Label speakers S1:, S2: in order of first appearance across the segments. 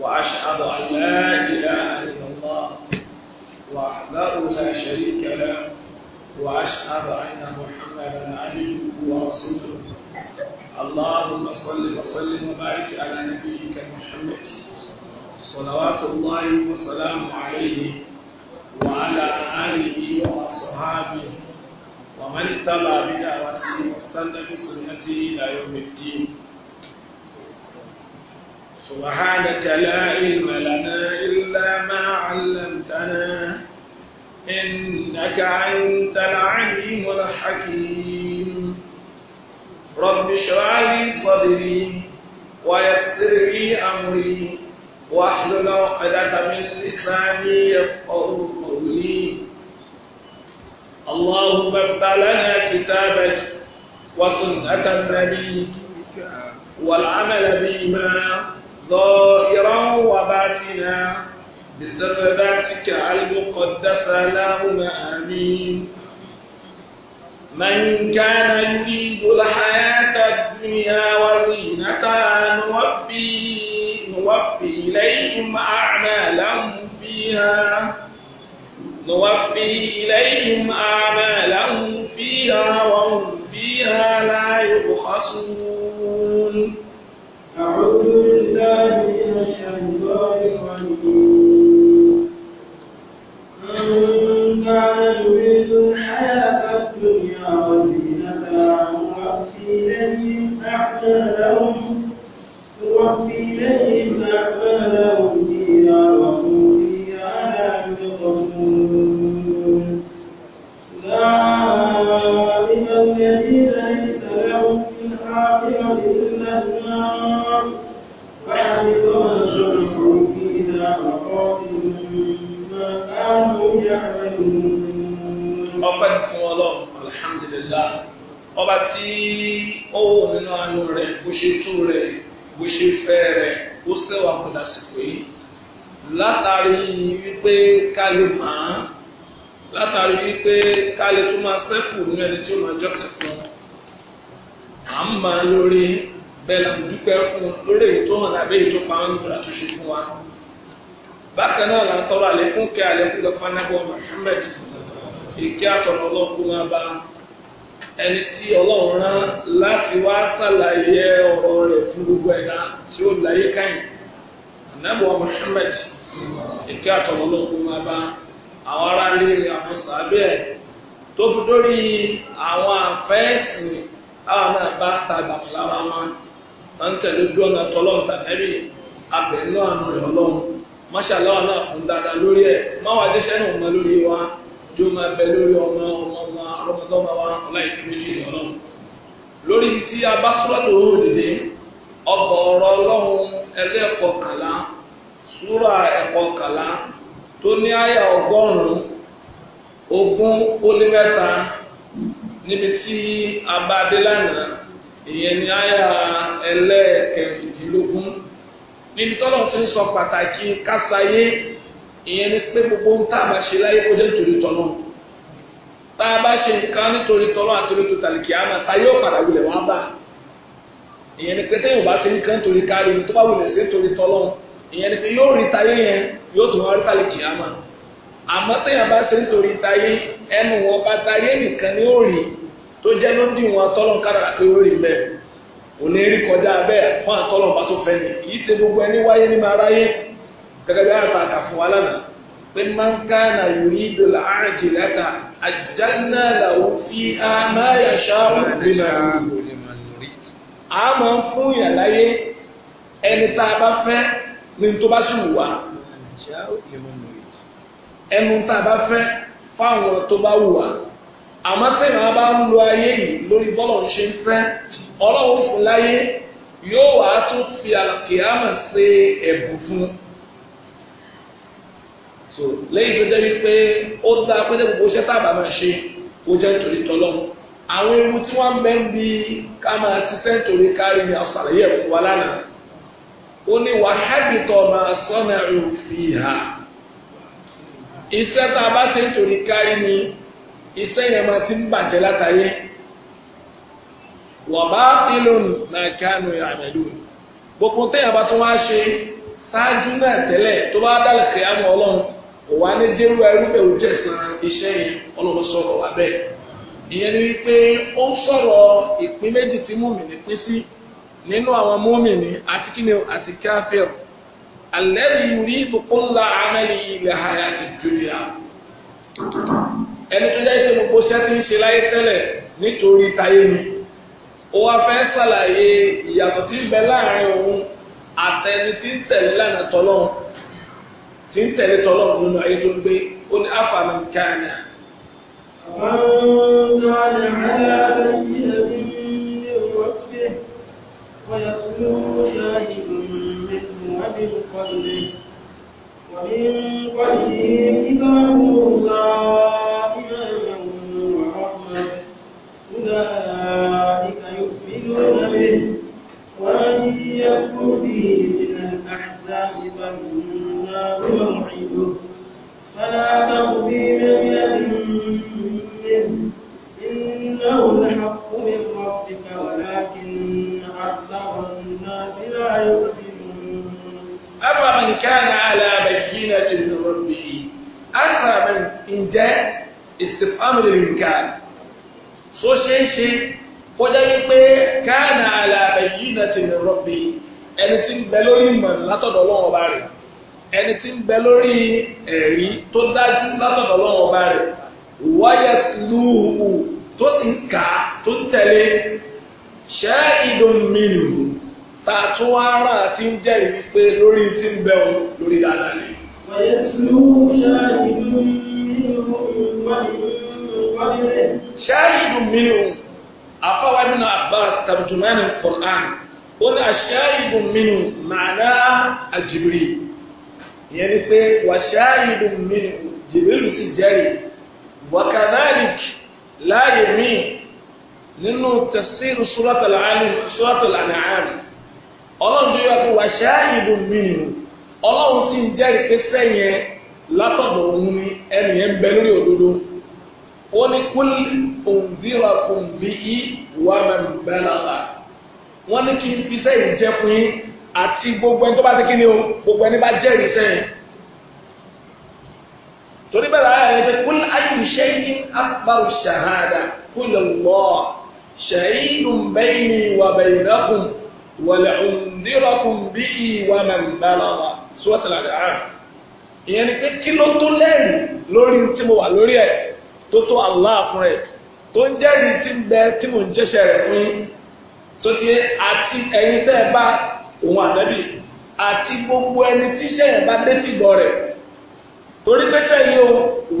S1: وأشهد أن لا إله إلا الله وحده لا شريك له وأشهد أن
S2: محمدا عبده ورسوله اللهم صل وسلم
S1: وبارك على نبيك محمد صلوات الله وسلامه عليه وعلى آله وأصحابه ومن اتبع بدعوته واستنى بسنته الى يوم الدين سبحانك لا علم لنا الا ما علمتنا انك انت العليم الحكيم رب اشرح لي صدري ويسر لي امري واحلل عقدة من لساني يفقه قولي اللهم افتح لنا كتابك وسنة نبيك والعمل بهما ظاهرا وباتنا بسر ذاتك المقدسة اللهم آمين من كان يريد الحياة الدنيا وزينتها نوفي نوفي إليهم أعمالهم فيها نوفي إليهم أعمالهم فيها وهم فيها لا يبخسون أعوذ بالله
S2: من الشيطان الرجيم من كان يريد الحياة الدنيا وزينتها نوفي إليهم أعمالهم نوفي إليهم أعمالهم فيها ọpẹ́ ní fún
S1: ọlọ́run alhamdulillah ọba tí ó wò nínú àánú rẹ̀ bó ṣe tú rẹ̀ bó ṣe fẹ́ rẹ̀ ó sẹ́wà padà sìkò yìí látàrí wípé ká lè látàrí wípé ká tún máa sẹ́kù nínú ẹni tí ó máa jọ́sìn fún un à ń máa lórí bẹ́ẹ̀ la mo dúpẹ́ fún lórí èyí tó hàn lábẹ́ èyí tó pa ń gbọ́dọ̀ tó ṣe fún wa. bákan náà là tọrọ àlékún kẹ́ àlékún lọ fún anábọ̀ Muhammad èké àtọ̀nà ọlọ́kùn máa bá ẹni tí ọlọ́run rán láti wá sàlàyé ọ̀rọ̀ rẹ̀ fún gbogbo ẹ̀dá tí ó láyé káyìn anábọ̀ Muhammad èké àtọ̀nà ọlọ́kùn máa bá àwọn ará rí àwọn sàábẹ̀ tó fi dórí àwọn àfẹ́sìn àwọn náà bá ta àgbàmù lára ta à ń tẹ̀lé ojú ọ̀nà tọ́lọ́run tàbẹ́rì abẹ̀ inú rẹ̀ ọlọ́run máṣàlá náà fún dáadáa lórí ma máwàá jẹ́sẹ́ náà lórí wa jó máa bẹ lórí ọmọ ọmọ ọmọ wa a níbi tí a bá dé lánàá ìyẹn ní àyà ẹlẹ́ẹ̀kẹrìndínlógún níbi tọ́lọ̀ ti ń sọ pàtàkì kásáyé ìyẹn ní pé gbogbo ń tá a máa ṣe láyé kó jẹ́ nítorí tọ́lọ́ tá a bá ṣe nǹkan nítorí tọ́lọ́ àtòrí tó tàlìkì àmà tá yóò padà wulẹ̀ wá bá ìyẹn ní pé téèyàn ò bá ṣe nǹkan nítorí kárí tó bá wulẹ̀ sí nítorí tọ́lọ́ ìyẹn ní pé yóò rí tayé yẹn yóò tún wá rí tàlìkì àmà àmọ́ téèyàn bá ṣe nítorí táyé ẹnu wọn bá táyé nìkan ní òrì tó jẹ́ ló dì wọn tọ́lọ̀ kára pé ó rí bẹ́ẹ̀ òní rí kọjá bẹ́ẹ̀ fún àtọ́lọ̀ bá tó fẹ́ ni kì í ṣe gbogbo ẹni wáyé ní máa ráyé gẹ́gẹ́ bí àrùn àkà fún pé máa ń ká nà yòrí ìdòlà àrùjì láta àjánà làwọn fi àmáyàṣá òmìnira a máa ń fún yàn ẹnu tá a bá fẹ́ fáwọn tó bá wù wá àmọ́ tẹ̀yìn bá ń lo ayé yìí lórí bọ́lọ̀ ń ṣe ń fẹ́ ọlọ́run fún láyé yóò wá tún fi àkìyàmà ṣe ẹ̀bùn fún un so lẹ́yìn tó jẹ́ wípé ó dá pété gbogbo iṣẹ́ tá a bá máa ṣe kó jẹ́ nítorí tọ́lọ́run àwọn ewu tí wọ́n bẹ́ ń bi ká máa ṣiṣẹ́ nítorí kárí ni àṣàlàyé ẹ̀fọ́ wa lánàá ó ní wàhálì tó máa sọ́nà òfin hà. iṣẹ́ tá a bá ṣe nítorí kárí ni iṣẹ́ yẹn máa ti ń bàjẹ́ látàyé wọ́n bá ìlú nàìjíríà gbogbo téèyàn bá tún wá ṣe ṣáájú náà tẹ́lẹ̀ tó bá dálẹ̀ kẹ́yàmù ọlọ́run kò ní jẹ́rú ẹrú bẹ́ẹ̀ ó iṣẹ́ yẹn ọlọ́run sọ̀rọ̀ wá bẹ́ẹ̀ ìyẹn ni wípé ó ń sọ̀rọ̀ ìpín méjì tí pín sí nínú àwọn alẹ́bí rí ìtukúnlá amẹ́lì ilẹ̀ ayé àti dúnyà. ẹni tó jẹ́ pé gbogbo sẹ́tì ń ṣe láyé tẹ́lẹ̀ nítorí táyé ni ó wá fẹ́ ṣàlàyé ìyàtọ̀ tí ń bẹ láàrin òun àtẹni tí ń tẹ̀lé lánàá tọ́lọ́run tí ń tẹ̀lé tọ́lọ́run nínú ayé tó ń gbé ó ní àfààní káàní.
S2: àwọn ọmọ ìrìnàjò yìí lè fi ويتلو شاهد منه ومن قبله ومن قبله كتاب موسى إماما ورحمة أولئك يؤمنون به ومن يكفر به من الأحزاب فالنار موعده فلا تخزي من منه إنه الحق
S1: afa man kana ala bayyinatin min rabbih afa man ǹjẹ́ istifham lil imkan so ṣe é ṣe kó jẹ́ wípé kana ala bayyinatin min rabbih ẹni tí ń bẹ lórí ìmọ̀ látọ̀dọ̀ ọlọ́run ọba rẹ̀ ẹni tí ń bẹ lórí ẹ̀rí tó dájú látọ̀dọ̀ ọlọ́run ọba rẹ̀ wáyà lúhù tó sì ń kà á tó ń tẹ̀lé ṣẹ́ ìdòmínú tá a tún wá rà tí ń jẹ́rìí wípé lórí tí ń bẹ òun lórí dáadáa ni. ṣáàyìdù mìíràn afáwa ibn Abbas tarjumani Qur'an ó ní aṣáàyìdù mìíràn màánà àjìbìrì ìyẹn ni pé wà ṣáàyìdù mìíràn jìbìrì sì jẹ́rìí wàkànáàlìk láàyè míì nínú tafsir suratul An'am ọlọ́run tó yọ fún wa ṣáàyìnbó mìíràn ọlọ́run sì ń jẹ́rìí pé sẹ́yìn látọ̀dọ̀ òun ni ẹnì yẹn ń bẹ lórí òdodo ó ní kúlì òǹdíra kò bí i wà mẹ́rin bẹ́lára wọ́n ní kí n fi sẹ́yìn jẹ́ fún yín àti gbogbo ẹni tó bá ti kí ni o gbogbo ẹni bá jẹ́rìí sẹ́yìn torí bẹ́ẹ̀ lára rẹ̀ pé kúlì ayé iṣẹ́ yín akbaru ṣahada kúlì lọ́ọ̀ ṣẹ̀yìn wàlẹ̀hùndínlọ́kùn bí ìwà màmìbálára sọ́tìlá àrùn ìyẹn ni pé kí ló tó lẹ́yìn lórí tí mo wà lórí ẹ̀ tó tó Allah fún ẹ̀ tó ń jẹ́rìí tí ń bẹ tí mo ń jẹ́ṣẹ̀ rẹ̀ fún yín sọ́tì àti ẹ̀yin tẹ́ ẹ bá òun ànábì àti gbogbo ẹni tí sẹ́yìn bá létí gbọ́ rẹ̀ torí pé sẹ́yìn o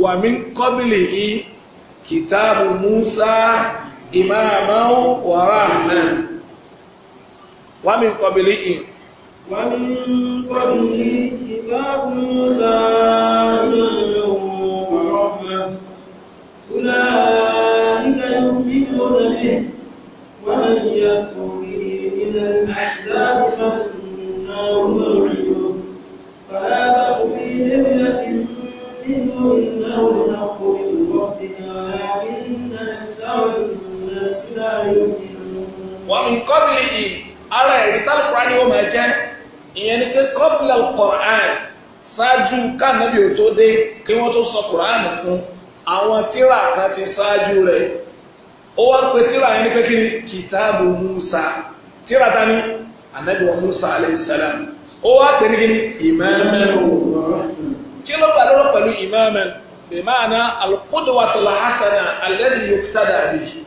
S1: wà mí kọ́bìlì yìí kìtàbù Musa ìmáàmáwò wàrà náà wa min qablihi.
S2: wa min qablihi kitabu Musa nurun wa rahmah ulaika yu'minuna bihi wa man yakfur bihi min al-ahzab فالنار موعده فلا تقم
S1: ومن قبله ara ẹ̀rí tálùkùrá ni ó máa jẹ́ ìyẹn ni pé kọ́pìlà kọ̀ọ̀án ṣáájú kánàbí ò tó dé kí wọ́n tó sọ kùránì fún àwọn tíra kan ti ṣáájú rẹ̀ ó wá pé tíra yẹn ni pé kí ni kìtàbù Musa tíra ta ni anabi wa Musa alayhi salam ó wá pè ní kí ni ìmáàmẹ́ kí ló gbà lọ́wọ́ pẹ̀lú ìmáàmẹ́ bìmáàna alqudwatul hasana alladhi yuqtada bihi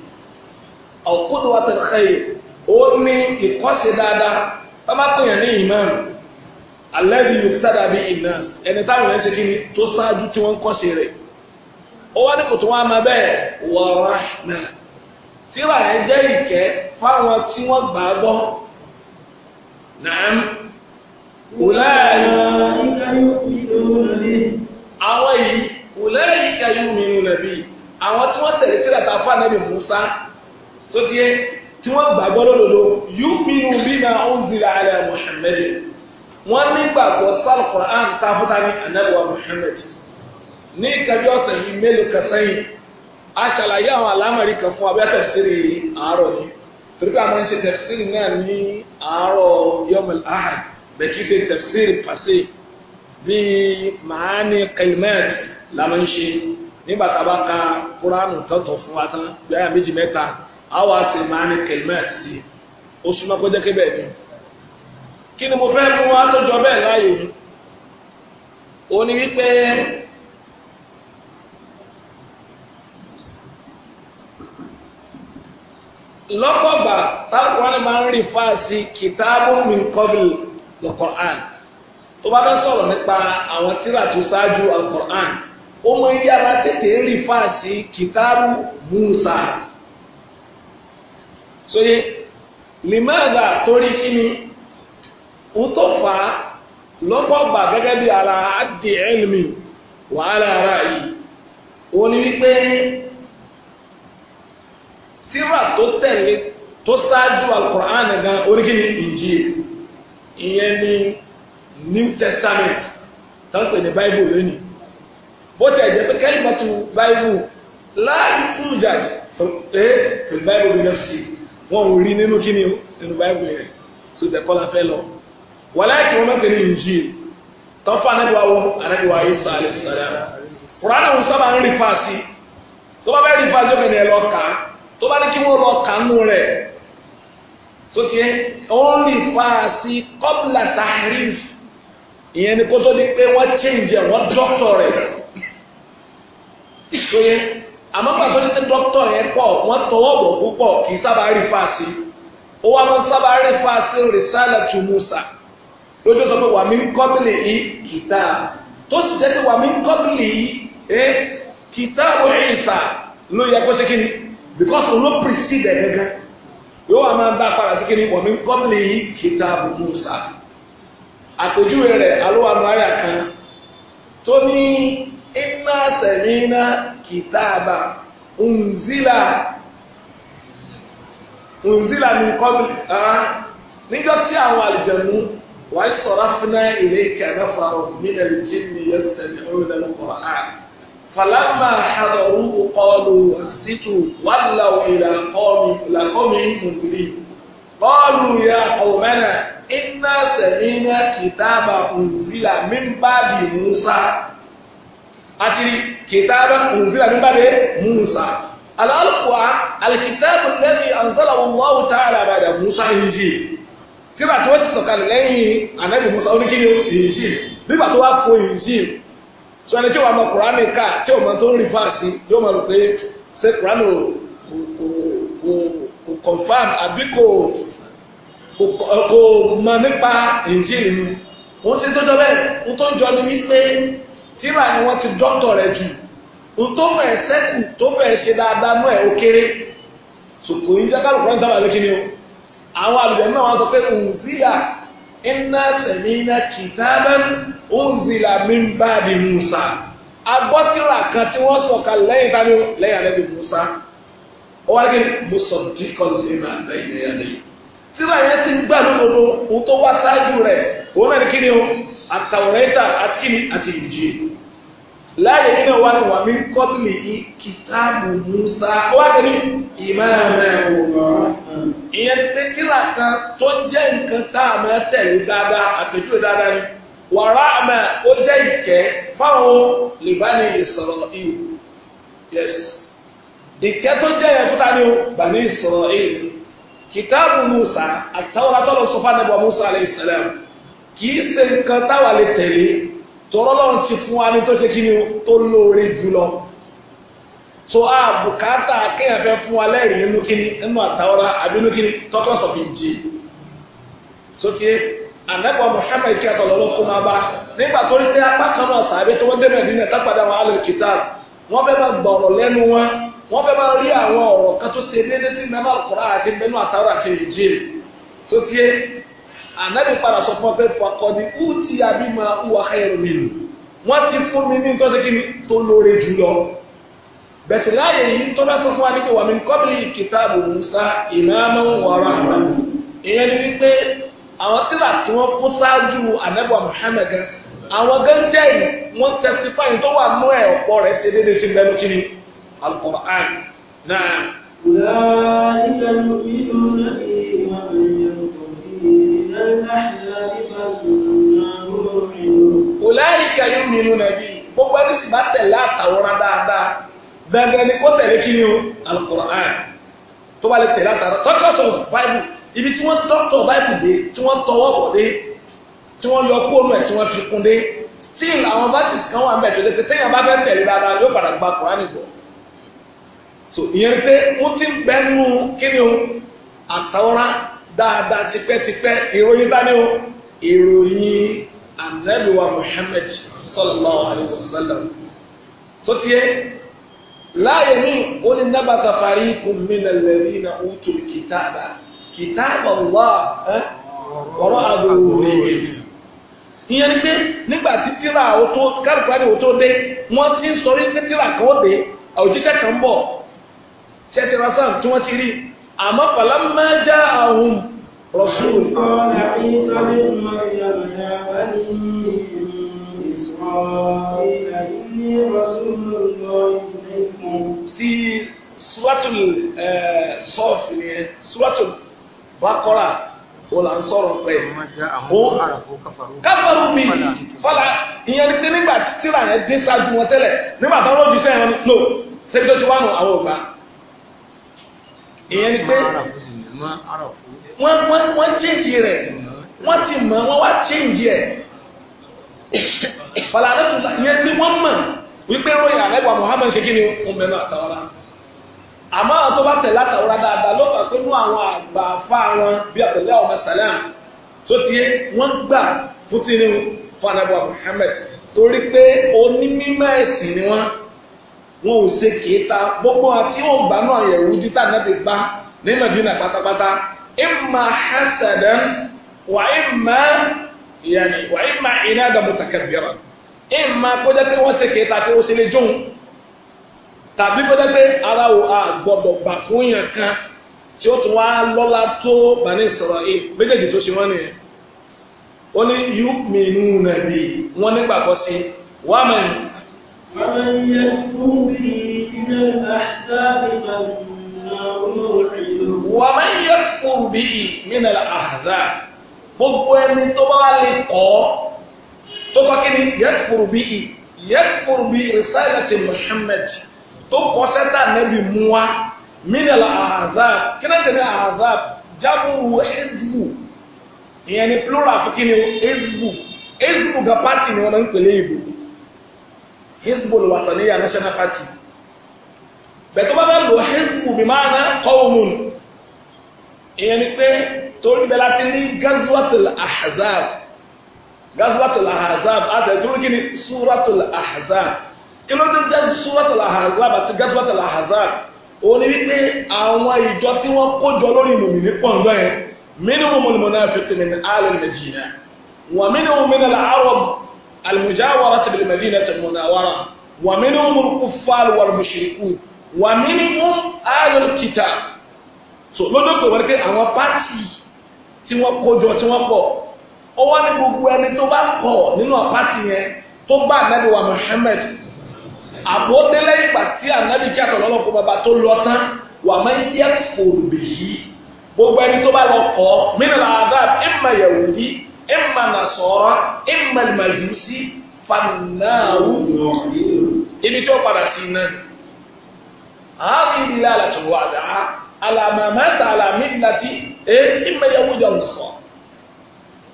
S1: alqudwatul khayr. ó ní ìkọ́sí dáadáa tá bá pèèyàn ní ìmáàmù alẹ́bí yóò tàdà bí ẹni táwọn ẹ̀ ń ṣe kí ni tó ṣáájú tí wọ́n kọ́sí rẹ̀ ó wá ní kòtò wọn máa bẹ́ẹ̀ wọ̀ọ́rọ̀ náà tíra ẹ̀ jẹ́ ìkẹ́ fáwọn tí wọ́n gbà á gbọ́ náà àwọn yìí wùlẹ́ nàbí àwọn tí wọ́n tẹ̀lé fún tí wọ́n gbàgbọ́ lódodo yúmínú bímá unzila ala Muhammad wọ́n nígbàgbọ́ sálùkùrọ̀ à ń ta fúta ní anábọ̀ Muhammad ní ìkàbí ọ̀sẹ̀ yìí mélòó kan sẹ́yìn a ṣàlàyé àwọn alámọ̀rí kan fún abẹ́ tẹ̀síìrì àárọ̀ yìí torí pé àwọn ṣe tẹ̀síìrì náà ní àárọ̀ yọmọl ahad bẹ́ẹ̀ ṣe tẹ̀síìrì pàṣẹ bíi màání kalimat làwọn nígbà tá a bá ka kúránù tọ̀tọ̀ fún wa tán bí àyà méjì mẹ́ta a wá sí maani kelimet sí ó súnmọ́ kó jẹ́kẹ́ bẹ́ẹ̀ ni kí ni mo fẹ́ mú wá tó jọ bẹ́ẹ̀ láàyò mi ó ní wípé lọ́pọ̀gbà táwọn máa ń rí fáàsì kìtàbù min qabl al-Qur'an tó bá fẹ́ sọ̀rọ̀ nípa àwọn tírà tó ṣáájú al-Qur'an ó mọ iye ara tètè ń rí fáàsì kìtàbù Musa sóyè lèmọ́ọ̀dà torí kí ni ó tó fà á lọ́pọ̀ gbà gẹ́gẹ́ bí ara àdì ẹ̀lmì wàhálà ara yìí wọ́n ní wípé tíra tó tẹ̀lé tó ṣáájú alukur'an gan oríkìní ìjì ìyẹn ní new testament tánpẹ̀ ní bible lónìí bó tẹ̀ jẹ́ pé kẹ́lí bá tu bible láàyè kúrú jáde fún eh, bible university wọn ò rí nínú kí ni o nínú báyìí rẹ̀ so bẹ̀ kọ́lá fẹ́ lọ. wàlá kí wọ́n mẹ́tẹ̀ẹ́ ní ìjì tọ́fà anábìwá wọ anábìwá yìí sọ alẹ́ sọ̀rọ̀ kùránà wọn sábà ń rí fàásì tó bá bẹ́ẹ̀ rí fàásì ó kẹ́ni ẹ̀ lọ kà á tó bá ní kí wọ́n lọ kà á nù rẹ̀ tó tiẹ̀ ó ń rí fàásì kọ́bùlà tahrif ìyẹn ni kótó ni pé wọ́n change ẹ̀ wọ́n dọ́kítọ̀ rẹ̀ tó yẹ àmọ́ pàtó ní dókítà yẹn pọ̀ wọ́n tọwọ́ bọ̀ púpọ̀ kì í sábà rí fàásì ó wá máa ń sábà rí fàásì rìsálà tù Musa lójú sọ pé wàmí kọ́bìlì yìí kìtà tó sì jẹ́ pé wàmí kọ́bìlì yìí kìtà ó Ìsá ló yẹ kó ṣe kí because òun ló precede gẹ́gẹ́ yóò wá máa ń bá padà sí kí ni wàmí kọ́bìlì yìí kìtà ó Musa àpèjúwe rẹ̀ alówànú àyà kan tó ní iná sẹ̀mínà kìtàbà ǹzílà ǹzílà ní kọ́bìlì ara nígbà tí àwọn àlìjẹ̀mú wàá sọ̀rọ̀ fúnà ilé kẹfà min al-jinni yastami'una al-Qur'an falamma hadaruhu qalu ansitu wallaw ila qawmihim mundirin qalu ya qawmana inna sami'na kitaban unzila min ba'di Musa atiri kitaaba unzila min bade musa alalkuwa الكتاب الذي أنزله الله تعالى بعد موسى injil tíra tí wọ́n ti sọ̀kalẹ̀ lẹ́yìn anabi musa oníkiri injil nígbà tó wá fo injil sọ ẹni tí wàá mọ kuraani ká tí o mọ tó ń rí fáàsì yóò mọ pé ṣé kuraani o kò kò confam àbí kò kò mọ nípa injil mu wọ́n ṣe tó bẹ́ẹ̀ ń tó ni wípé tíra ni wọ́n ti dọ́tọ̀ rẹ̀ jù ohun tó fẹ́ sẹ́kù tó fẹ́ ṣe dáadáa mọ́ ẹ̀ ó kéré sòkò yín jẹ́ kálukú ń sábà lókè ni o àwọn àlùjẹ́ náà wọ́n sọ pé òǹzìlà iná sẹ̀mí iná kìtàbẹ́ òǹzìlà mi ń bá di Musa agbọ́tìrà kan tí wọ́n sọ̀ka lẹ́yìn tani o lẹ́yìn alẹ́ bí Musa ó wá kí Musa dìkọ̀ lè máa lẹ́yìn rẹ̀ lẹ́yìn tíra yẹn ti gbà lódodo tó wá ṣáájú rẹ̀ òun náà ni kí ni o. àtàwọ̀rẹ́ta àti kíni àti ìjì láàyè wa ni wà mí Musa ó ya kẹ́ni ìmáàmẹ́ òwòrán ìyẹn ka kíra kan tó jẹ́ nǹkan dada, ni wàrà àmà ó jẹ́ ìkẹ́ fáwọn yes ìkẹ́ tó jẹ́ ni ó Musa Musa alayhi salam. kì í ṣe nǹkan táwa lè tẹ̀lé tọ́rọ́ lọ́run ti fún wa ní tó ṣe kí ni tó lóore jùlọ so a bùkátà kéèyàn fẹ́ fún wa lẹ́rìí nínú kíni nínú àtàwọ́ra àbí nínú kíni tọ́kàn sọ̀fin jì so ti ànágbà Muhammad kí àtọ̀lọ́lọ́ kó máa bá nígbà tó ní pé apá kan náà sàbí tó wọ́n débẹ̀ nínú ẹ̀ta padà wọn alẹ́ kìtà wọ́n fẹ́ máa gbọ́ ọ̀rọ̀ lẹ́nu wọn wọ́n fẹ́ máa rí àwọn ọ̀rọ̀ kan tó ṣe déédéé tí nínú àkùrá àti nínú àtàwọ́ra àti ìjì so ti ànábì padà sọ fún ọpẹ́ fàkọ́dí kú ti abímọ wà káyọ̀rọ̀ mi lò wọ́n ti fún mi ní tọ́jú kí ni tó lóore jù lọ bẹ̀tẹ̀ láàyè yìí tó bá sọ fún wa ní pé wà mí kọ́bìlì kìtàbù Musa ìmáàmù wà rahman ìyẹn ni wípé àwọn tíra tí wọ́n fún ṣáájú ànábì Muhammad àwọn gẹ́ńtẹ́ yìí wọ́n tẹ̀sífáì tó wà nú ẹ̀ ọ̀pọ̀ rẹ̀ ṣe déédéé ti bẹ́ẹ̀ kí ni Al-Qur'an náà. أولئك يؤمنون به ومن يكفر به Ọláìka yóò nínú nàbí gbogbo ẹni sì bá tẹ̀lé àtàwọ̀rán dáadáa dandan ni kó tẹ̀lé kí ni o alukur'an tó bá lè tẹ̀lé àtàwọ̀rán tọ́kítọ́sì of bible ibi tí wọ́n tọ́kítọ̀ bible dé tí wọ́n tọwọ́ bọ̀ dé tí wọ́n yọ kóònù ẹ̀ tí wọ́n fi kún dé still àwọn verses kan wà mẹ́tò lè tètè yàn bá fẹ́ tẹ̀lé dáadáa yóò padà gba kur'an gbọ́ so ìyẹn pé wọ́n ti bẹ́ẹ̀ nù dáadáa tipẹ́tipẹ́ ìròyìn bá ní o ìròyìn anabiwa Muhammad sallallahu alayhi wa sallam tó tiẹ́ láàyè ní oní nabata fariqun min alladhina utul kitaba kitaba Allah ọ̀rọ̀ àdúróyìn ìyẹn ni pé nígbà tí tíra òtó kárìkárì òtó dé wọ́n ti ń sọ wípé tíra kan ó dé òjíṣẹ́ kan bọ̀ ṣẹ́tìrasán tí wọ́n ti rí àmọ́ fàlámà já àhùn rọ̀sùn. ti suratul eh, sọ́ọ̀f ni ẹ suratul bakora o la ń sọ̀rọ̀ pẹ̀. o
S2: káfàrú mi fọlá
S1: ìyẹn ní nígbà tí tíra yẹn dé ṣáájú wọn tẹ́lẹ̀ nígbà táwọn ojúṣe yẹn lò ṣé kí ló ti wá nù àwọn ògbà ìyẹn ni pé wọ́n wọ́n change rẹ̀ wọ́n ti mọ̀ wọ́n wá change ẹ̀ fàlàrẹ́tùlá ìyẹn ni wọ́n mọ̀ wípé ròyìn àrẹ́wà Muhammad ṣe kí ni òun bẹ̀rẹ̀ àtàwọn àmọ́ àwọn tó bá tẹ̀lé àtàwọn dáadáa ló fà pé mú àwọn àgbà afá wọn bí àtẹ̀lé ọmọ sàlám tó ti wọ́n gbà fún tinú fún anábọ̀ Muhammad torí pé onímọ̀ ẹ̀sìn ni wọ́n wọn ò ṣe kìíta gbogbo àti ó gbà náà yẹ̀wù títà náà ti gbá ní Madina pátápátá imma hasadan wà imma yẹni wà imma inada mutakabbiran imma kọjá pé wọ́n ṣe kìíta pé ó ṣe lè jóun tàbí kọjá pé ara ò gbọdọ̀ gbà fún yàn kan tí ó tún wá lọ́lá tó Bani Israil méjèèjì tó ṣe wọ́n nìyẹn ó ní yu'minuna bi wọ́n nígbàgbọ́ sí wàmẹ́ni.
S2: فمن يكفر به من الأحزاب
S1: ومن يكفر به من الأحزاب gbogbo ẹni tó bá lè kọ́ tó bá kí ni yẹ́kùrù bí i yẹ́kùrù bí i rìsáìlẹ̀tì Muhammad tó kọ́ sẹ́tà nẹ́bì muwa mínàlá àhàzáàb kí náà tẹ̀lé ezbu ìyẹn ni plural fún kí ni ezbu ezbu ga pati ni wọn ń pèlè ìbò hizbul wataniya national party bẹ̀tọ́ bá bẹ́ẹ̀ lò hizbu bí máa ná kọ́wùmùn ìyẹn ni pé torí bẹ́ẹ̀ láti ní gazwatul ahzab gazwatul ahzab àtẹ̀túrú kí ni suratul ahzab kí ló dé jẹ́ suratul ahzab àti gazwatul ahzab òun ni wípé àwọn ìjọ tí wọ́n kó jọ lórí mùmìnì pọ̀ǹgbọ́ yẹn minimum al munafiqin min al madina wa minimum min al arab المجاورات بالمدينة المنورة ومنهم الكفار والمشركون ومنهم آل الكتاب so lọ́dọ̀ pé wọ́n pé àwọn pátì tí wọ́n kójọ tí wọ́n pọ̀ ó wá ní gbogbo ẹni tó bá pọ̀ nínú pátì yẹn tó bá ànábì wa Muhammad àbódélẹ́yìn ìgbà tí ànábì kí àtọ̀lọ́lọ́kọ̀ bàbá tó lọ tán wà máa ń yẹ fòrò bèyí gbogbo ẹni tó bá lọ kọ́ mí nà ẹ̀ máa yẹ̀wò yìí ìmà nàṣọ́rọ́ ìmà majusi, fanáwó ibi tí ó padà sí iná ààrùn ìdílé alàtúwò àdá alàmàmẹ́ta alàmìlàtí ẹ ìmà yahudu nàṣọ́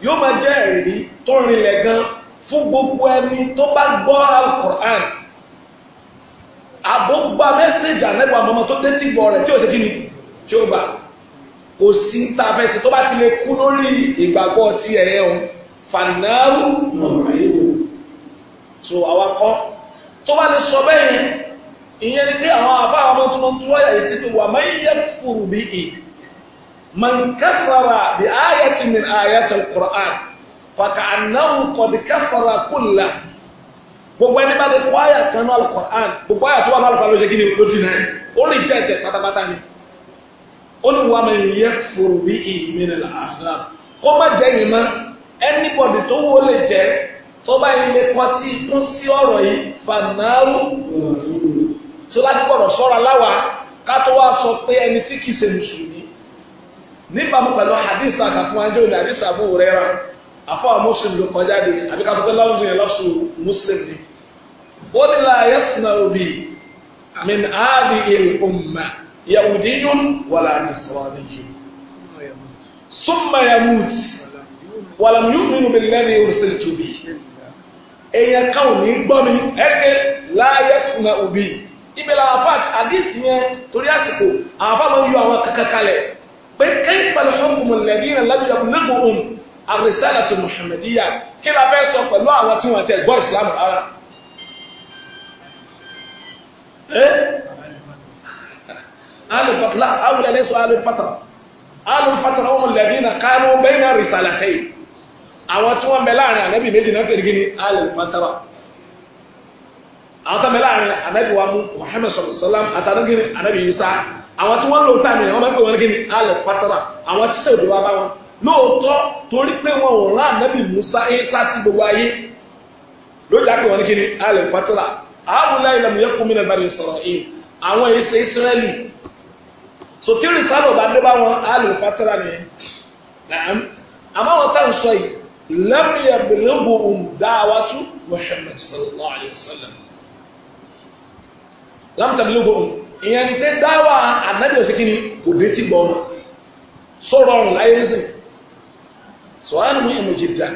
S1: yóò máa jẹ́ ẹ̀rí tó rinlẹ̀ gan fún gbogbo ẹni tó bá gbọ́ alukur'an àbúgbà mẹ́sẹ̀jì ànẹ́gbà tó tẹ́tí gbọ́ rẹ̀ tí ó ṣe kí ni tí ó bá kò sí tá a fẹ́ sí tó bá ti lè kú lórí ìgbàgbọ́ ti ẹ̀rẹ́ o fanaru mọ̀ọ́yẹ́wò so àwa kọ́ tó bá lè sọ bẹ́ẹ̀ yẹn ìyẹn ni pé àwọn afáwọn ọmọ tó ń tú ọ̀yà yìí sí pé wà máa ń yẹ fùrù bí i man kafara bi ayati min ayati al-Qur'an faka annahu qad kafara kulla gbogbo ẹni bá lè kó àyà kan náà al-Qur'an gbogbo àyà tó wà náà al-Qur'an ló ṣe kí ni ló ti náà ó lè jẹ́ ẹ̀sẹ̀ pátápátá ni ó ní wà mí yẹ fòrò bí ìmìnira àhàlà kó má jẹ yìí mọ anybody tó wó lè jẹ tó bá yìí lè kọtí kún sí ọ̀rọ̀ yìí fanáàrù tó láti gbọ́dọ̀ ṣọ́ra láwa ká tó wá sọ pé ẹni tí kìí ṣe mùsùlùmí níbàámu pẹ̀lú hadith náà kà fún wa jẹ òní hadith Abu Huraira àfọwọ́ muslim ló kọjá de àbí ká tó pé láwùjọ yẹn lọ́sùn muslim ni ó ní la yasna obi min adi il yahudiyun ولا nasraniyun ثم يموت، ولم يؤمن بالذي ursiltu به، èèyàn kan ò ní لا يسمع ẹ̀ẹ́dẹ́ láàyè súnmọ́ òbí ibẹ̀ làwọn afáàtì àdéhìí yẹn torí àsìkò àwọn afáàmọ́ yọ àwọn kankan kalẹ̀ pé kayfa al-hukmu alladhina lam yablughuhum ar-risalatu al-muhammadiyya kí la fẹ́ sọ pẹ̀lú àwọn tí wọ́n ti gbọ́ ìsìlámù rárá alùbọ̀tìlá àwọn ẹlẹ́sọ alùfàtàrà alùfàtàrà ọmọ lẹ́bí na kánú bẹ́ẹ̀nà rìsàlàtẹ́ àwọn tí wọ́n bẹ láàrin ànábì méjì náà fẹ́rẹ̀ gíní alùfàtàrà àwọn tó bẹ láàrin ànábì wa Muhammad sallam àtàrí gíní ànábì Isa àwọn tí wọ́n lò tààmì àwọn mẹ́fẹ́ wọn gíní alùfàtàrà àwọn tí sẹ́wọ̀dì wa bá wọn lóòótọ́ torí pé wọn ò rán ànábì Musa Isa sí gbogbo ayé lójú àpè wọn gíní alùfàtàrà àwọn ilẹ̀ ìlànà yẹ kó mi náà bá mi sọ̀rọ̀ yìí àwọn èsè Israẹli so tí rìsálà ò bá dé bá wọn á lè fatara nìyẹn nàám àmọ́ wọn tá à ń sọ yìí lẹ́mìíyà bìlẹ́bù dáwàtú Muhammad sallallahu alayhi wa sallam lámìtà bìlẹ́bù ìyẹn ni pé dáwà ànábì òsèkìní kò dé tí gbọ́ wọn sọ̀rọ̀ ọ̀run láyé ń sìn sọ̀rọ̀ ànàmú ìmọ̀ jìdá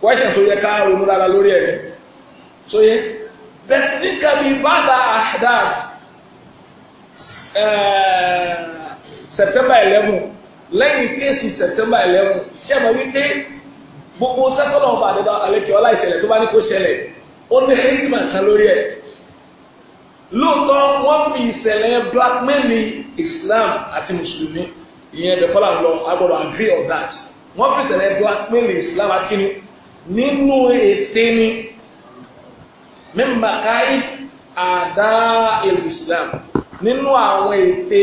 S1: kwẹ́sàn tó yẹ ká ronú rárá lórí ẹ̀rẹ́ so yẹ bẹ̀tìníkàbí bá da àdáàfù. Eh, September eleven lẹ́yìn kéésì September eleven ṣé mo wí pé gbogbo sẹ́kọ̀lọ̀ ọba àdébá àlekè ọlá ìṣẹ̀lẹ̀ tó bá ní kó ṣẹlẹ̀ ó ní hekima kan lórí ẹ̀ lóòótọ́ wọ́n fi ìṣẹ̀lẹ̀ blackmail Islam àti mùsùlùmí ìyẹn dẹ̀kọ́là ń lọ agbọ́dọ̀ agree on that wọ́n fi ìṣẹ̀lẹ̀ blackmail Islam àti kíni nínú ète ni mímbàkáì àdá ìlú Islam nínú àwọn ète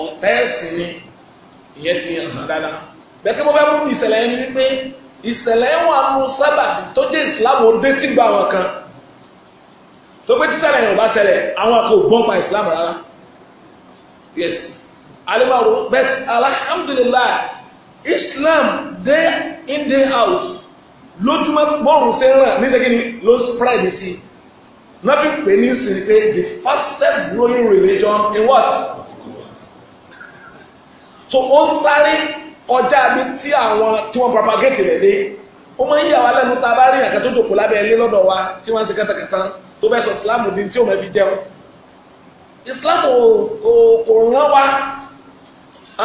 S1: ọ̀tẹ́ẹ̀sì ni ìyẹn ti yàn hàn dáadáa bẹ́ẹ̀ kí mo fẹ́ mú ìṣẹ̀lẹ̀ yẹn ni wípé ìṣẹ̀lẹ̀ yẹn wà nù sábàbí tó jẹ́ ìsìlámù òde tí gba àwọn kan tó pé tí ṣẹlẹ̀ yẹn ò bá ṣẹlẹ̀ àwọn kan gbọ́n pa ìsìlámù rárá yes alimaru bẹ́ẹ̀ alhamdulilayi islam day in day out lójúmọ́ bọ́ọ̀rù fẹ́ràn níṣẹ́ kí ni ló spread sí i nothing pè ní sin pé the fastest growing religion in what so ó ń sáré kọjá mi tí àwọn tí wọ́n propagate rẹ̀ dé ó máa ń yà wá lẹ́nu tá a bá rí àkàtà tó jòkó lábẹ́ ilé lọ́dọ̀ wa tí wọ́n ń ṣe kátàkátà tó bẹ́ sọ islam di tí òun fi jẹun islam kò rán wa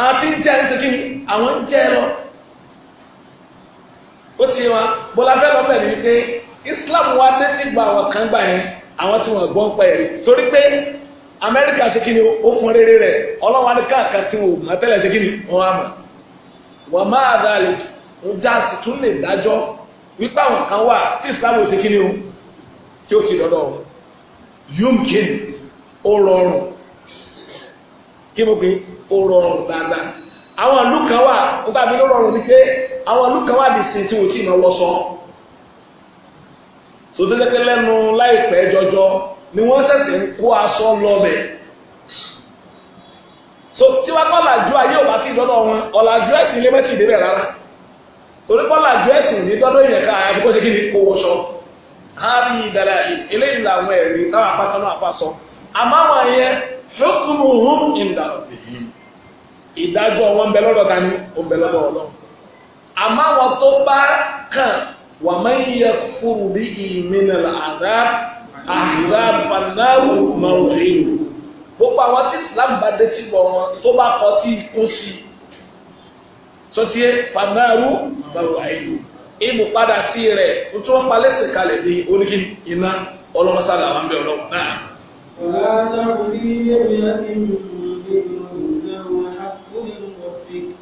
S1: àti ń jẹ́ ẹ̀ṣẹ̀ kí ni àwọn ń jẹ́ ẹ lọ ó ti wá bọ́lá fẹ́ lọ́bẹ̀ ni pé islam wa dé gba àwọn kan gbà yẹn àwọn tí wọ́n gbọ́n pa ẹ̀rí torí pé amẹ́ríkà ṣe kí ni ó fún rere rẹ̀ ọlọ́wọ́ aníkàkà tí wọ́n mọ̀ tẹ́lẹ̀ ṣe kí ni wọ́n á mọ̀ wọ́n máa dá lè ń já sí tún lè dájọ́ wípé àwọn kan wà tí islam ò ṣe kí ni o tí ó ti dọ́dọ̀ yomkin ó rọrùn kí mo pè ó rọrùn dáadáa àwọn ìlú kan wà nígbà mi ló rọrùn ni pé àwọn ìlú kan wà lè sin tí wọ́n ti máa wọ́ sọ́ọ́ sọdẹ́dẹ́kẹ́ lẹ́nu láìpẹ́ jọjọ ni wọ́n ṣẹ̀ṣẹ̀ ń kó aṣọ lọ́bẹ̀ so tí wọ́n kọ́ làjú ayé ò bá ti dọ́dọ̀ wọn ọ̀làjú ẹ̀sìn ilé mẹ́tì ìdíbẹ̀ rárá torí kọ́ làjú ẹ̀sìn ní dọ́dọ̀ ìyẹn ká àbúkọ́ ṣe kí ni kó wọṣọ hábì ìdàlẹ́ àyè eléyìí làwọn ẹ̀rí táwọn apáta náà fà sọ àmọ́ àwọn ẹ̀yẹ fẹ́kùnmù hùm ìdàlọ́bìhìm ìdájọ́ wọn bẹ lọ́dọ̀ ta ni ó bẹ lọ́dọ̀ Ọlọ́run àmọ́ àwọn tó bá kàn wà má yẹ fúru bí ìmìnà àdá àdá fanáwó mọ̀rọ̀ èlò gbogbo àwọn tí islam bá dé tí wọ́n tó bá kọ́ tí kún sí sọtí fanáwó mọ̀rọ̀ èlò ìmú padà sí rẹ̀ tó ń palẹ̀ sí kalẹ̀ ní oníkì iná ọlọ́mọsára àwọn bẹ̀rẹ̀ ọlọ́wọ́ náà.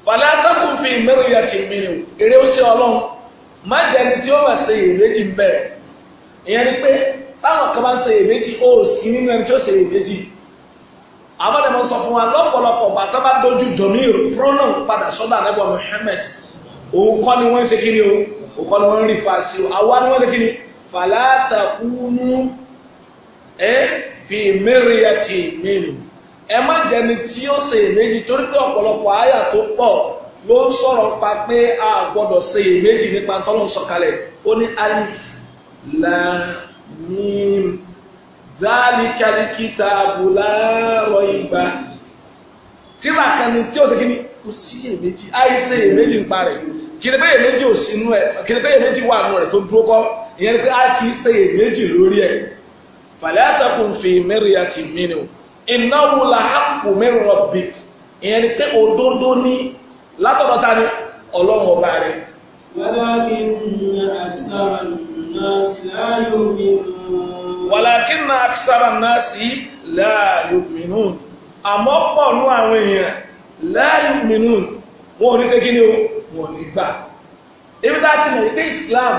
S1: Fàlẹ́ àtàkùn fi mẹ́rin yàtì mìíràn, èrè ó ṣe ọlọ́run má jẹni tí ó máa ṣe iyèméjì ń bẹ̀rẹ̀ ìyẹn ni pé táwọn kan bá ń ṣe iyèméjì ó sì nínú ẹni tí ó ṣe iyèméjì àwọn sọ fún wa lọ́pọ̀lọpọ̀ bàtà bá dojú domi prono padà sọ́dọ̀ àlẹ́bọ̀ Muhammad òun kọ́ ni wọ́n ń ṣe kí ni o òun kọ́ ni wọ́n ń rí fa sí o àwa ni wọ́n ń ṣe kí ni fàlàtàkùnú ẹ fi mẹ́rìyàtì mẹ́rin ẹ má jẹni tí ó ṣe iyèméjì torí pé ọ̀pọ̀lọpọ̀ àyà tó pọ̀ ló ń sọ̀rọ̀ pa pé a gbọ́dọ̀ ṣe èméjì nípa tọ́lọ́ sọ̀kalẹ̀ ó ní alif lamim dáàlìkàlì kìtà àbúlá rọ ìgbà tíra kan ní tí ó ti kíni kò sí èméjì àìsè èméjì ń parẹ̀ kìnìún pé èméjì ò sínú ẹ̀ kìnìún pé èméjì wà nù rẹ̀ tó dúró kọ́ ìyẹn ni pé a kì í ṣe èméjì lórí ẹ̀ fàlẹ́ àtàkùn fi mẹ́rin àti mìíràn ìnáwó làákùn mẹ́rin rọ̀ bìtì ìyẹn pé òdodo ní látọ̀dọ̀ ni ọlọ́run ọba rẹ̀. wàlákínà àkísàrà náà sí mìíràn àmọ́ pọ̀ nú àwọn èèyàn láàyò mìíràn wọn ò ní ni o gbà. ibi tá a ti mọ̀ ní Islam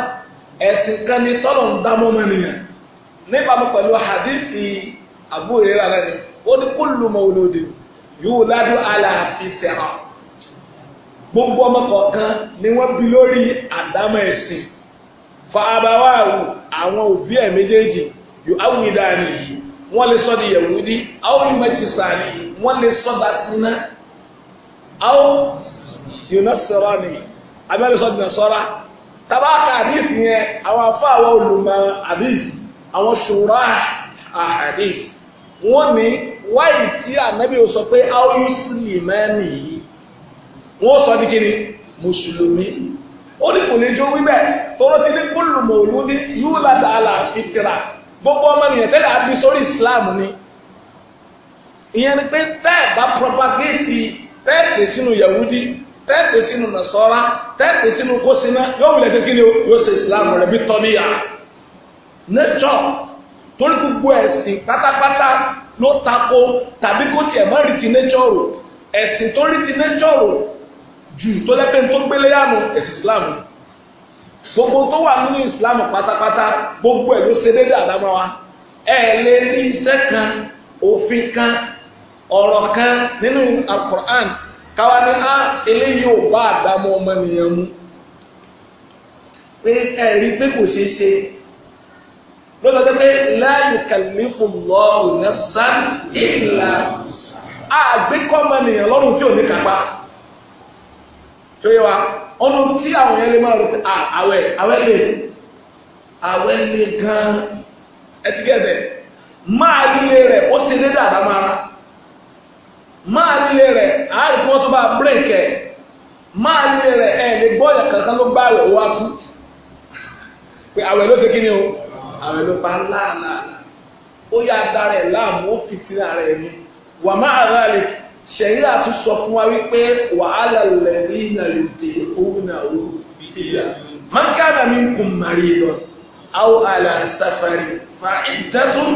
S1: ẹ̀sìn kan ni tọ́lọ̀ ń dá mọ́mọ́ nìyẹn pẹ̀lú hadithi àbúrò rẹ̀ gbogbo ọmọ kọ̀ọ̀kan ni wọ́n bí lórí àdámọ̀ ẹ̀sìn fàbáwáàwù àwọn òbí ẹ̀ méjèèjì yóò áwùn ìdáni wọ́n lè sọ́ di yẹ̀wúdí áwùn mẹ́sìsàní wọ́n lè sọ́ da síná áwùn yóná sọ̀rọ̀ ni abẹ́lẹ̀ sọ́ dìnnà sọ́ra tabaka àdìs yẹn àwọn afọ àwọn olùmọ̀ àdìs àwọn ṣòro àdìs wọ́n ní wáyé tí ànábì sọ pé áwùn yóò sì lè wọ́n sọ ní kíni mùsùlùmí ó ní kò ní jó wíbẹ̀ tóró ti ní kúlù mòlú ní yóò ládà àlà fìtìrà gbogbo ọmọ nìyẹn tẹ́lẹ̀ àbí sórí Islam ni ìyẹn ni pé tẹ́ẹ̀ bá propagate tẹ́ẹ̀pẹ̀ sínú Yahudi tẹ́ẹ̀pẹ̀ sínú Nasara tẹ́ẹ̀pẹ̀ sínú kóṣínà yóò wulẹ̀ ṣe kí ni yóò ṣe Islam rẹ̀ bí tọ́níyà nature torí gbogbo ẹ̀sìn pátápátá ló tako tàbí kó tiẹ̀ má rí ti nature rò ẹ̀sìn tó rí ti nature rò jù tó lẹ́pẹ́ tó gbélé yànú ẹ̀sìn islam gbogbo tó wà nínú islam pátápátá gbogbo ẹ̀ ló ṣe déédéé àdámọ́ wa ẹ̀ lè rí iṣẹ́ kan òfin kan ọ̀rọ̀ kan nínú alukur'an káwa ní á ah, eléyìí ò bá àdámọ́ ọmọnìyàn mu pé ẹ̀rí pé kò ṣeé ṣe lọ́dọ̀ pé láàyè kàlífù lọ́ọ̀rù nafsan ìlà àgbékọ́mọnìyàn lọ́rùn tí ò ní kápá tó yẹ wa ọ̀nà tí àwọn yẹn lè máa rò pé àwẹ̀ àwẹ̀ lè àwẹ̀ lè gan ẹtí gẹ̀ẹ́dẹ̀ máa líle rẹ̀ ó sì lé dàda máa máa líle rẹ̀ àárín kí wọ́n tó bá bírèkì ẹ̀ máa líle rẹ̀ ẹ̀ lè gbọ́ ọ̀yà kankan ló gbá rẹ̀ wá kú pé àwẹ̀ ló ṣe kí ni o àwẹ̀ ló pa láàlà ó yá dára ẹ̀ láàmú ó fìtínà rẹ̀ ni wà rà lè kí ṣẹ̀yìn àti sọ fún wa wípé wàhálà lẹ́rí na yòdì òun na òun bìtìlá. Mákàrà mi kùn màrí lọ, àwọn àlà sàfàrì fa ìdẹ́tún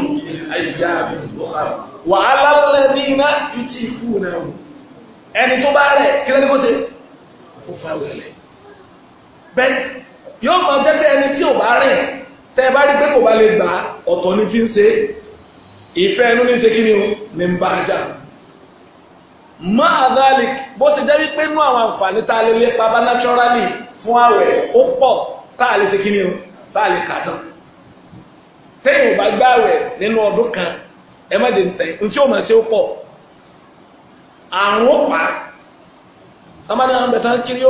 S1: àyíká mi lọ́kà. Wàhálà lẹ́rí na yòdì òun na òun. Ẹni tó bá rẹ̀ kí lẹ́ni kó ṣe? Fún fáwẹ̀lẹ̀. Bẹ́ẹ̀ni, yóò máa jẹ́ pé ẹni tí ò bá rẹ̀ tẹ́ ẹ bá rí pé kò bá lè gbà ọ̀tọ̀ ni ti ń ṣe. Ìfẹ́ ẹnu ní ṣe kí ni o? Ní ń bá a jà. máa dálì bó ṣe jẹ́ wípé inú àwọn àǹfààní tá a lè lépa bá a lè ṣe kíni o tá a lè kà tán. téèyàn bá gbá àwẹ̀ nínú ọdún kan ẹ má dèntẹ ntí a, máa ṣe ó pọ̀ àrùn ó pa amáda àwọn kiri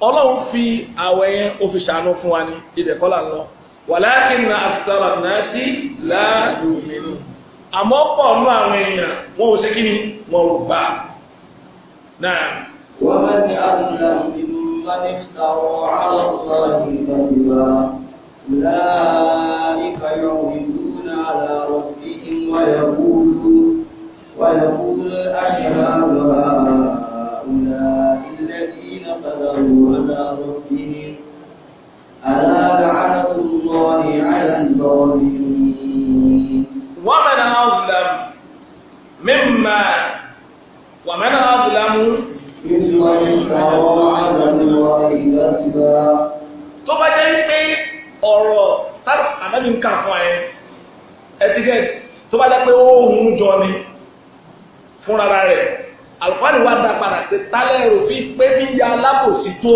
S1: ó fi àwẹ̀ yẹn ó fi ṣàánú fún wa ní ìdẹ̀kọ́lá lọ àfisàrà náà sí àmọ́ pọ̀ nú àwọn èèyàn wọn ò ṣe kí ni wọn ò gbà náà.
S2: wọ́n bá ní àdúrà
S1: nínú mánìfàwọ̀ aláwọ̀láyé ìgbàgbà láìka يعرضون على ربهم ويقولون ويقول أشهد هؤلاء
S2: الذين كفروا على ربهم ألا لعنة الله على الظالمين
S1: ومن أظلم مما ومن أظلم tó bá jẹ́ wípé ọ̀rọ̀ tára ànábì ń kà fún ẹ ẹtíkẹ́tì tó bá jẹ́ pé ó ń jọ ni fúnra rẹ̀ àlùfáàní wa dá padà pé tálẹ̀ rò pé fi alábòsí tó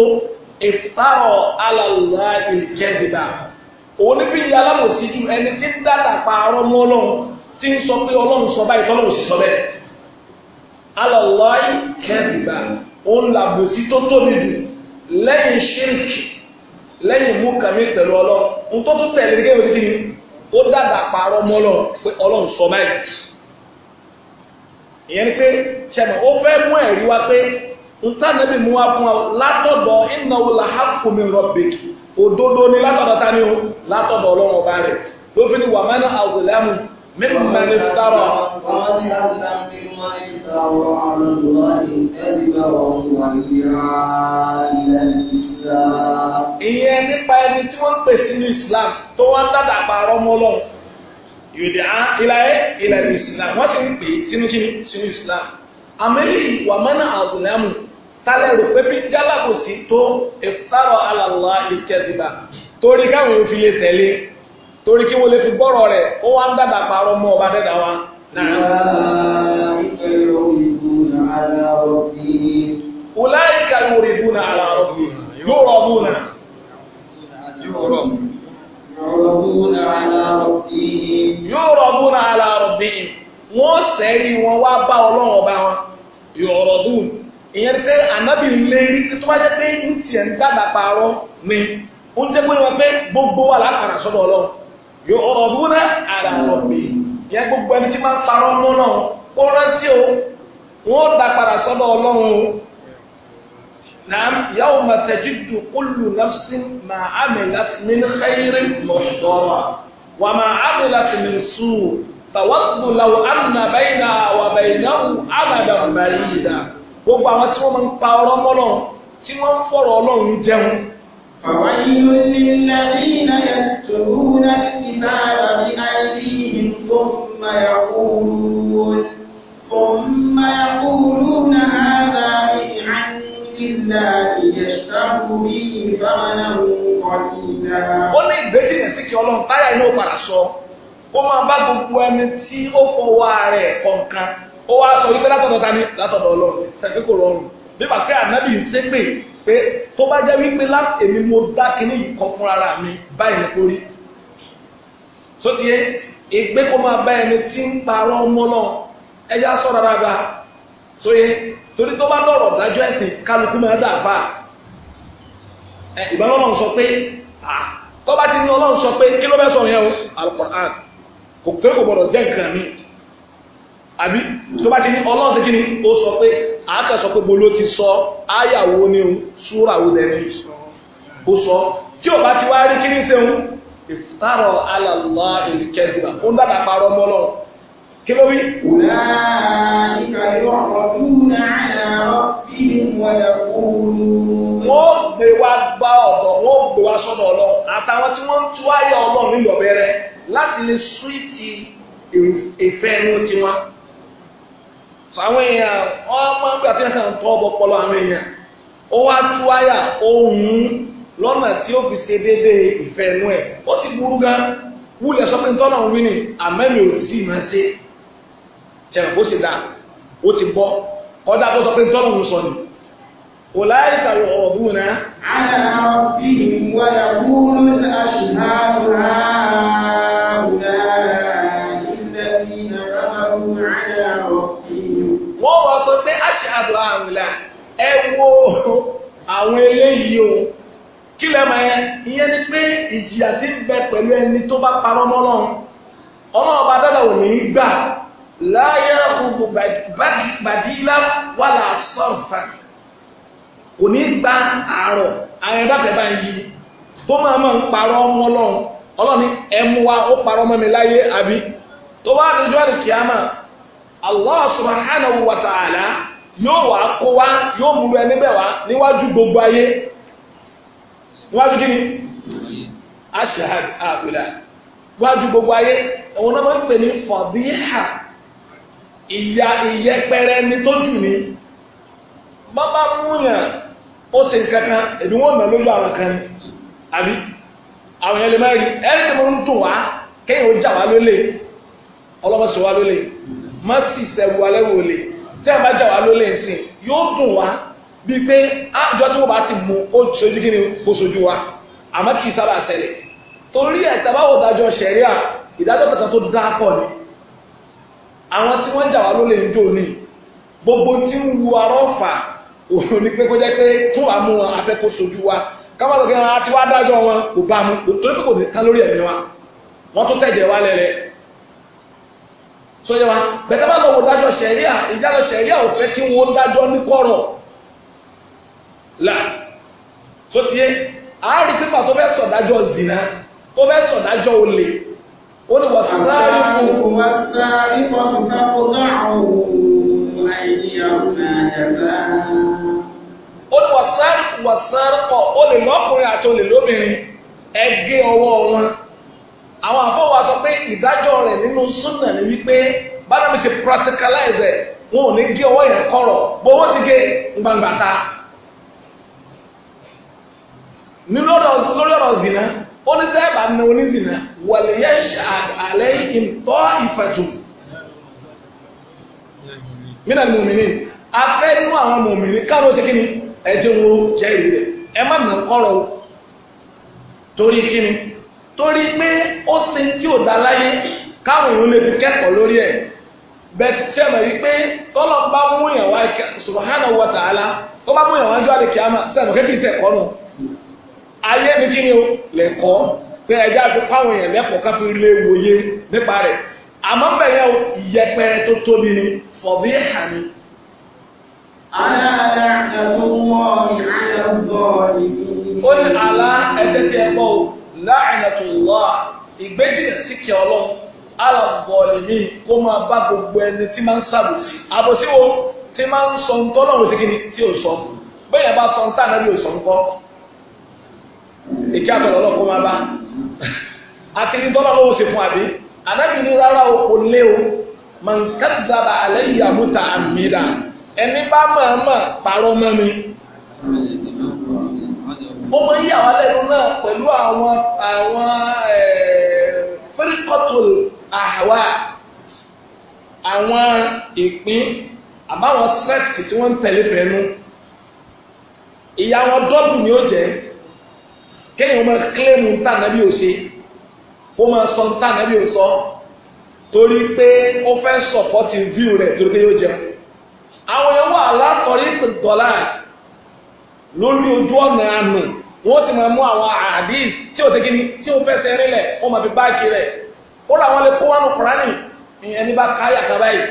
S1: ìfarọ̀ alàlá ìkẹ́dìbà òun ní fi yí alábòsí ju ẹni tí ń dáta pa arọ́ mọ́ ọlọ́run tí ń sọ pé ọlọ́run sọ báyìí tọ́lọ́run sì sọ bẹ́ẹ̀ alọ́láì kẹ́bìbà òun làbòsí tó tóbi jù lẹ́yìn ṣírìkì lẹ́yìn mú kàmí pẹ̀lú ọlọ́run ohun tó tún tẹ̀lé gẹ́gẹ́ bí kíni ó dáta pa arọ́ mọ́ ọlọ́run pé ọlọ́run sọ báyìí ìyẹn ni pé ṣẹ̀mọ̀ ó fẹ́ mú ẹ̀rí wá pé ntánẹ́bì mú wá fún wa látọ̀dọ̀ ìnáwó làhákùnmí rọ̀bìkì òdodo ni látọ̀dọ̀ ta ni o látọ̀dọ̀ ọlọ́run ọba rẹ̀ ló fi ní wàmánà àwòsílámù mímọ̀ ní sárọ̀. ìyẹn nípa ẹni tí wọ́n ń pè sínú Islam tó wá ń dàdà parọ́ mọ́ lọ́hùn yòdì á ìlàyé ìlàyé Islam wọ́n sì ń pè sínú kí sínú Islam àmì wàmánà àwòsílámù tálẹ̀ rò pé fi ń jábàbò sí tó ìfárọ̀ alàlá ìkẹsìbà torí káwọn òfin lè tẹ̀lé torí kí wọ́n lè fi gbọ́rọ̀ rẹ̀ ó wá ń dàgbà parọ́ mọ́ ọba dẹ́dà wa. Wùláyé
S2: ka yóò rí bú na
S1: àlà ọ̀bí yóò rọ̀ bú na. Yóò
S2: rọ̀ bú na àlà
S1: ọ̀bí. Wọ́n sẹ́rí wọn wá bá ọlọ́run ọba wọn. Yóò rọ̀ bú na ìyẹn ni pé ànábì lérí tó bá jẹ́ pé ń tiẹ̀ ń dàgbà pààrọ̀ ni ó ń jẹ́ pé wọ́n pé gbogbo wà lákàrà sọ́dọ̀ ọlọ́run yóò ọ̀rọ̀ ọdún náà àrà ọ̀rọ̀ mi ìyẹn gbogbo ẹni tí máa ń parọ́ mọ́ náà ó rántí o wọ́n dà padà sọ́dọ̀ ọlọ́run o naam yàwó màtẹ́jìdù kúlù nafsin mà amilat min khairin mọ̀ṣọ́rọ̀ wà mà amilat min sùn tàwọ́tò làwọn ànàbẹ́yìnà wà bẹ̀yìnà àbàdàn bàyìnà gbogbo àwọn tí wọ́n máa ń pa ọ̀rọ̀ mọ́lọ́run tí wọ́n ń fọ̀rọ̀ ọlọ́run jẹun. فويل للذين يتلون الكتاب بأيديهم ثم يقولون ثم
S2: يقولون هذا من عند الله يشتروا به ثمنا قليلا. ó ní ìgbésí ní
S1: síkì ọlọ́run táyà inú ò padà sọ ó máa ó fọwọ́ ara ó wá sọ wípé látọ̀dọ̀ ta ni látọ̀dọ̀ ọlọ́run sẹ́ni kò rọrùn bí bàtí ànábì ń ṣe pé pé tó bá jẹ́ wípé láti èmi mo dá kinní yìí kan fúnra ra mi báyìí ní torí tó ti yé ìgbé kó máa bá ẹni tí ń parọ́ ọmọ náà ẹja sọ̀rọ̀ rárá tó yé torí tó bá dọ̀rọ̀ dájọ́ ẹ̀sìn kálukú máa dà fà ẹ ìbọn ọlọ́run sọ pé tó bá ti ní ọlọ́run sọ pé kí ló bẹ́ sọ yẹn o Al-Qur'an kò pé kò gbọdọ̀ jẹ́ nǹkan mi àbí tó bá ti ní ọlọ́run sí kíni ó sọ pé àákà sọ pé bolo ti sọ áyàwó ní o súràwó dẹni ó sọ tí ò bá ti wá rí kíni sẹ́hun ìfúsàrọ̀ alàlá ìrìkẹ́gbà ó ń dàdà parọ́ mọ́ kí ló wí. wọ́n gbé wa gbá ọ̀dọ̀ wọ́n gbé wa sọ́dọ̀ ọlọ́run àtàwọn tí wọ́n ń tú ayé ọlọ́run nílò bẹ̀rẹ̀ láti lè súwìtì ìfẹ́ inú tiwọn àwọn èèyàn wọ́n máa ń gbà tí wọ́n kàn tọ́ ọbọ̀ pọlọ àwọn èèyàn ó wá tú àyà ohun lọ́nà tí ó fi ṣe déédéé ìfẹ́ inú ẹ̀ ó sì burú gan wúlẹ̀ sọ pé tọ́nà ń wí ni àmẹ́lì ò sì máa ṣe ṣẹ̀rọ̀ bó ṣe dà ó ti bọ́ kọjá tó sọ pé sọ ni kò láyé ìtàwé ọ̀rọ̀ bú na.
S2: àyà àwọn
S1: hàmìlà ẹ wo àwọn eléyìí o kí lẹ́ mọ̀ yẹn ìyẹn ni pé ìjìyà ti ń bẹ pẹ̀lú ẹni tó bá parọ́ mọ́ Ọlọ́run Ọlọ́run ọba dáadáa ò ní í gbà láyé gbogbo gbàdílá wà lásọ̀fà kò ní gba àárọ̀ àwọn ẹ̀dá kẹfà ń yí tó máa máa ń parọ́ ọmọ Ọlọ́run ẹmu wa ó parọ́ mọ́ mi láyé àbí tó bá dojú àdìkíyàmà Allah subhanahu wa ta'ala. yóò wá kó wá yóò múlu ẹni bẹ́ẹ̀ wá níwájú gbogbo ayé níwájú kí ni aṣahad níwájú gbogbo ayé òun náà máa ń pè ní ìyá ìyẹpẹrẹ ni tó jù ní bábá múyàn ó ṣe nǹkan wọn lójú àwọn kan àbí àwọn yẹn lè má rí ẹni tí mo ń tẹ́ẹ̀ bá jà wá ló lè sìn yóò dùn wá bíi pé àjọ ah, tí wọ́n bá sì mú ó sojú kí ni kó sojú wa àmọ́ kì í sábà ṣẹlẹ̀ torí ẹ̀ tàbáwò dájọ́ ṣẹ̀ríà ìdájọ́ kankan tó dá pọ̀ ni àwọn tí wọ́n jà wá ló lè ń jò ní gbogbo tí ń wu arọ́ fà òun ni pé kó jẹ́ pé tún wàá mú wọn afẹ́kó sojú wa káwọn lọ́kẹ́ wọn á ti wá dájọ́ wọn kò bá mu torí pé kò ní ká lórí ẹ̀mí wa wọ́n tún tẹ̀jẹ̀ wá lẹ́lẹ́ sọyẹ wa bẹ̀tẹ̀ bá lọ wò dájọ́ sẹ̀ríà ìdájọ́ sẹ̀ríà ò fẹ́ kí wọ́n dájọ́ ní kọ̀rọ̀ là tó tiẹ̀ àárí pípa tó fẹ́ sọ̀dájọ́ zina tó fẹ́ sọ̀dájọ́ olè ó ní wọ́n sáré fún un. wọ́n sáré fún un ká kó náà yàrá. ó ní wọ́n sáré wọ́n pọ̀ olè lọ́kùnrin àti olè lóbìnrin ẹgbẹ́ ọwọ́ wọn. àwọn àfọwọ́ sọ pé ìdájọ́ rẹ̀ nínú súnà ni wípé bádámi ṣe practicalize ẹ̀ wọn ò ní gé ọwọ́ yẹn kọ̀rọ̀ bó wọ́n ti gé gbangba ta nínú lórí ọ̀rọ̀ zina ó ní dẹ́ẹ̀bà ní onízina wàlẹ̀ yẹn ṣàlẹ́ ìtọ́ ìfẹ̀tù mínà ní mòmìnì afẹ́ àwọn mòmìnì ṣe kíni wo jẹ́ ìrírẹ̀ ẹ má nà torí kíni torí pé ó sin tí ò dá láyé káwọn èèyàn lè fi kẹ́kọ̀ọ́ lórí ẹ̀ bẹ́ẹ̀ tí mọ̀ pé tọ́lọ̀ bá mú yàn wá subhanahu wa ta'ala tó bá mú yàn wá o pé ẹja fi èèyàn lẹ́kọ̀ọ́ ká fi lé wòye nípa rẹ̀ àmọ́ o tó tóbi ni láàrínàtòlá ìgbéjìnà síkì ọlọ́run alàbọ̀lẹ̀mí kó máa bá gbogbo ẹni tí máa ń sàbòsí àbòsí wo tí máa ń sọ ń tọ́nà òsì kí ni tí ò sọ bẹ́ẹ̀ bá sọ ń tà náà bí ò sọ ń kọ́ ìkí àtọ̀lọ́ lọ́kọ́ máa bá àti ní tọ́nà lọ́wọ́ sí fún àbí anábì ní rárá o kò lé o màá kàdàbà àlẹ́ ìyàmúta àmì rà ẹni bá máa máa pàrọ̀ mọ́ mi ó máa ń yà wá lẹ́nu náà pẹ̀lú àwọn àwọn fẹ́ríkọ́tòlù àwa àwọn ìpín àbáwọn sẹ́ẹ̀tì tí wọ́n ń tẹ̀lé fẹ́nu ìyá wọn dọ́bù ni ó jẹ́ kéèyàn máa kílẹ̀mù ń tà nábì ò ṣe kó máa sọ ń tà nábì ò torí pé ó fẹ́ sọ̀pọ́tì fíù rẹ̀ torí pé yóò jẹun àwọn ẹ̀wọ̀n alátọ̀rí dọ̀là lórí ojú ọ̀nà àánú wọ́n sì máa mú àwọn àbí tí ò tẹ́kí ni tí ò fẹsẹ̀ rí lẹ̀ wọ́n máa fi báàkì rẹ̀ ó làwọn lè kó wánu kùránì ẹni bá ká yàtà báyìí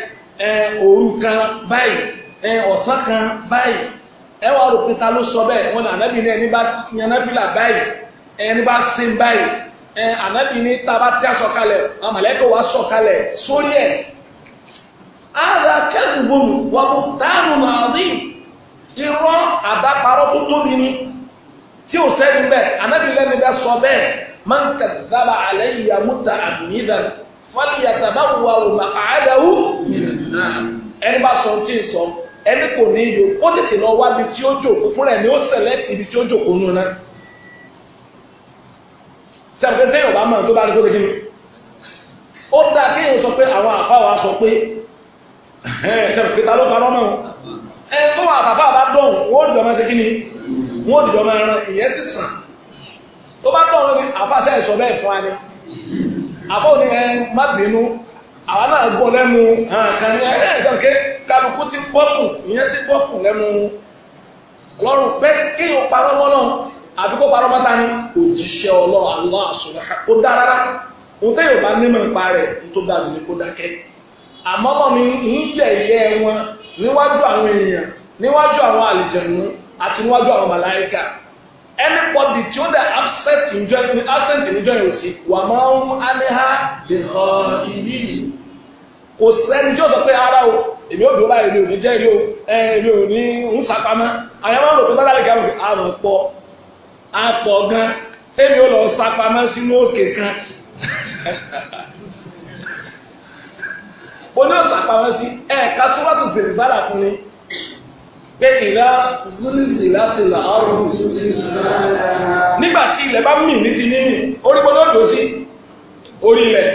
S1: ẹ òru kan báyìí ẹ ọ̀sán kan báyìí ẹ wà rò pété ló sọ bẹ́ẹ̀ wọn ànábì ní ẹni bá yanábìlà báyìí ẹni bá sin báyìí ànábì ní taba tí a sọ kalẹ̀ wa sọ sórí ẹ̀ ara kẹ́sùn gbòmù wà parọ́ tó tóbi ni tí ò sẹ́ni bẹ́ẹ̀ anábì lẹ́ni bẹ́ẹ̀ sọ bẹ́ẹ̀ máa ń kàdábà alẹ́ ìyàmú ta àmì ìdá fọ́lìyàtà bá wà wò má àádáwù ẹni bá sọ tí ì sọ ẹni kò ní yọ ó tètè lọ wá ibi tí ó jòkó fúnra ẹni ó sẹlẹ̀tì ibi tí ó jòkó nù náà tí tẹ́yìn ọ̀bá mọ̀ tó bá rí kékeré ó dáa kéèyàn sọ pé àwọn àfáwà sọ pé ẹ̀hẹ́n pé ta ló parọ́ mọ́ ẹni tó wà àtàfà bá dọ̀hùn wọ́n dìjọ́ máa ṣe kí ni wọ́n dìjọ́ máa ran ìyẹn sì sàn tó bá dọ̀hùn ní àfà sẹ́ sọ bẹ́ẹ̀ fún wa ni àfà ò ní ẹ má bínú àwa náà gbọ́ lẹ́nu kan ní ẹ̀ ẹ̀ sọ̀kẹ́ kálukú ti bọ́pù ìyẹn sì bọ́pù lẹ́nu lọ́rùn bẹ́ẹ̀ kéèyàn parọ́ mọ́lọ́run àbí kó parọ́ mọ́ta ní òjíṣẹ́ ọlọ́run Allah subhanahu kó dá rárá òun tẹ́ yóò bá nímọ̀ nípa rẹ̀ tó dàbí ní kó dákẹ́ àmọ́ mọ́ mi níwájú àwọn èèyàn níwájú àwọn àlìjẹ̀nú àti níwájú àwọn màláìka anybody tí ó dẹ̀ absent níjọ́ absent níjọ́ yẹn sí wà máa ń aléhà lè hàn ìyí kò sẹ́ni tí ó sọ pé ara o èmi ò dúró láì èmi ò ní jẹ́ èmi ò èmi ò ní ń sapamọ́ àyàwó rò pé bá láì kàwé àrùn pọ̀ àpọ̀ gan èmi ò lọ sapamọ́ sínú òkè kan. bó ní ọ̀sán àpamọ́ sí ẹ̀ka sọ́wọ́tò zèrè bára fún mi pé ìlà zúlìzì láti là ọrùn nígbà tí ilẹ̀ bá mì ní ti níní orí gbọ́dọ̀ dò sí orí ilẹ̀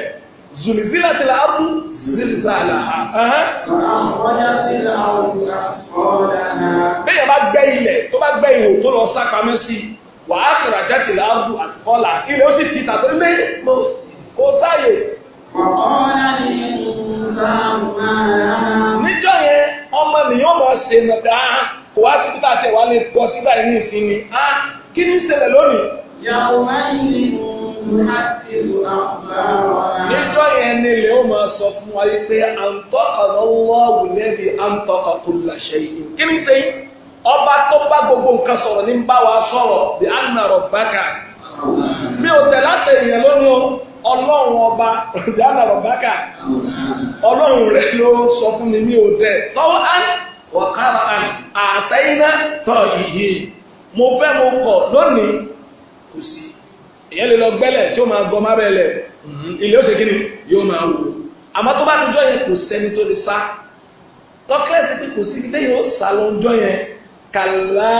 S1: zùlìzì láti là ọrùn zìlìzàlà bẹ́ẹ̀ bá gbẹ́ ilẹ̀ tó bá gbẹ́ ihò tó lọ sápamọ́ sí wàá sọ̀rọ̀ àjẹtìlá ọrùn àtìkọ́là ilẹ̀ ó sì ti tàbí mẹ́ kó sáyè
S2: níjọ́
S1: yẹn ọmọ ènìyàn máa ṣe nàdá ah, kò wá sí títà tí wàá lè bọ́ síbà ní ìsinmi ah, kí ni ìṣẹ̀lẹ̀ lónìí.
S2: yàwó máa ń ní níjọ́ yẹn
S1: ni ilé ó máa sọ fún wa pé à ń tọ́ka lọ́wọ́ wùlẹ́bí à ń tọ́ka kó làṣẹ yìí kí ni ṣe yìí ọba tó bá gbogbo nǹkan sọ̀rọ̀ ní bá wa sọ̀rọ̀ bí a nà bákà mi ò tẹ̀ láṣẹ ìyẹn lónìí o ọlọ́run ọba ìdáná lọ́bákà ọlọ́run rẹ̀ ló sọ fún mi ní òtẹ́ tọ́wọ́ án wàkàrà án àtẹ́yìnà tọ́ ìhì mo fẹ́ mo kọ̀ lónìí kò sí èyàn lè lọ gbẹ́lẹ̀ tí ó máa gọ má bẹ̀lẹ̀ ilé ó ṣe kí ni yóò máa wò àmọ́ tó bá ti jọ yẹn kò sẹ́ni tó lè sá tọ́kílẹ̀sì pé kò sí ibi tẹ́yìn ó sá lọ jọ yẹn kàlá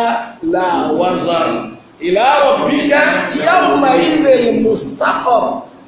S1: làwàzà ìlà rabbika yawma idil mustaqar.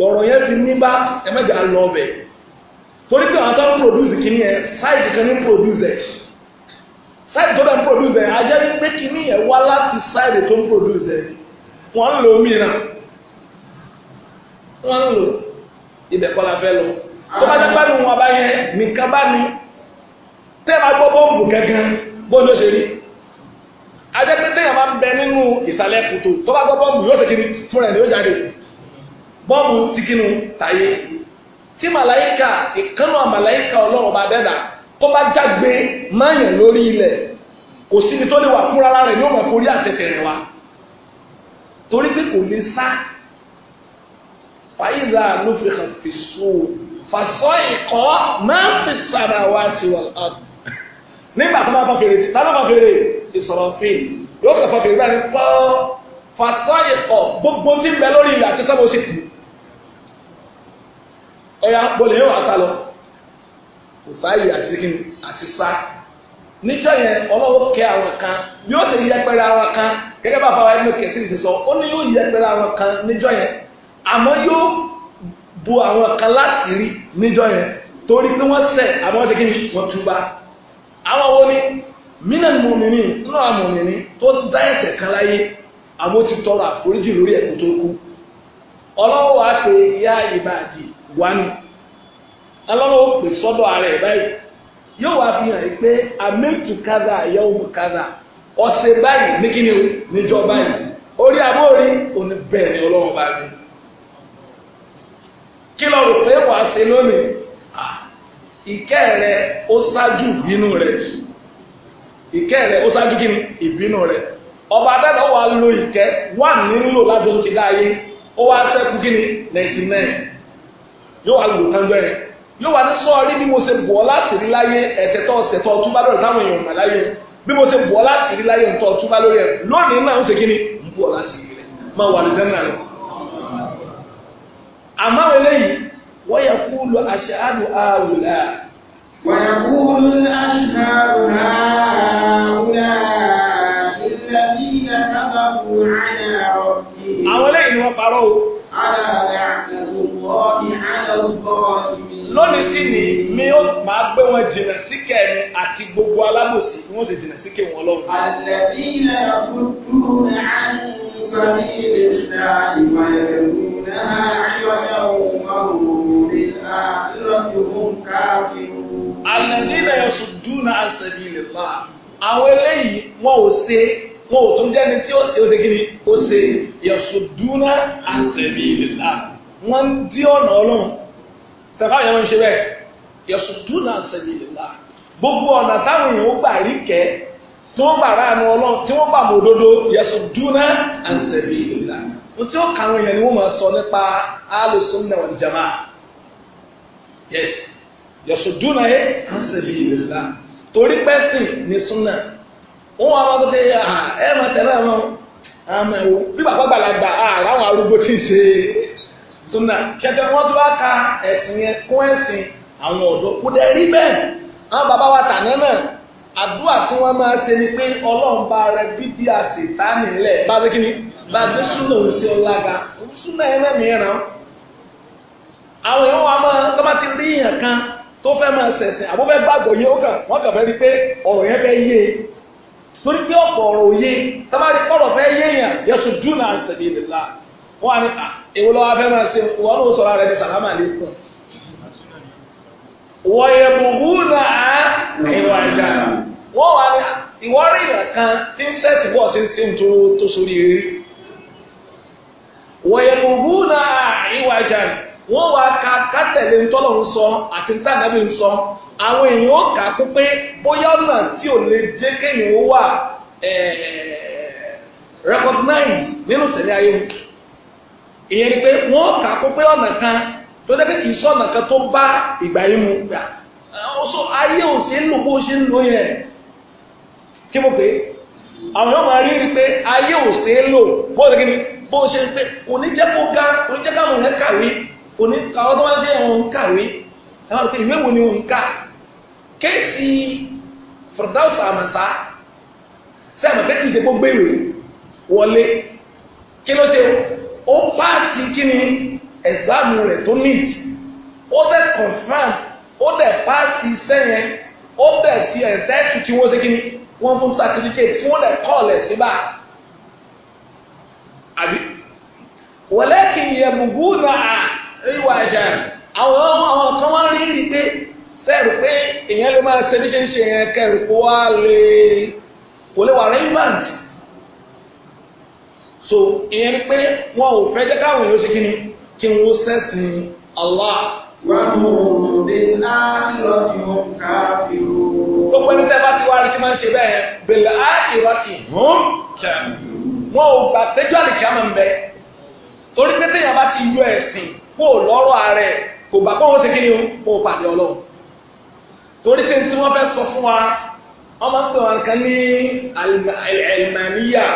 S1: lọ́rọ̀ yẹn ti ní bá ẹ̀mẹ́jà lọ bẹ̀ torí pé àwọn tó ń produce kìíní yẹn side kan ní produce ẹ̀ side tó ń produce ẹ̀ ajẹ́ pé kìíní yẹn wá láti side tó ń produce ẹ̀ wọ́n ń lo mìíràn wọ́n ń lo ibẹ̀ kọ́ la fẹ́ lọ tó bá dábàá ní wọn bá yẹn nìkan bá ní tẹ́ ẹ máa gbọ́ bọ́ǹbù kankan bóun ló ṣe rí ajẹ́ pé téèyàn máa ń bẹ nínú ìsàlẹ̀ kùtù tó bá gbọ́ bọ́ǹbù yóò ṣe kiri fúnra ẹ̀ ní ó jáde bọ́ọ̀mù ti kínú tàyé tí màláyíkà ìkànnà màláyíkà ọlọ́run bá dẹ́dà tó bá jágbe máyàn lórí ilẹ̀ kò síbi tó lè wà fúnra rẹ̀ yóò mọ̀ forí àtẹsẹ̀ rẹ̀ wá torí pé kò lè sá fàyílà ló fi hàn fi so fàṣọ ìkọ́ máa ń fi sàrà wá ti wà lọ́dún nígbà tó bá fà fèrè tánà fà fèrè ìsọ̀rọ̀ fèrè yóò kàn fà fèrè báyìí pọ́n fàṣọ ìkọ́ gbogbo tí ń bẹ lórí ilẹ̀ àti sábà ó sì kú ẹ̀yà pọ̀lẹ̀ yóò wá sálọ kò sáàyè àti kí àti sá níjọ́ yẹn ọlọ́wọ́ kẹ́ àwọn kan bí ó sì yẹpẹrẹ àwọn kan gẹ́gẹ́ bá fáwọn ẹni kẹsì ti sọ ó ní yóò yẹpẹrẹ àwọn kan níjọ́ yẹn àmọ́ yóò bo àwọn kan láṣìírí níjọ́ yẹn torí pé wọ́n ṣẹ̀ àmọ́ ṣe kí ni wọ́n túbà àwọn wo ni mínà mùmìnì nínú àwọn mùmìnì tó dá ẹ̀ṣẹ̀ kan láyé àmọ́ ti tọrọ àforíjì lórí ẹ̀kú tó kú ọlọ́wọ́ wa pé yá ìbàdí wánu ọlọ́run ó pè sọ́dọ̀ ara ẹ̀ báyìí yóò wá fi hàn pé amẹ́tù kádà yọ̀wù kádà ọ̀sẹ̀ báyìí ní kíni o báyìí orí abóorí òní bẹ́ẹ̀ ni ọlọ́run bá rí kí lọ rò pé wàá ṣe lónìí ìkẹ́ rẹ ó ṣáájú ìbínú rẹ ìkẹ́ rẹ yóò wá lò tán bẹ́ẹ̀ yóò wá ní sọ́ọ̀rí bí mo ṣe bù ọ́ láṣìírí láyé ẹ̀ṣẹ̀ tó ọ̀ṣẹ̀ tó ọtúbá lórí táwọn èèyàn mà láyé bí mo ṣe bù ọ́ láṣìírí láyé ń tọ́ ọtúbá lórí ẹ̀ lónìí náà ń ṣe kíni ń bù ọ́ láṣìírí rẹ̀ máa wà lójẹ́ náà lọ. àmọ́ eléyìí wọ́n yẹ kú lọ àṣàdù àwùlà. wọ́n yẹ kú lọ àṣàdù àwùlà
S2: ìlànà àwọn eléyìí ni wọ́n
S1: parọ́ lónìí sí ni mi ó máa gbé wọn jìnnà sí kẹrin àti gbogbo alábòsí bí wọn sì jìnnà sí kẹrin wọn lọ́rùn. àlẹ́bí
S2: ilẹ̀ sùkúrù ní àǹsọ̀rí
S1: ìlà ìwà
S2: ẹ̀rù náà àyọ̀yọ̀
S1: òun ọ̀hún ìlà lọ́dún káfíìn.
S2: àlẹ́bí ilẹ̀
S1: sùkúrù ní àǹsọ̀rí ìlà àwọn eléyìí wọn ò ṣe wọn ò tún jẹ́ni tí ó ṣe ó ṣe kí ni ó ṣe yẹ̀sùdúnà àṣẹ̀bí ìlà wọ́n ń dí ọ̀nà ọlọ́run tẹ̀fà yẹn wọ́n ń ṣe bẹ́ẹ̀ yẹ̀sùn dúnà sabilillah gbogbo ọ̀nà táwọn èèyàn ó gbà rí kẹ́ tí wọ́n gbà ránu ọlọ́run tí wọ́n gbà mọ òdodo yẹ̀sùn dúnà sabilillah ohun tí ó kàwọn èèyàn ni wọ́n máa sọ nípa alùsùnà wal jamaa yes yẹ̀sùn dúnà yẹ sabilillah torí pẹ́sìn ní súnà wọ́n wá wá tó dé ẹ̀ máa tẹ̀lé àwọn àmọ́ ẹ̀wọ̀ bí bàbá gbàlagbà àrà ah, àwọn arúgbó súnà ṣẹ́tẹ́ wọ́n tún wá ka ẹ̀sìn yẹn kún ẹ̀sìn àwọn ọ̀dọ́ kò dẹ̀ rí bẹ́ẹ̀ àwọn bàbá wa tàná náà àdúrà tí wọ́n máa ṣe ni pé ọlọ́run bá rẹ bídí àṣetánì lẹ̀ bá ṣe kíni bá gbé súnà òun sí ọlága òun súnà ẹ̀ náà mìíràn àwọn èèyàn wa máa tó bá ti rí èèyàn kan tó fẹ́ máa ṣẹ̀sìn àbúfẹ́ gbàgbọ́ yé ó kàn wọ́n kàn fẹ́ rí pé ọ̀rọ̀ yẹn fẹ́ yé e torí pé ọ̀pọ̀ ọ̀rọ̀ òye tábàrí ọ̀rọ̀ fẹ́ yéèyàn yẹsùn júnà wọ́n á ní ìwọ ah, lọ́wọ́ afẹ́ máa ṣe wọ́n ló sọ̀rọ̀ rẹ̀ ní sàlámà lẹ́kùn. na yẹ bùbú náà wọ́n wà kan wà ká àti ńtàdábì nsọ àwọn èèyàn kà pé bóyá ọ̀nà tí ò lè jẹ́ ìyẹn ni pé wọ́n kà kó pé ọ̀nà kan tó dẹ́ pé kì í sọ ọ̀nà kan tó bá ìgbà yìí mu gbà ọ̀ṣọ́ ayé ò sí lò bó ṣe ń lò yẹn kí mo pè é àwọn ọmọ rí rí pé ayé ò sí lò bó ṣe kíni bó ṣe ń pé kò ní jẹ́ kó ga kò ní jẹ́ káwọn ọ̀nà kàwé kò ní káwọn tó máa ń ṣe ọ̀hún kàwé àwọn òpin ìwé wo ni òun kà kéèsì fọ̀dáùsà àmàṣá sí àmàṣá kì í ṣe gbogbo ìwé wọlé kí ló ṣe ó páàsì kíni ẹ̀sáàmù rẹ̀ tó níìtì ó dẹ̀ confam ó dẹ̀ páàsì iṣẹ́ yẹn ó dẹ̀ ti ẹ̀tẹ́ẹ̀tù tí wọ́n ṣe kíni wọ́n fún certificate tí wọ́n dẹ̀ kọ́ọ̀lẹ̀ síbà àbí wọ̀lẹ́kì yẹ̀bùbù náà ìwà ẹ̀jẹ̀ àwọn àwọn kan wá rí rí pé sẹ́rù pé èèyàn ló máa ṣe bí ṣe ń ṣe yẹn kẹrù kó wá lè kò lè wà relevant so ìyẹn ni pé wọn ò fẹ́ jẹ́ káwọn èèyàn ṣe kí ni kí n ó sẹ́sìn Allah.
S2: Gbogbo
S1: ẹni tẹ́ bá ti wá rí tí máa ń ṣe bẹ́ẹ̀ bẹ̀rẹ̀ á ìrọ̀tì hàn wọn ò gbà péjọ́ àlèkí àmọ́ ń bẹ torí pé téèyàn bá ti yọ ẹ̀sìn kó lọ́rọ̀ ààrẹ kò gbà kó wọ́n ṣe kí ni kó pàdé Ọlọ́run torí pé tí wọ́n fẹ́ sọ fún wa wọ́n máa ń pè wọn kan ní àlìmàníyà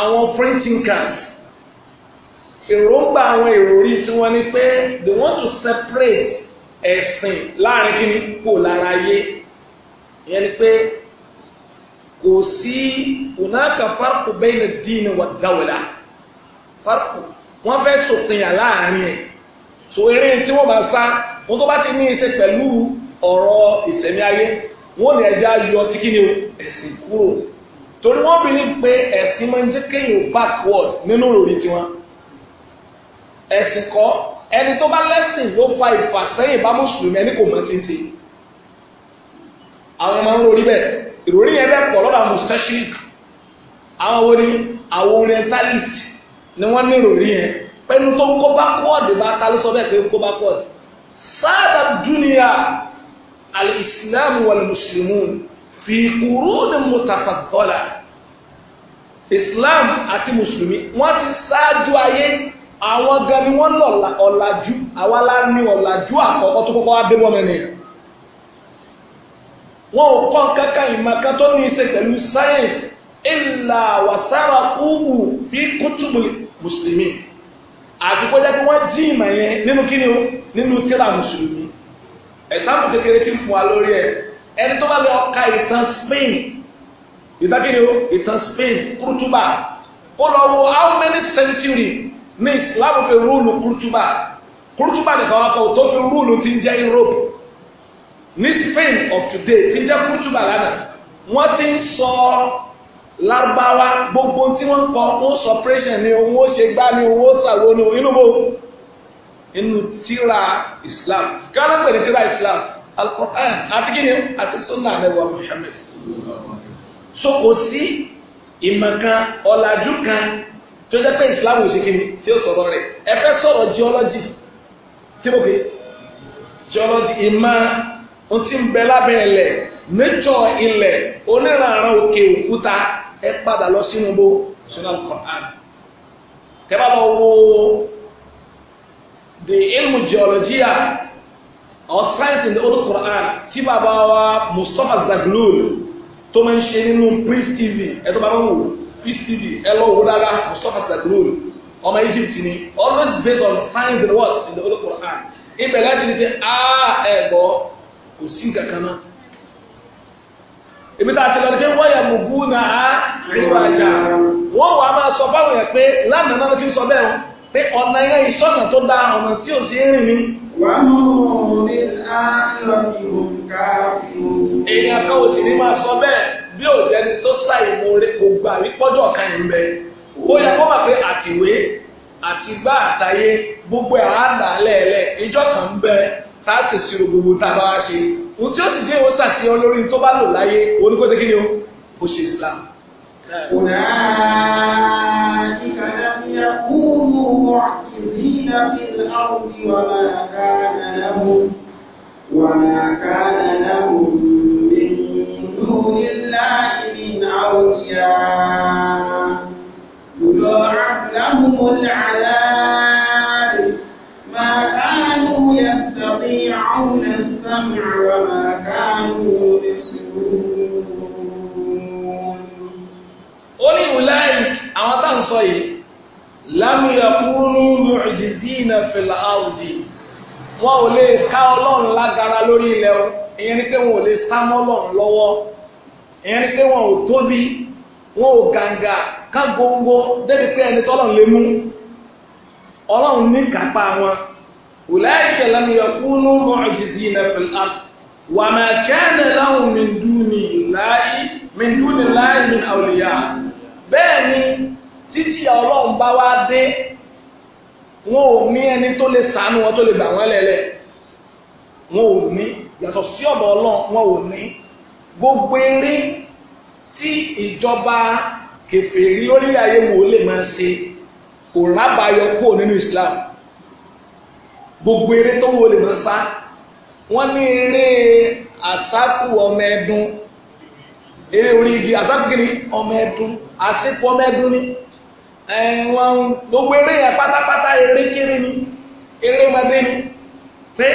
S1: àwọn free thinkers èròǹgbà àwọn ìròrí tí wọ́n ní pé they want to separate ẹ̀sìn láàrin kí ni kò lára ayé ìyẹn ni pé kò sí ònàkà fárkù bẹ́ẹ̀nà dín wà dáwọ̀lá fárkù wọ́n fẹ́ sòpinyà láàrin ẹ̀ so eré tí wọ́n bá sá wọn tó bá ti ní í ṣe pẹ̀lú ọ̀rọ̀ ìsẹ̀mí ayé wọn ò ẹja yọ tí kí ni ẹ̀sìn kúrò torí wọ́n bí ní pé ẹ̀sìn máa ń jẹ́ kéèyàn backward nínú òrì tiwọn ẹ̀sìn kọ́ ẹni tó bá lẹ́sìn ló fa ìfàsẹ́yìn bá mùsùlùmí ẹni kò mọ títí àwọn ọmọ ń lórí bẹ́ẹ̀ ìròrí yẹn pọ̀ lọ́dọ̀ àwọn mùsẹ́ṣíríkì àwọn wo ni àwọn orientalist ni wọ́n ní ìròrí yẹn pẹ̀lú tó ń kó backward bá ta ló sọ bẹ́ẹ̀ pé ń kó backward sáàdà dúnìyà al-islam wal-muslimun fi kùrúnì mùtàfàdọ́là islam àti mùsùlùmí wọ́n ti ṣáájú ayé àwọn gan ni wọ́n lọ ọ̀làjú àwa la ní ọ̀làjú àkọ́kọ́ tó kọ́kọ́ wá débọ̀ mẹ́rin wọn ò kọ́ kankan ìmọ̀kan tó ní í pẹ̀lú sáyẹ́nsì ìlà wàsára kúrú fi kútùbù mùsùlùmí àti kó jẹ́ pé wọ́n jí ìmọ̀ yẹn nínú kíni o nínú tíra mùsùlùmí ẹ̀sán kékeré ti fún wa lórí ẹ̀ ẹni tó bá lọ ka ìtàn Spain ìtàkìrì o ìtàn Spain Kurtuba ó wo how many century ní Islam fi rúùlù Kurtuba Kurtuba nìkan wọn kọ tó fi rúùlù ti ń jẹ Europe ní Spain of today ti ń jẹ Kurtuba lánàá wọ́n ti ń sọ Lárúbáwá gbogbo tí wọ́n ń kọ sọ pírẹsìn ni owó ṣe gbá ni owó ṣàlọ ni inú bò inú tíra Islam gánà pè ní tíra Islam alukur'an àti kíni àti sunna àlẹ́wà Muhammad so kò sí ìmọ̀ kan ọ̀làjú kan tó jẹ́ pé Islam ò ṣe kíni tí ó sọ̀rọ̀ rẹ̀ ẹ fẹ́ sọ̀rọ̀ geology kí ló pé geology ìmọ̀ ohun tí ń bẹ lábẹ́ ilẹ̀ nature ilẹ̀ oníranran òkè òkúta ẹ padà lọ sínú bó sínú alukur'an tẹ́ bá lọ wo the ilmu geology yà or science in the old Quran tí bàbá wa Mustapha Zaglul tó máa ń ṣe nínú Prince TV ẹ tó bá máa ń wò Peace TV ẹ lọ wò dáadáa Mustapha Zaglul ọmọ Egypt ni always based on science and the in the old Quran ibẹ̀ láti rí pé a ah, ẹ̀ gbọ́ kò sí nǹkan kan náà ibi tá a ti lọ ní pé wọ́n yẹ mùgú náà rí wájà wọ́n wàá máa sọ fáwọn yẹn pé lánàá náà ló ti sọ bẹ́ẹ̀ o pé ọ̀nà iná ìṣọ́nà tó dá ọ̀nà tí ò sí rìn ní. wàá mú ní àlọ́kì òǹkà òun. èèyàn kan ò sì ní máa sọ bẹ́ẹ̀ bí ò jẹ́ tó ṣàì mú orí kò gbà rí pọ́jọ́ kan yìí bẹ́ẹ̀. ó yẹ kó mà pé àtìwé àtìgbà àtàyé tó bá lò láyé oníkóṣe ó ṣe Islam.
S2: أولئك لم يكونوا
S1: معجزين في الأرض وما كان
S2: لهم وما كان لهم
S1: wọn ò lè ká ọlọ́run lágara lórí ilẹ̀ o ìyẹn ni pé wọn ò lè sá mọ́ ọlọ́run lọ́wọ́ ìyẹn ni pé wọn ò tóbi wọn ò gàǹgà ká gbóngbó débi pé ẹni tọ́lọ́run lè mú ọlọ́run ní kápá wọn ulaika lam yakunu mu'jizina fil ard wa ma kana lahum min duni llahi min duni llahi min awliya bẹ́ẹ̀ ni títí ọlọ́run bá wá dé wọn ò ní ẹni tó lè sànú wọn tó lè gbà wọn lẹ́lẹ̀ wọn ò ní yàtọ̀ sí ọ̀dọ̀ ọlọ́run wọn ò ní gbogbo eré tí ìjọba kèfèrí lórílẹ̀ ayé wo lè máa ṣe kò rábàáyọ kúrò nínú Islam gbogbo eré tó wo lè máa sá wọ́n ní eré àsákù ọmọ ẹdun eré orí igi àsákù kìíní ọmọ ẹdun àsìkò ọmọ ẹdun ni ẹ̀wọ̀n gbogbo eré yẹn pátápátá eré kéré ni eré ọmọdé ni pé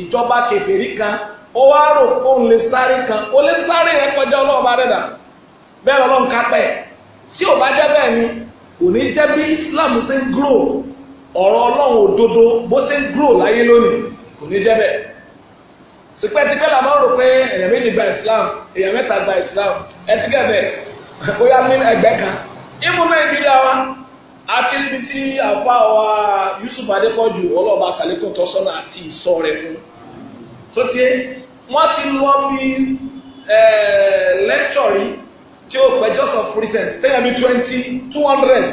S1: ìjọba kèfèrí kan ó wá rò kó ń lè sáré kan ó lè sáré yẹn kọjá ọlọ́ọ̀bá rẹ̀dà bẹ́ẹ̀ lọ́lọ́run kápẹ́ tí ò bá jẹ́ bẹ́ẹ̀ ni kò ní jẹ́ bí Islam ṣe ń grow ọ̀rọ̀ ọlọ́run òdodo bó ṣe ń grow láyé lónìí kò ní jẹ́ bẹ́ẹ̀ Islam èèyàn mẹ́ta Islam ẹ Imume nàìjíríà wa àti ibi tí àfa wa Yusuf Adépọ̀jù ọlọ́ọ̀bá sàlékò tọ́sọ́nà àti ìsọ rẹ̀ fún tó ti wọ́n ti lọ bí lẹ́kítọ̀rì tí ó pẹ́ just of tẹ́yà twenty two hundred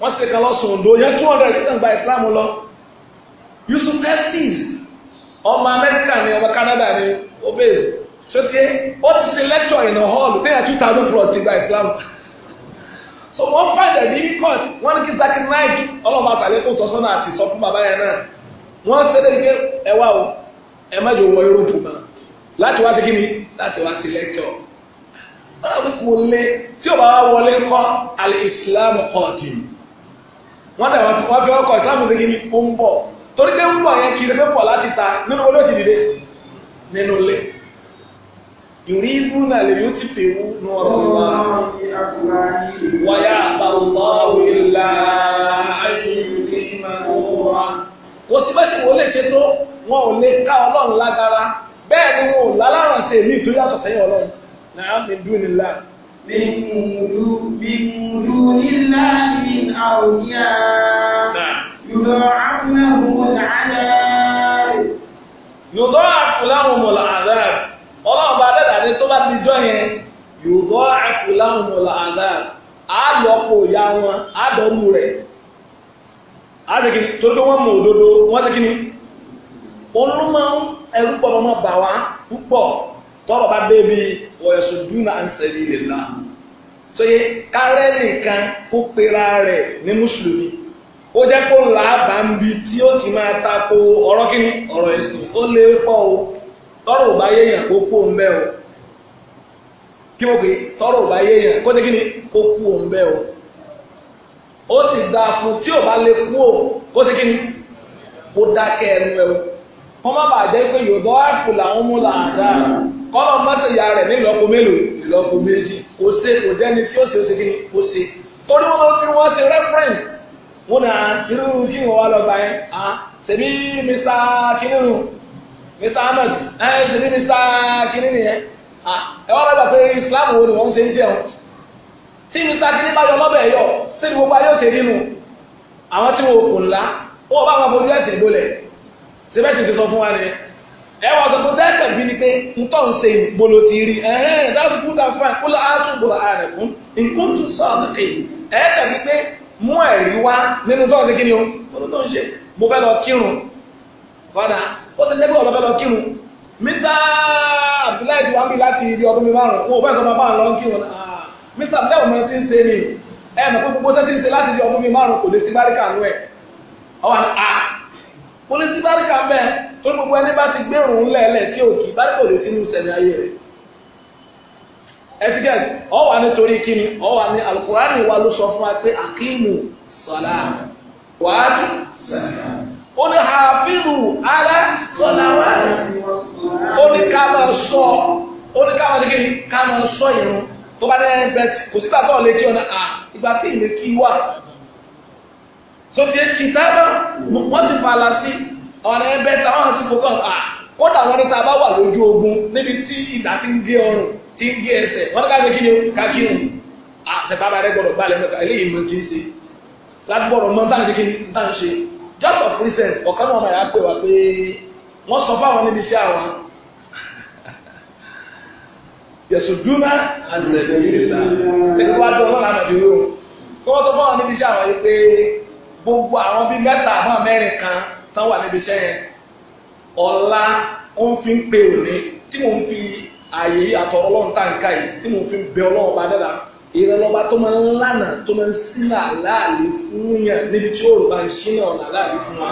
S1: wọ́n ṣe kan lọ́sùn Ondo yẹn two hundred gba Islam Yusuf Estes ọmọ Amẹ́ríkà ni ọmọ Canada ni ti ṣe hall tẹ́yà two thousand plus Islam. so wọ́n fàdé ní court wọ́n ní kí Zaki Mike ọlọ́mọ àṣàlékún tọ́sọ́nà àti sọ fún bàbá yẹn náà wọ́n ṣẹlẹ̀ ní pé ẹ wá o ẹ má jò wọ Europe mọ́ láti wá sí kí ni láti wá sí lecture wọ́n kò lé tí o bá wá wọlé kọ́ àlè Islam kọ́ọ̀tì wọ́n dẹ̀ wọ́n fi ọkọ̀ Islam ní kí ni ó ń bọ̀ torí pé ń bọ̀ yẹn kì í ṣe pé pọ̀ láti ta nínú olóòtú dìde nínú ilé. يريدون ليطفئوا نور الله ويأبى الله إلا أن يتم نوره kò sí bẹ́sẹ̀ wọ́n lè ṣe tó wọn ò lè ká ọlọ́run lágara bẹ́ẹ̀ ni wọn ò láláràn sí tó yàtọ̀ sẹ́yìn ọlọ́run náà mi dùn nílá. bímúdú nílá ní àwòyá yùdọ̀ àfúnáhùn mọ̀lá àdáyé. yùdọ̀ àfúnáhùn mọ̀lá àdáyé ọlọ́run bá dẹ́ ẹni tó bá ti jọ yẹn yòòbọ̀ àfúláhùn ọ̀là àdá àlọ́pọ̀ ìyá wọn àdọ́rù rẹ̀ àdìgí torí pé wọ́n mọ̀ òdodo wọ́n ti kí ni wọ́n ló máa ń ẹrú pọ̀ lọ́mọ bà wá púpọ̀ tọ́rọ̀ bá débi ọ̀ẹ̀sùn dúnà ń sẹ́rí rẹ̀ náà sọye kárẹ́ nìkan kó pera rẹ̀ ní mùsùlùmí ó jẹ́ kó làábàá ń bi tí ó sì máa ta ko ọ̀rọ̀ kí ọ̀rọ̀ ẹ̀sìn ó lé pọ̀ o tọ́rọ̀ ò bá yéèyàn kó kó ń bẹ́ o kí mo pè tọrọ ò bá yé yẹn kó tẹ́kí ni kó kú òun bẹ́ẹ̀ o ó sì gba fún tí ò bá lè kú o kó tẹ́kí ni kó dákẹ́ ẹnu ẹ o kó má bàa jẹ́ pé yòó dọ́ àpò làwọn mú làǹdà kọ́lọ̀ mọ́sẹ̀ ya rẹ̀ ní ìlọ́po mélòó ìlọ́po méjì kò ṣe kò jẹ́ni tí ó ṣe ó ṣe kí ni kò ṣe torí wọn fi wọn ṣe reference wọn na irú kí wọn wá lọ yẹn ah tèmi Mr. kininu Mr. Ahmed ẹ tèmi Mr. kininu yẹn ah wá lọ́gbà pé Islam wo ni wọ́n ń ṣe ń jẹun tí mr kini bá yọ mọ́bẹ̀ yọ síbi gbogbo ayé òsè nínú àwọn tí wọn kò ńlá wọn bá wọn fojú ẹ̀sìn ìbólẹ̀ síbẹ̀ sì ti sọ fún wa ni ẹ wọ́n sọ fún dẹ́kẹ̀ bí ni pé ntọ́ ń ṣe ìgbolo ti rí ẹ̀hẹ́n that's good and fine kó lọ á tún gbolo ara rẹ̀ fún nǹkan tún sọ ọ̀nà kejì ẹ̀ tẹ̀lé pé mú ẹ̀rí wá nínú tó ń ṣe kí ni o mo tó ń ṣe mo fẹ́ lọ kírun kọ́dà ó ti dẹ́gbẹ́ ọ̀lọ́fẹ́ mr abdullahi ti wá bí láti ibi ọdún mi márùn ún wọn ò fẹ́ sọ máa bá àwọn lọ́nkì wọn ah, mr abdullahi ọmọ ti ń ṣe mi ẹ mọ̀ pé gbogbo sẹ́tì ń ṣe láti ibi ọdún mi márùn kò lè sí báríkà nú ẹ̀ ọwọ́ àti a kò lè sí báríkà ń bẹ̀ tó gbogbo ẹni bá ti gbèrò ńlẹ̀ ẹ̀lẹ̀ tí o kì báríkà ò lè sínú sẹ̀mí ayé rẹ̀ ẹtìgẹ́t ọwà nítorí kíni ọwà ní alukurani wa ló sọ fún wa pé akíìmù sọlá wàá tún ó ní hàfíìmù alẹ́ sọlá wàá ó ní ká máa sọ ó ní ká máa ní kíni ká máa sọ ìrun tó bá dẹ́rẹ́ bẹ́ẹ̀ tí kò sígbà tó lè kí ọ̀nà à ìgbà tí ìlè kí wà. sọtí kìtà náà wọ́n ti fàlà sí ọ̀nà ẹ̀bẹ̀ táwọn sì fò kàn à kódà wọn ní ta bá wà lójú ogun níbi tí ìdá ti ń gé ọrùn ti ń gé ẹsẹ̀ wọ́n ní ká ní kíni ká kírun àtẹ̀bára rẹ̀ gbọ́dọ̀ gbálẹ̀ mẹ́ta eléyìí mọ̀ ti ń ṣe láti gbọ́dọ̀ mọ̀ bá ń ṣe kí ni bá ń ṣe just of recent ọ̀kan náà máa yà á pè wá pé wọ́n sọ fáwọn níbi iṣẹ́ àwọn yẹ̀sùdúnà àzẹ̀lẹ̀lá tẹ́lẹ̀ wá dún ọlọ́run àmàbí rò kí wọ́n sọ fún àwọn níbi iṣẹ́ àwọn yìí pé gbogbo àwọn bíi mẹ́ta àwọn mẹ́rin kan tán wà níbi iṣẹ́ yẹn ọ̀la ó ń fi ń pè òní tí mò ń fi àyè àtọ̀ ọlọ́run táǹkà yìí tí mò ń fi bẹ ọlọ́run bá dẹ́ra ìrànlọ́ba tó máa ń lànà tó máa ń sílà láàlè fún yàn níbi tí òòrùn bá ń ṣínà ọ̀nà láàlè fún wa.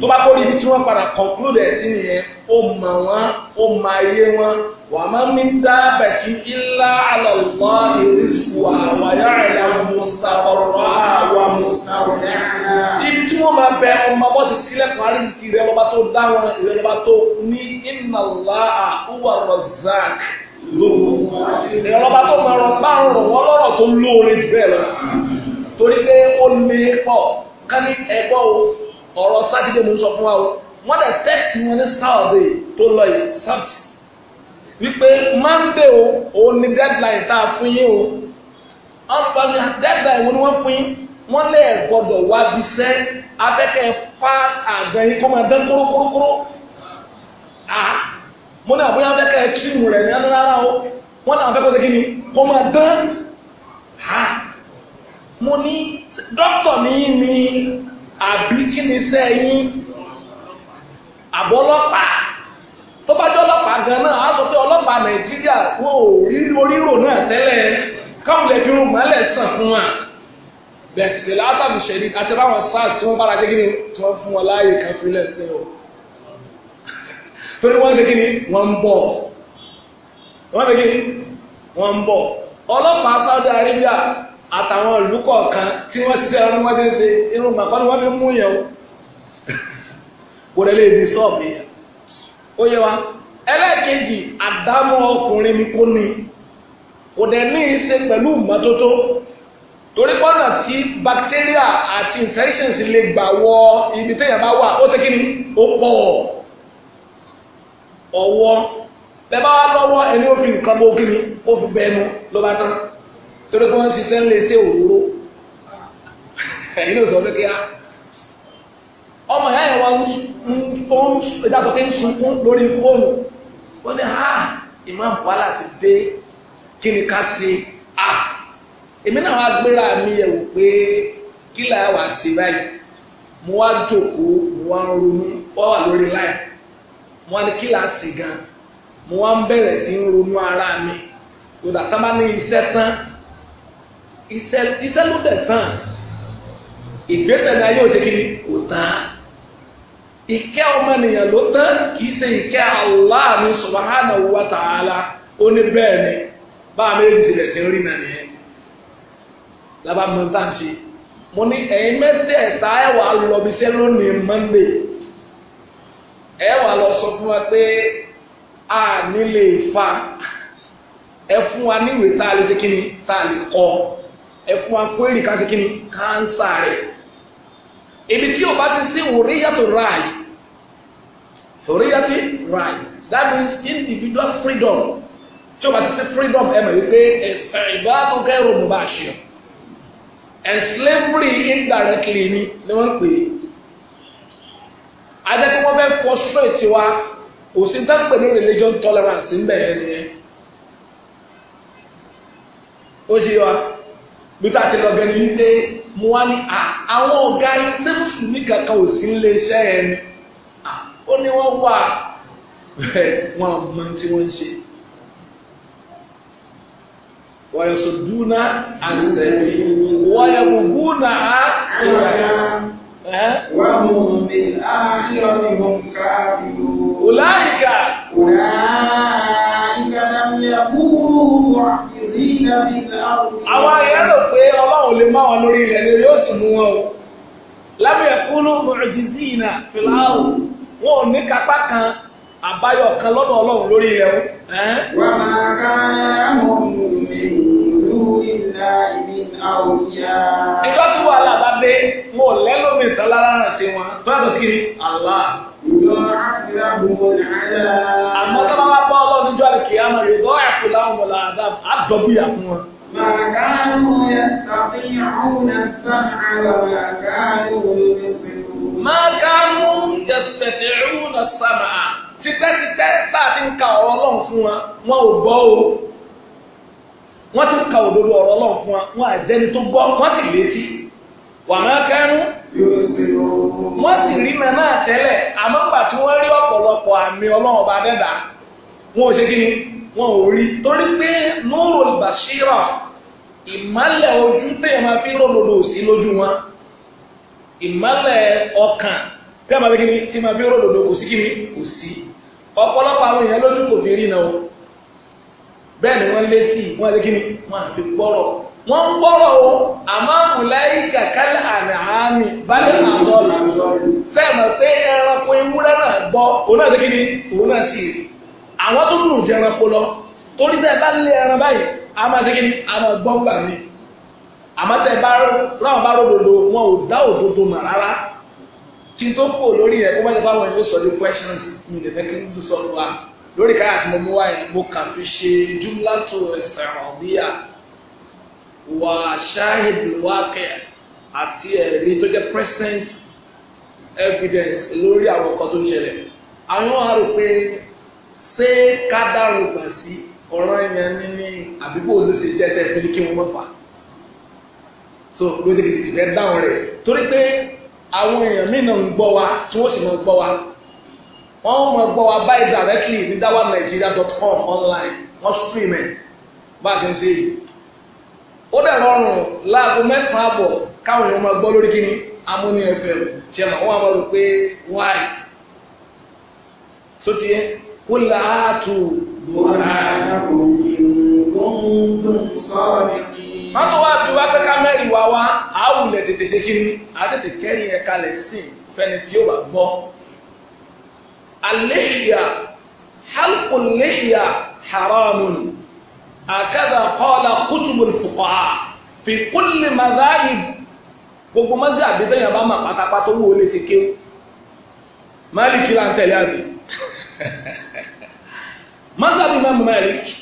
S1: tó bá kó níbi tí wọ́n padà conclude ẹ̀ sí nìyẹn ó mọ̀ wọ́n ó mọ ayé wọn wà má mi dá bẹ̀tí ilá àlọ́lọ́ ìrísù àwàyá ẹ̀yà mùsàlọ́rọ́ àwa mùsàlọ́rọ́. ibi tí wọ́n máa bẹ ọmọ bọ́ sí sílẹ̀kùn àrísìkì ìrẹ́lọ́ba tó dá wọn ìrẹ́lọ́ba tó ní ìnàlá àhúwà rọ̀zák ìrànlọ́ba tó máa ràn bá ń ràn wọ́n lọ́rọ̀ tó lóore jù bẹ́ẹ̀ lọ torí pé ó lè pọ̀ ká ní ẹgbọ́ o ọ̀rọ̀ sátidé mo ń sọ fún wa o wọ́n dẹ̀ tẹ́sí wọn ní sáọ̀dẹ̀ tó lọ yìí sábtì wípé mánde o òun ni deadline tá a fún yín o ọ̀npọ̀ni deadline wọn ni wọ́n fún yín wọ́n lè gbọ́dọ̀ wá bisẹ́ abẹ́kẹ́ pa àgbẹ̀yìn kó máa dán kúrúkúrúkúrú ah, mo ní àbúyá fẹ́ kẹ́ ẹ tírìmù rẹ̀ ní rárá o wọ́n náà fẹ́ kó ṣe kí ni kó máa dán ha mo ní dókítà ní ní àbí kí ni sẹ́ yín àbọ̀ ọlọ́pàá tó bá jẹ́ ọlọ́pàá gan náà á sọ pé ọlọ́pàá Nàìjíríà wọn ò rí orírò náà tẹ́lẹ̀ káwọn lè fi rún mọ́lẹ̀ sàn fún wa bẹ̀tì lásàbùsẹ̀rí àti báwọn SARS tí wọ́n bára jẹ́ kí ni tí wọ́n fún wọn láàyè kan fílẹ̀ sí o torí wọ́n ṣe kí ni wọ́n ń bọ̀ wọ́n ṣe kí ni wọ́n ń bọ̀ ọlọ́pàá Saudi Arabia àtàwọn ìlú kọ̀ọ̀kan tí wọ́n ṣiṣẹ́ ọdún wọ́n ṣe ń ṣe irun màkọ́ ni wọ́n fi mú yẹn o kò lè di sọ́ọ̀bù yẹn ó yẹ wa ẹlẹ́ẹ̀kejì àdámọ́ ọkùnrin mi kò ní kò dẹ̀ ní í ṣe pẹ̀lú ìmọ́tótó torí pọ́nà tí bacteria àti infections lè gbà wọ ibi téèyàn bá wà ó ṣe kí ni ó pọ̀ ọwọ́ bẹ́ẹ̀ bá wá lọ́wọ́ ẹni ó fi nǹkan bó kí ni ó fi bẹ́ẹ̀ nu ló bá tán torí kí wọ́n ṣiṣẹ́ ń lè ṣe òróró ẹ̀yin ló sọ pé kí á ọmọ ìyá ìwà ìdásọ̀ pé ń sunkún lórí fóònù ó ní ha imam wàhálà ti dé kí ni ká ṣe à èmi náà wá gbéra mi yẹ̀wò pé kí làá wà sí báyìí mo wá jókòó mo wá ronú wọ́n wà lórí láì wọ́n ní kíláàsì gan mo wá ń bẹ̀rẹ̀ sí ń ronú ara mi kódà tá a bá ní iṣẹ́ tán iṣẹ́ ló dẹ̀ tán ìgbésẹ̀ náà yóò ṣe kí ni kò tán ìkẹ́ ọmọnìyàn ló tán kì í ṣe ìkẹ́ Allah ni subhanahu wa ta'ala ó ní bẹ́ẹ̀ ni bá a méjì tilẹ̀ ti rí náà nìyẹn lábàá mọ́ mo ní ẹ̀yin mẹ́tẹ̀ẹ̀ta ẹ̀ wà lọ́bi lónìí Monday ẹ wà lọ sọ fún wa pé a nílé fa ẹ fún wa níwèé tá a lè ṣe kí ni tá a lè kọ ẹ fún wa kwérì ká ṣe kí ni káńsà rẹ ibi tí o bá ti sí òríyàtò ráàyè òríyàtì ráàyè that means individual freedom tí o bá ti sí freedom ẹ mọ̀ wípé ẹ̀sìn ìbáàdùn kẹrù mú a ṣe and slavery indirectly ni wọ́n pè é fẹ́ frustrate wa kò sí dápẹ́ ní religion tolerance ń bẹ̀rẹ̀ nìyẹn ó ṣe wa bí tá a ti lọ gẹ́ni wípé mo wá ní àwọn ọ̀gá yín ṣé mùsùlùmí kankan ò sí nílé iṣẹ́ yẹn ni ó ní wọ́n wà wọn mọ tí wọ́n ń ṣe wọ́n yẹ sọ dúnà àṣẹ wọ́n yẹ gbogbo náà á ṣe wáyà. وهم بالآخرة هم كافرون أولئك أولئك لم
S2: يكونوا
S1: معجزين في الأرض àwọn èèyàn rò pé ọlọ́run lè má wọn lórí ilẹ̀ ni yóò sì mú wọn o lam yakunu mu'jizina fil ard wọn ò ní kápá kan
S2: Ìjọ tí wọ́n aláàbá dé,
S1: mo lẹ́lómi ìtàn lára rẹ̀ sí wọn. Tó yàtọ̀ sí kiri, Allah. Àmọ́ tó bá wá bá ọlọ́run jọ àlè wọn. Màkánù yastati'una sam'a wa màkánù yubsirun. bá ti ń ka ọlọ́run fún wa, wọn ò gbọ́ wọ́n ti ka òdodo ọ̀rọ̀ Ọlọ́run fún wa wọ́n àjẹni tó gbọ́ wọ́n sì létí wà máa kẹ́rù wọ́n sì rí mẹ́ náà tẹ́lẹ̀ àmọ́ gbà tí wọ́n rí ọ̀pọ̀lọpọ̀ àmì Ọlọ́run ọba dẹ́dà wọn ò ṣe kí ni wọn ò rí torí pé nurul basira ìmálẹ̀ ojú tẹ̀yẹ̀ máa fi ròdòdò sí lójú wọn ìmálẹ̀ ọkàn tẹ̀yẹ̀ máa fi ròdòdò kò sí kí ni kò sí ọ̀pọ̀lọpọ̀ àwọn èèyàn lójú kò fi rí náà bẹ́ẹ̀ wọn wọ́n létí wọn àti kíni wọ́n wọn gbọ́rọ̀ wọ́n ń gbọ́rọ̀ o àmọ́ ọ̀làyé kàkálà àmì balẹ̀ àtọ́ làǹdọ̀ sẹ́ẹ̀mọ̀ pé ẹranko ewúrẹ́ náà gbọ́ òun náà ti àwọn tó jẹ ẹranko lọ torí bẹ́ẹ̀ bá báyìí a máa ti kíni gbọ́ gbà mí tẹ bá wọn ò dá òdodo rárá tó lórí ẹ̀ kó lórí káyà tí mo mú wá yẹn mo kàn fi ṣe júmọ́lá tó ẹsẹ̀ ọ̀bíyà wà ṣáhìdì wákẹ́ àti ẹ̀rí tó jẹ́ present evidence lórí àwọn nǹkan tó ń ṣẹlẹ̀ àwọn á rò pé ṣé kádàrú gbà sí ọ̀rọ̀ yẹn ní ní àbíkó ló ṣe jẹ́ tẹ́ fi kí wọ́n mọ̀ fà so ló ti kìtìkìtì fẹ́ dáhùn rẹ̀ torí pé àwọn èèyàn mí náà ń gbọ́ wa tí wọ́n sì máa ń gbọ́ wa wọ́n mọ̀ gbọ́ wa buy directly ní dawanigeria.com online wọ́n stream ẹ̀ bá a ṣe ń ṣe yìí. ó dẹ̀ rọrùn láago mẹ́sàn-án àbọ̀ káwọn èèyàn máa gbọ́ lórí kíni amúni ẹ̀fẹ̀ ṣe mọ̀ wọ́n á máa rò pé why. sóti yẹ kó lè àtù wọ́n tún wá ju áfíríkà mẹ́rin wá wá àwùlẹ̀ tètè ṣe kíni àtètè kẹ́rin ẹ̀ka lẹ̀ sí fẹ́ni tí ó bá gbọ́. اللحية حلق اللحية حرام هكذا قال كتب الفقهاء في كل مذاهب gbogbo mọ́sí àbíbẹ́yìn ọba máa pátápátá owó olè ti kéwù máàlìkì là ń tẹ̀lé àbí mọ́sí àbíbẹ́ máàlìkì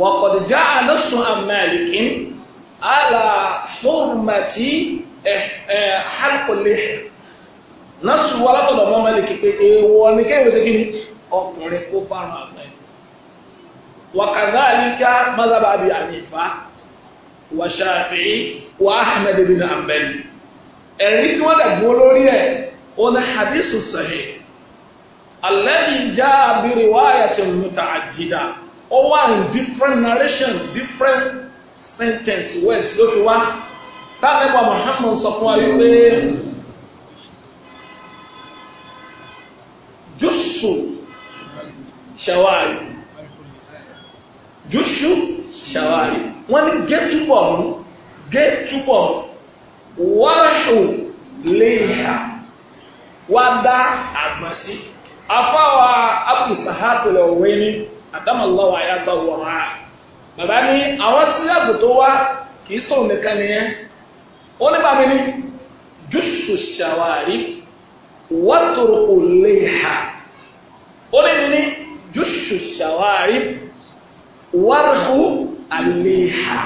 S1: وقد جاء نص عن مالك على حرمة حلق اللحية násù wa látọ̀dọ̀ mọ́ mẹ́lìkì pé èèwọ̀ ni kéèyàn ṣe kí ni ọkùnrin kó fárun àgbẹ̀ wàkàdá àyíká mazhab Abi Hanifa wa Shafi'i wa Ahmad bin Hanbal ẹ̀rí tí wọ́n dàgbó lórí ẹ̀ ó ní hadithu sahih alladhi jaa bi riwayatin muta'addida ó wà ní different narration different sentence words ló fi wá táwọn ẹgbẹ́ Muhammad sọ fún wa yìí pé. jùsù ṣàwárí jùsù ṣàwárí wọ́n ní gẹ́túbọ̀ mú gẹ́túbọ̀ wáṣù léyà wá dá àgbọ̀n sí afáwa abdulsahatulẹ̀ òwe ní àdámọ̀lọ́wọ́ ayágbọ̀ wọ̀rọ̀ a bàbá ní àwọn síláàbù tó wá kì í sọ̀rọ̀ nìkan nìyẹn ó ní bàbá ní jùsù ṣàwárí wọ́tòrò kò lè ha ó lè ní jùṣù ṣàwárí wárùkù àlè ha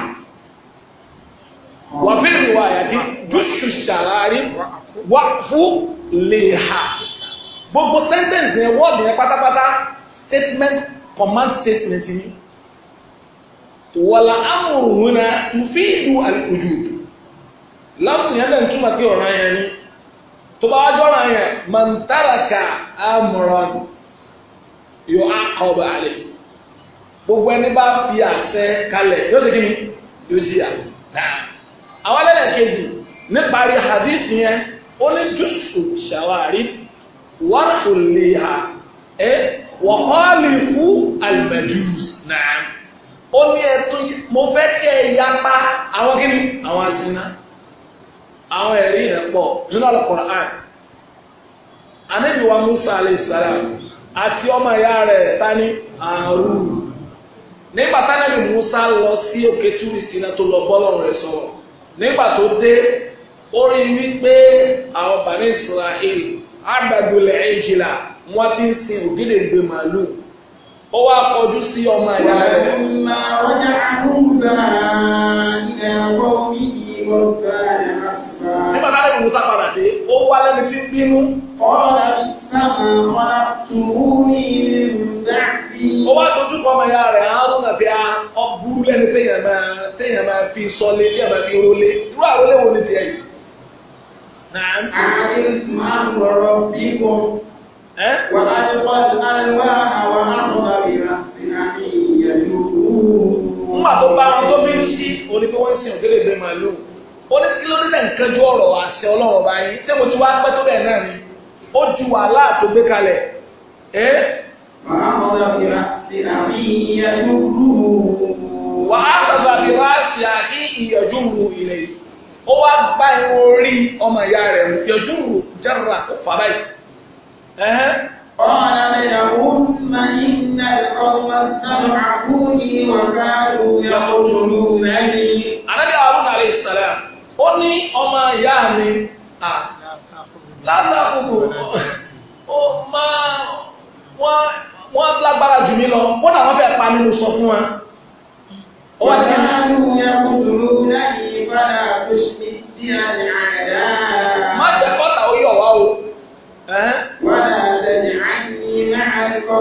S1: wà fi ní wà yàtí jùṣù ṣàwárí wà fún lè ha gbogbo sentence yẹn wọ́ọ̀dù yẹn pátápátá statement command statement ni wàlà amòrò wọn na nfi ìlú àlùkùjù láwùsùn yẹn lẹ́nu túmọ̀ pé ọ̀ràn yẹn ni tó bá jọ́ra yẹn mọ̀ntàràkà amọ̀ràn yóò á kọ́ bá lè gbogbo ẹni bá fi àṣẹ kalẹ̀ yóò ti kí ni yóò jìyà àwọn ẹlẹ́dẹ̀kejì níparí hadith yẹn ó ní jùsù ṣàwárí wàhùlìhà ẹ wàhálìfù àlùmẹ̀jùs náà ó ní ẹtún mo fẹ́ kẹ́ ẹ yapa àwọn kí ni àwọn asinà. àwọn ẹ̀rí rẹ̀ pọ̀ jùlọ al Musa aleyhisalaam àti ọmọ ìyá rẹ̀ tání àrùn nígbà tánábì Musa lọ sí òkè túrì síná tó lọ bọ́lọ́run rẹ̀ sọ̀rọ̀ nígbà tó dé ó rí wípé àwọn bàbá ẹ̀jìlá wọ́n ti ń sin ògìlègbè màálù ó wá kọjú sí ọmọ ìyá rẹ̀. ń
S2: gbà
S1: ànábì Musa padà dé ó wá lẹ́nu tí ń bínú. ọ̀rọ̀ náà wọn tùrú ní ilé
S2: ìrùdá bí. ó wá dojú kọ ọmọ ya rẹ̀ àárún àti
S1: ọgbúrú lẹ́nu téèyàn máa téèyàn máa fi sọlé tí a máa fi rólé irú àrólé wo ni tiẹ̀ yìí.
S2: àárín máa ń rọrọ bí wọn. wàhálà wàhálà wàhálà ìrànlẹ́ ìyẹ̀dùn. nígbà tó bá wọn tó bínú
S1: sí onígbẹ́wọ́n sìn òkèlè bẹ́ẹ̀ màlúù oníṣìkìlódé nǹkan ju ọ̀rọ̀ àṣẹ ọlọ́run ọba yín ṣé mo ti wá pẹ́ tó bẹ́ẹ̀ náà ni ó ju wàhálà tó gbé kalẹ̀ ẹ́. wàá sọ̀rọ̀ àbíwá sí àhí ìyọ̀jú ru ilẹ̀ yìí ó wá gbá irun orí ọmọ ìyá rẹ̀ ìyọ̀jú ru jẹ́rọ̀rà kò fà báyìí. قال لهم
S2: إن القوم اتبعوني وكانوا
S1: يقتلونني. أنا هارون عليه السلام ó ní ọmọ ìyá mi à látàkùnkù ó máa wọ́n lágbára jù mí lọ kódà wọ́n fẹ́ pa mí sọ fún wa.
S2: ó wá ní. wọ́n á mú ọkùnrin láti ìbára àkóso ní àdá. má jẹ́ kọ́tà ó yọ̀ wá o. wọ́n á tẹ̀lé àyè máa ń kọ́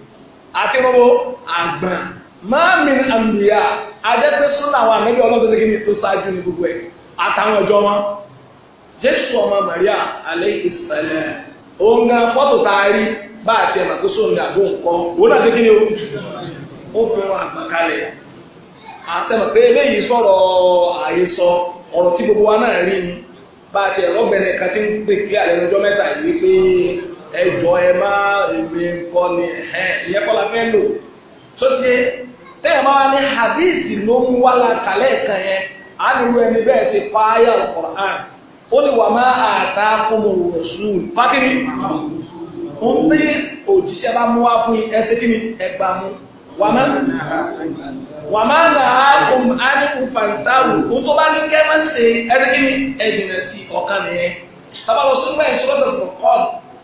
S1: àti gbogbo àgbà máa mi àmìyà adẹ́pẹ́ súnà àwọn àmì ọlọ́dún tó kíni tó ṣáájú ní gbogbo ẹ̀ àtàwọn ọjọ́ wọn jésù ọmọ Maria alayhi salam òun gan fọ́tò tá rí bá àti ẹ̀mà tó Nkọ. nǹkan òun náà tó kíni o ó fi wọn àgbà kalẹ̀ àtẹ̀mọ̀ pé eléyìí sọ̀rọ̀ ọ̀rọ̀ tí gbogbo wa náà rí ni bá àti ẹ̀rọ ti ń pè kí àlẹ́ ọjọ́ ẹjọ́ ẹ má èmi la lò tó ti tẹ́yẹ̀ ní hadith ló ń wá la kàlẹ́ kan yẹn á ní irú ẹni bẹ́ẹ̀ ti ó ní wà má àtà kúmù rasul pákínì ń bí òjíṣẹ́ bá mú wá fún yín ẹsẹ̀ kí ni mú wà má wà má nà á á ní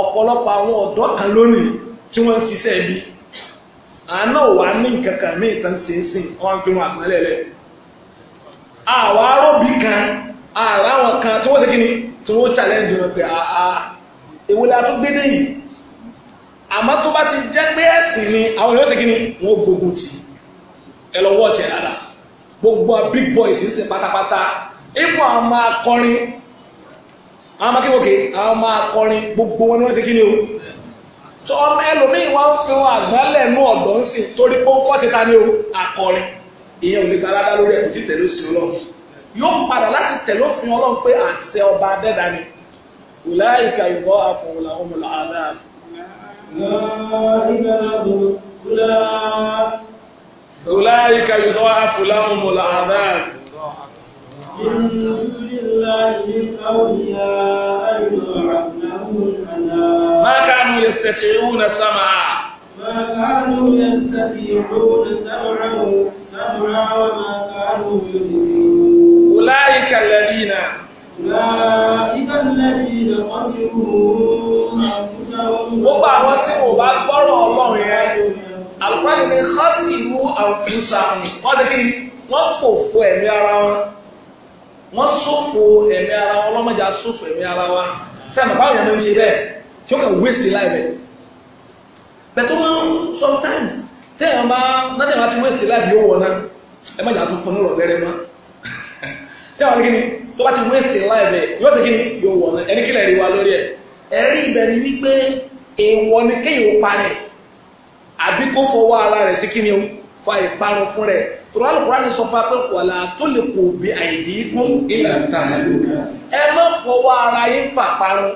S1: ọ̀pọ̀lọpọ̀ àwọn ọ̀dọ́ kan lónìí tí wọ́n ń ṣiṣẹ́ ibi àánà wà ní kankan míì tán ṣe ń sìn wọ́n fi wọn àpọ́nlẹ̀lẹ̀ àwa arọ́bì kan àrà àwọn kan tí wọ́n ṣe kíni tí wọ́n challenge wọn pé àà ah, ah, èwo la tún gbé dé yìí àmọ́ tó bá ti jẹ́ pé ẹ̀sìn ni àwọn èèyàn ṣe kíni wọ́n gbógun tì ẹ lọ wọ́ọ̀tì ẹ̀ dáadáa gbogbo big boys ń ṣe pátápátá ipò àwọn akọrin àwọn akéwòkè àwọn máa kọrin gbogbo wọn ni wọ́n ṣe kí ni o tó ọmọ ẹlòmíì wá ń fi wọn àgbálẹ̀ nú ọ̀dọ́ ń sìn torí pé ó kọ́ síta ní o àkọrin ìyẹn ò lè gba aládá lórí ẹ̀kú tí tẹ̀lé òsìn ọlọ́run yóò padà láti tẹ̀lé òfin ọlọ́run pé àṣẹ ọba adẹ́dá ni ìlàyìíká ìbọ́ àfọwọ́lá ọmọlá aláàbò.
S2: ìlàyìíká ìbọ́ àfọwọ́lá ọmọlá aláàbò. ما
S1: كانوا يستطيعون سمعا
S2: ما كانوا
S1: يستطيعون سمعا سمعا وما كانوا يبصرون أولئك الذين أولئك
S2: الذين خسروا أنفسهم
S1: gbogbo àwọn tí kò bá gbọ́rọ̀ ọlọ́run
S2: yẹn alùpàdé ni xọ́sì mú
S1: àǹfùsà wọ́n sófo ẹ̀mí ara wọn ọlọ́mọdé asófo ẹ̀mí ara wa fẹ́ẹ̀mù báwo yẹn ló ń ṣe bẹ́ẹ̀ tí ó kà wéṣì láì bẹ̀. bẹ̀tọ́ máa ń sometimes tẹ́yàn bá nájà bá ti wéṣì láì yóò wọ̀ náà ẹ má jà tó fún un rọ̀bẹ́rẹ́ mọ́. tẹ́wọ̀n kí ni tó bá ti wéṣì láì bẹ̀ yóò ṣe kí ni yóò wọ̀ náà ẹni kílẹ̀ rí wa lórí ẹ̀. ẹ̀rí ibẹ̀ ni wípé èèwọ̀ ni kéèyàn parẹ̀ àbí kó fọwọ́ ara rẹ̀ sí kí ni fa tòrọ alukurani sọ fún apẹ kọlá tó lè kó bi àyèdí fún ilà tààlù ẹ má fọwọ́ ara yín fà parun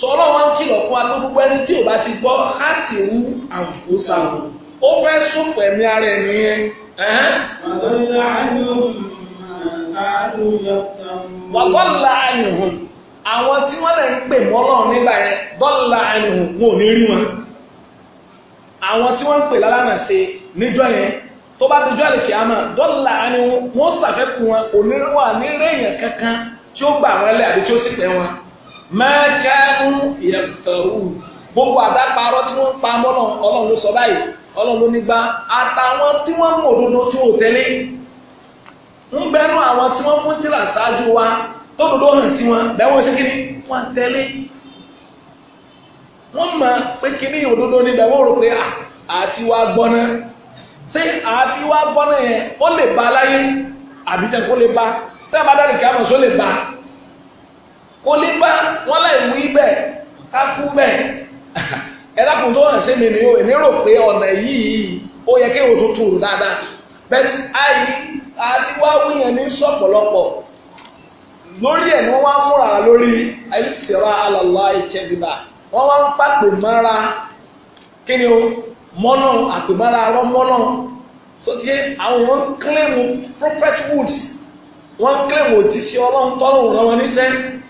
S1: sọlọ wọn kìlọ̀ fún apẹ gbogbo ẹni tí o bá ti gbọ́ á sì wú àǹfò sàlù ó fẹ́ sún pẹ̀mí ara ẹ̀ nìyẹn. wàgọ́lá àyùhùn àwọn tí wọ́n lè ń pè mọ́lọ́run nígbà yẹn gọ́lá àyùhùn wọn ò ní rí wọn àwọn tí wọ́n ń pè lálánà ṣe níjọ́ yẹn tó bá dojú àlèkè àmà dọ́là ni wọ́n ṣàfẹ́kù wọn onírúwà nírèèyàn kankan tí ó gbà wọn lẹ àbí tí ó sì tẹ wọn. máa kánú
S2: ìyàtọ̀rù
S1: gbogbo àdáparọ́ tí wọ́n pa mọ́nà ọlọ́run ló sọ báyìí ọlọ́run ló ní gbá àtàwọn tí wọ́n mú òdodo tí wọ́n tẹ́lẹ̀ ń bẹ́nu àwọn tí wọ́n fún tìlà ṣáájú wa tó dodo hàn sí wọn bẹ́wọ́n ṣe kí ni wọ́n tẹ́lẹ̀ wọ́n ni òdodo ni bẹ́wọ́n rò pé àti ṣé àti wá gbọ́nà yẹn ó lè ba láyé àbí sẹ́ kó lè ba tẹ́ ẹ bá dárí kí á mọ̀ só lè ba kó lè ba wọ́n láì wí bẹ́ẹ̀ ká kú bẹ́ẹ̀ ẹ dákun tó hàn sí mi ni o èmi rò pé ọ̀nà yìí ó yẹ kí o tó tù dáadáa bẹ́ẹ̀ ayé àti wá wí ní sọ̀pọ̀lọpọ̀ lórí ẹ̀ ni wọ́n wá múra lórí ayélujára alàlá ìkẹ́bíbà wọ́n wá ń pàpè mọ́ra kí ni o. mọ́nà àpèmọ́ra arọ́ mọ́nà so ti àwọn wọn kílẹ̀mù prophet wood wọn kílẹ̀mù òjíṣẹ́ ọlọ́run tọ́lọ́run rán wọn níṣẹ́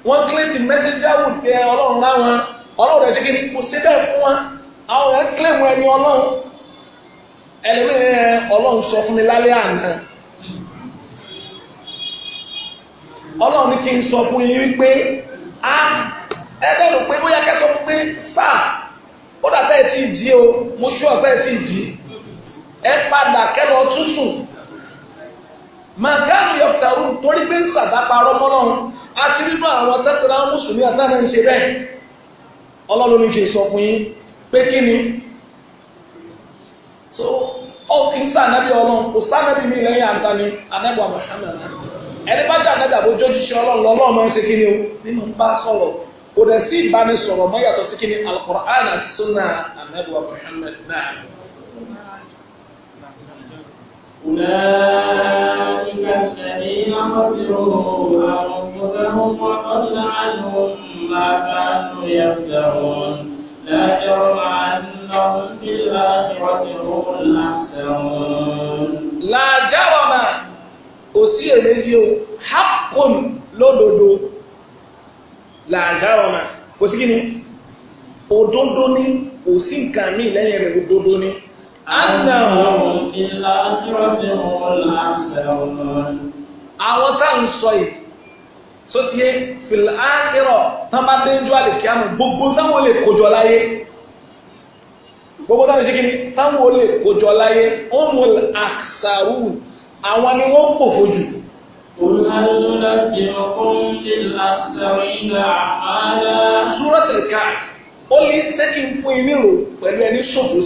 S1: wọn kílẹ̀mù messenger wood pé ọlọ́run wọn ọlọ́run rẹ̀ ṣe kò sí bẹ́ẹ̀ fún wọn àwọn yẹn kílẹ̀mù ẹni ọlọ́run ẹlẹ́rìí ọlọ́run sọ fún mi lálẹ́ àná ọlọ́run ní kí n sọ fún yín wípé a ah, ó dàtà ẹ̀ tí ì jí o mo ṣú ọ̀fẹ́ ẹ̀ tí ì jí ẹ padà kẹ́lọ́ tútù màkàrún yọ̀fẹ̀rù torí pé ń sàdápa rọ́mọ́lọ́run àti nínú àwọn tẹ́tẹ̀rẹ́ àwọn mùsùlùmí àtàwọn ń ṣe bẹ́ẹ̀ ọlọ́run ní ṣe sọ fún yín pé kí ni so ó kì í sànábì ọlọ́run kò sànábì mi lẹ́yìn àǹtani anábọ̀ Muhammad ẹni bá jẹ́ ànábì àbójójúṣe ọlọ́run lọ́lọ́run máa ń ṣe kí ni o nínú bá sọ̀rọ̀ kò dẹ̀ sí ìbánisọ̀rọ̀ mọ́ yàtọ̀ sí kíni alukur'an àti sunna anabiwa muhammed náà.
S2: أولئك الذين خسروا أنفسهم وضل
S1: عنهم ما كانوا يفترون لا جرم أنهم في الآخرة هم الأحسنون. لا جرم kò sí èméjì o
S2: haqqun
S1: lódodo làjàrọ̀nà kò sí kíni òdodo ni kò sí nǹkan míì lẹ́yìn rẹ̀ òdodo ni. Ánàmù ìlà àjọ tí wọ́n là ń sẹ́wọ̀n. Àwọn tá à ń sọ yìí tó ti yé fìlà áṣírọ̀ tán bá dé ń jó àlè kíámù gbogbo táwọn lè kójọ láyé gbogbo táwọn ṣe kíni táwọn lè kójọ láyé ó àṣàrù àwọn ni wọ́n pò fojú. قل هل أعمالا سورة الكعب قل لي sẹ́kì في ميرو rò pẹ̀lú ẹni ṣòfò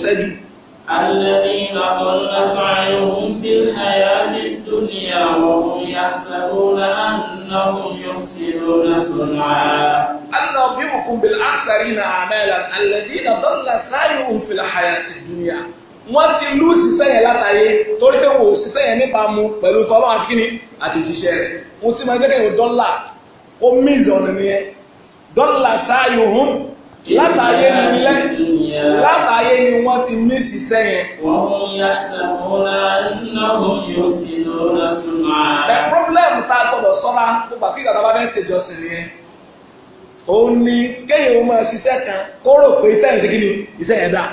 S1: الذين ضل
S2: سعيهم في الحياة الدنيا وهم يحسبون أنهم يحسنون صنعا.
S1: هل ننبئكم بالأخسرين أعمالا الذين ضل سعيهم في الحياة الدنيا. wọ́n ti lú sísẹ́ yẹn látàyé torí pé wò sísẹ́ yẹn níbàámu pẹ̀lú tọ́lọ́ àti kíni àti ìjíṣẹ́ rẹ̀ mo ti máa gbẹ́kẹ̀ dọ́là ó mílíọ̀nù nìyẹn dọ́là sáàyò hùn látàyé ni lẹ́ látàyé ni wọ́n ti mí sísẹ́ yẹn. wọ́n
S2: yà sàmúlá
S1: náà yóò sì lọ́ra sùnmọ́. ẹ pọ́blẹ́mù tá a kó bàbí ìgbà tá a bá fẹ́ ṣèjọsìn òun ni kéèyàn máa ṣiṣẹ́ kan kó rò pé iṣẹ́ yẹn ṣe kí ni iṣẹ́ yẹn dáa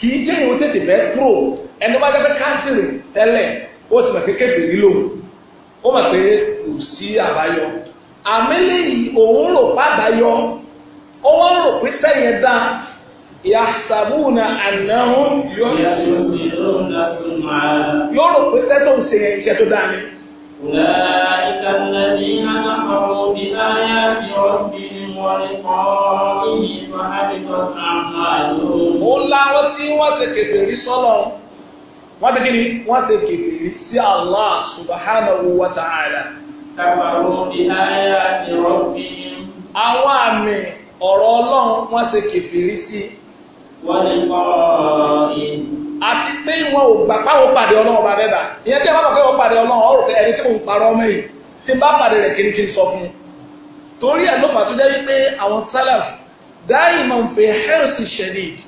S1: kì í jẹ́ ìwọ tètè fẹ́ pro ẹni bá dẹ́fẹ́ káńsìlì tẹ́lẹ̀ ó ti mọ̀ pé kèfèrí lò ó mọ̀ pé kò sí àbáyọ àmẹ́lẹ́ yìí òun rò pàdáyọ ó wọ́n rò pé sẹ́yìn dá yasabuna anahun yóò rò pé sẹ́tọ̀ ń ṣe iṣẹ́ tó dáa ni. ọ̀la ìkànnì ní ó láwọn tí wọ́n ṣe kèfèrí sọ́lọ̀ wọ́n ti kí ni wọ́n ṣe kèfèrí sí Allah subhanahu wa ta'ala àwọn àmì ọ̀rọ̀ ọlọ́run wọ́n ṣe kèfèrí sí àti pé wọn ò gbà páwọn pàdé ọlọ́run bá bẹ́ẹ̀ bá ìyẹn tí wọ́n bá pàdé ọlọ́run ọ̀rọ̀ ẹni tí kò ń parọ́ mẹ́yìn tí bá pàdé rẹ̀ kìnnìkìnnì sọ fún un torí ẹ̀ ló fà tó jẹ́ wípé àwọn salaf daiman fi hirsi shadid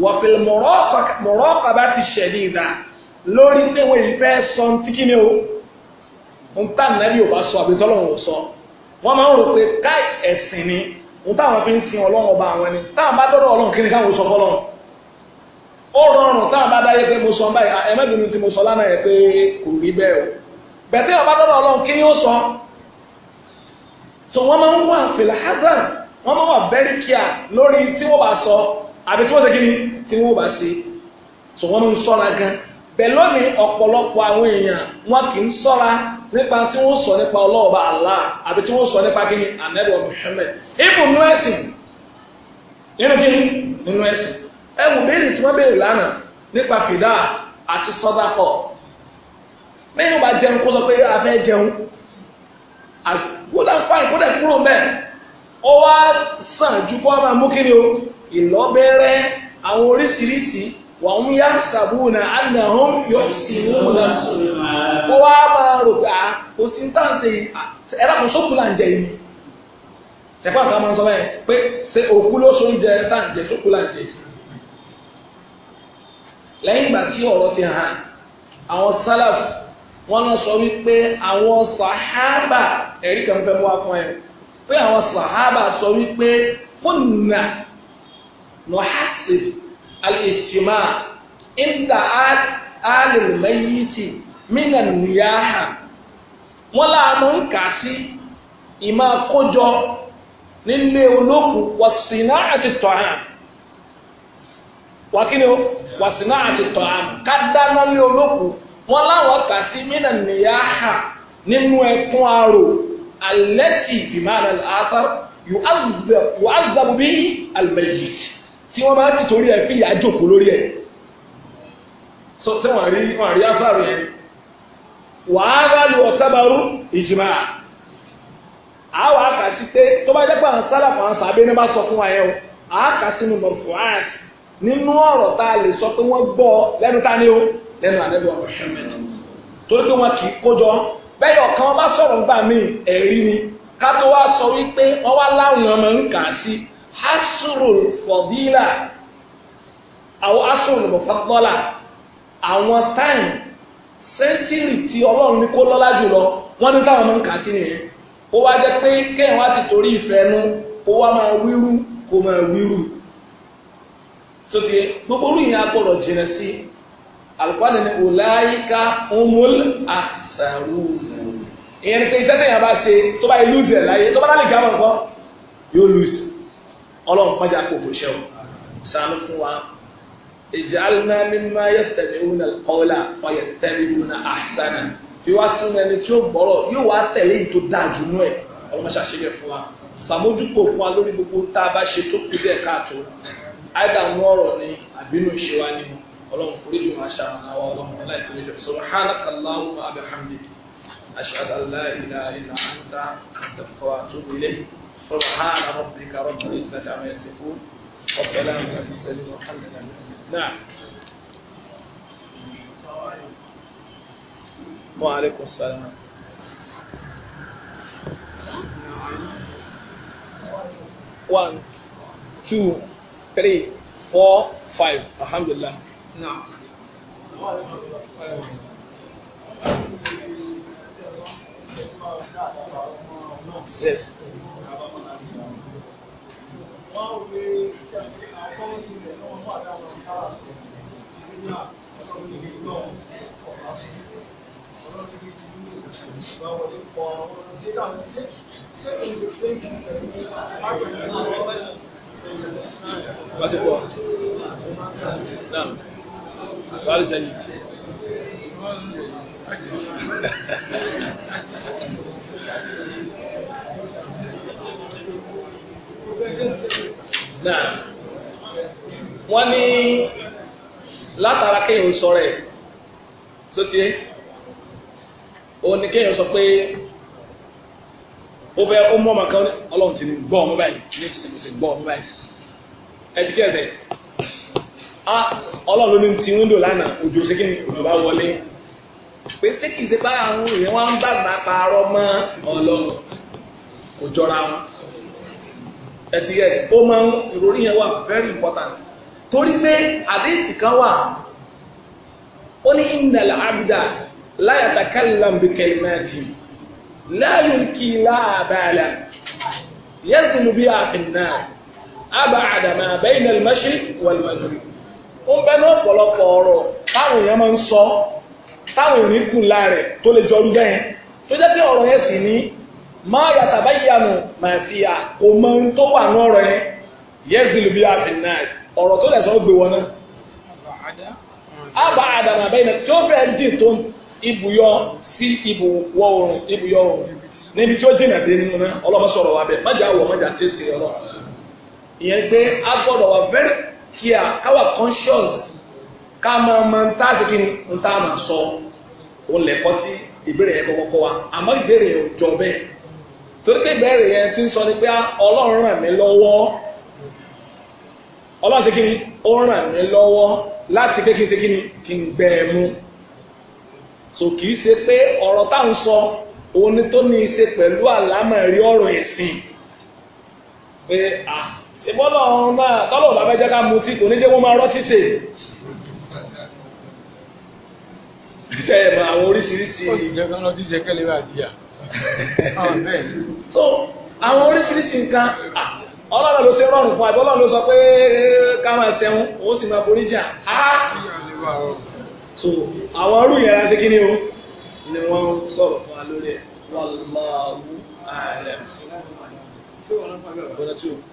S1: wa fil muraqabati shadida lórí pé wọ́n ìfẹ́ sọ tí kí ni o ń tà nàbí ò bá sọ àbí tọ́lọ́run ò sọ wọ́n máa ń rò pé káì ẹ̀sìn ni ń táwọn fi ń sin ọlọ́run ọba àwọn ni táwọn bá dọ́dọ̀ ọlọ́run kí káwọn sọ fọlọ́run ó rọrùn táwọn bá dáyé pé mo sọ báyìí ah, ẹ̀mẹ́bìnrin tí mo sọ lánàá yẹ pé kò rí bẹ́ẹ̀ o bẹ̀tẹ́ ọba dọ́dọ̀ ọlọ́run kí ó sọ so wọ́n máa ń wà fìlà wọ́n máa wà very lórí tí wọ́n bá sọ àbí tí wọ́n ṣe tí wọ́n bá ṣe so wọ́n ń sọ́ra gan Beloni ọ̀pọ̀lọpọ̀ àwọn èèyàn wọn kì í sọ́ra nípa tí wọ́n sọ nípa ọlọ́ọ̀bá àbí sọ nípa kí ni ibùn ẹ̀sìn nínú kí ni nínú ẹ̀sìn béèrè nípa fìdá àti sọ́dákọ̀ jẹun kó sọ good and fine kó dẹ̀ kúrò mẹ́ ó wá sàn ju kó máa mú kíni o ìlọ́bẹ̀rẹ̀ àwọn oríṣiríṣi wà ń yá sàbúnà àdàhùn yóò sì mú un lásán ó wá máa rò pé à kò sí ní tàǹsì ẹ̀rọ kan sókùn là ń jẹ yìí ẹ̀kọ́ àti àwọn sọ́wọ́ ẹ̀ pé ṣe òkú ló so ń jẹ tá ń jẹ là ń jẹ. lẹ́yìn ìgbà tí ọ̀rọ̀ ti hàn àwọn sálàfù wọ́n lọ sọ wípé àwọn sàhábà ẹ̀rí kan fẹ́ mú wa fún ẹ pé àwọn sàhábà sọ wípé kùnà nùhásì alìtìmá ìdá alìmẹ́yìtì mínà nìyáhà wọ́n láàánú ń kà sí ìmá kójọ nílé olókù wàsínà àti tọ̀hán wàkínú wàsínà àti ká dáná wọ́n láwọn kà sí mínà nìyáhà nínú ẹkún arò alẹ́tì bìmánà àtàr yóò azabu bí alìmẹ̀yì tí wọ́n bá ti torí ẹ̀ fi ìyá jòkó lórí ẹ̀ sọ tí wọ́n rí wọ́n rí afárò yẹn wàá rálù ọ̀tábàrú ìjìmá àwọn àkàsí pé tó bá jẹ́ pé àwọn sálàfà àwọn sàbẹ̀ ní bá sọ fún wa yẹn o àkàsí nínú mọ̀fùáàtì nínú ọ̀rọ̀ tá a lè sọ pé wọ́n gbọ́ lẹ́nu ta o lẹ́nu ànábì wa Muhammad torí pé wọn kì í kójọ bẹ́ẹ̀ ọ̀kan wọn bá sọ̀rọ̀ nígbà míì ẹ̀rí ni ká tó wá sọ wípé wọn wá láwọn ọmọ ń kà á sí hasrul fadila àwọn hasrul mufaddala àwọn táìmù sẹ́ńtírì tí ọlọ́run ní kó lọ́lá jùlọ wọ́n ní táwọn máa ń kà á sí nìyẹn ó wá jẹ́ pé kéèyàn wá ti torí ìfẹ́ nú kó wá máa wíru kó máa wíru sóti gbogbo orí yẹn agbọ́dọ̀ jìnà sí alùpàdé ni ọ̀làyíká ọmọl àṣàrù ìyẹn ni pé iṣẹ́ tẹ̀yìn bá ṣe tó bá yẹ lùzẹ̀ láyé tó bá dá lè kí á mọ̀ nǹkan yóò lùzẹ̀ ọlọ́run pàjá kò kò ṣẹ́ o sànù fún wa ìjàlùmá mímá yẹtẹ̀mí òun náà ọ̀la ọ̀yẹ̀tẹ̀mí òun náà àṣàna tí wàá sún ẹni tí ó gbọ́rọ̀ yóò wá tẹ̀lé ètò dáàjú nú ẹ̀ ọlọ́run ṣàṣeyẹ fún wa sàmójúkò fún wa lórí gbogbo tá a bá ṣe tó kú bẹ́ẹ̀ káàtó àìdá ọ̀rọ̀ ni àbínú ìṣe wa ni ọlọ́run foríjì wọn aṣáájú àwọn ọlọ́run aláìkúrẹ́ jọ subhanaka Allahumma wa bihamdika ashhadu an la ilaha illa anta astaghfiruka wa atubu ilayk subhana rabbika rabbil izzati amma yasifun wa salamun alal mursalin walhamdulillahi na'am. wa alaykum salaam. one two three four five alhamdulillah. نعم náà wọ́n ní
S2: látara kéèyàn sọ rẹ̀
S1: sótíé òun ni kéèyàn sọ pé ó fẹ́ ó mọ̀ màkà ọlọ́run ti gbọ́ ọmọ báyìí ní ti gbọ́ ọmọ báyìí ah ọlọ́run ní ti wíńdò lánàá òjò ṣe kí ni òjò bá wọlé pé ṣé kì í ṣe báyà ń rìn wọn ń bàgbà parọ́ mọ́ ọlọ́run kò jọra wọn ẹtì yẹ ó máa ń ìròrí yẹn wà very important torí pé àdéhùn kan wà ó ní ìnàlẹ̀ abidà láyàtàkàlàm bí kẹlìmẹ́tì láàyò kí láàbàlà yẹ́sùn bí àfin náà abàdàmà bẹ́ẹ̀ ní al-mashriq ó ń bẹ ní ọ̀pọ̀lọpọ̀ ọ̀rọ̀ táwọn èèyàn máa ń sọ táwọn èèyàn kù láàrẹ̀ tó lè jọrú bẹ́ẹ̀ tó jẹ́ pé ọ̀rọ̀ yẹn sì ní máa yàtà yíyanu fi à kò mọ ohun tó wà ní ọ̀rọ̀ yẹn yẹ́sì dìlù bí àfin náà ọ̀rọ̀ tó lẹ̀ sọ gbé wọn náà.
S2: àbá ti bẹ́ẹ̀ tí ó fẹ́ jìn
S1: tó ibùyọ sí oòrùn ibùyọ oòrùn níbi tí ó nínú náà ọlọ́mọ sọ̀rọ̀ wa bẹ́ẹ̀ wọ̀ ìyẹn a kia kawa conscious ma ń tá àṣekí ni sọ òun kọkọkọ wa àmọ́ ìbéèrè yẹn jọ bẹ́ẹ̀ torí pé ìbéèrè ti ń sọ ni pé ràn mí ṣe ó ràn mí lọ́wọ́ láti pé kí n so kì ṣe pé ọrọ tá à ń sọ òun ni tó ní í ṣe pẹ̀lú àlámọ̀rí ọ̀rọ̀ pé ah, ìbọ́lọ̀ náà tọ́lọ̀ làbẹ́jẹ́ ká mutí kò ní jẹ́ wọ́n máa rọ́tí sè ṣe é máa àwọn oríṣiríṣi. ó sì jẹ́ kán lọ́tí kẹ́lẹ́ bá so àwọn oríṣiríṣi nǹkan ọlọ́run ló ṣe rọrùn fún wa ọlọ́run ló sọ pé ká máa ṣẹ̀wọ̀n òun sì máa forí jà á.
S2: so àwọn ọrú yẹn la kí ni
S1: o ni wọ́n sọ̀rọ̀ fún wa lórí ẹ̀ wọ́n ààrẹ. ṣé wọ́n lọ́ fún abẹ́rẹ́?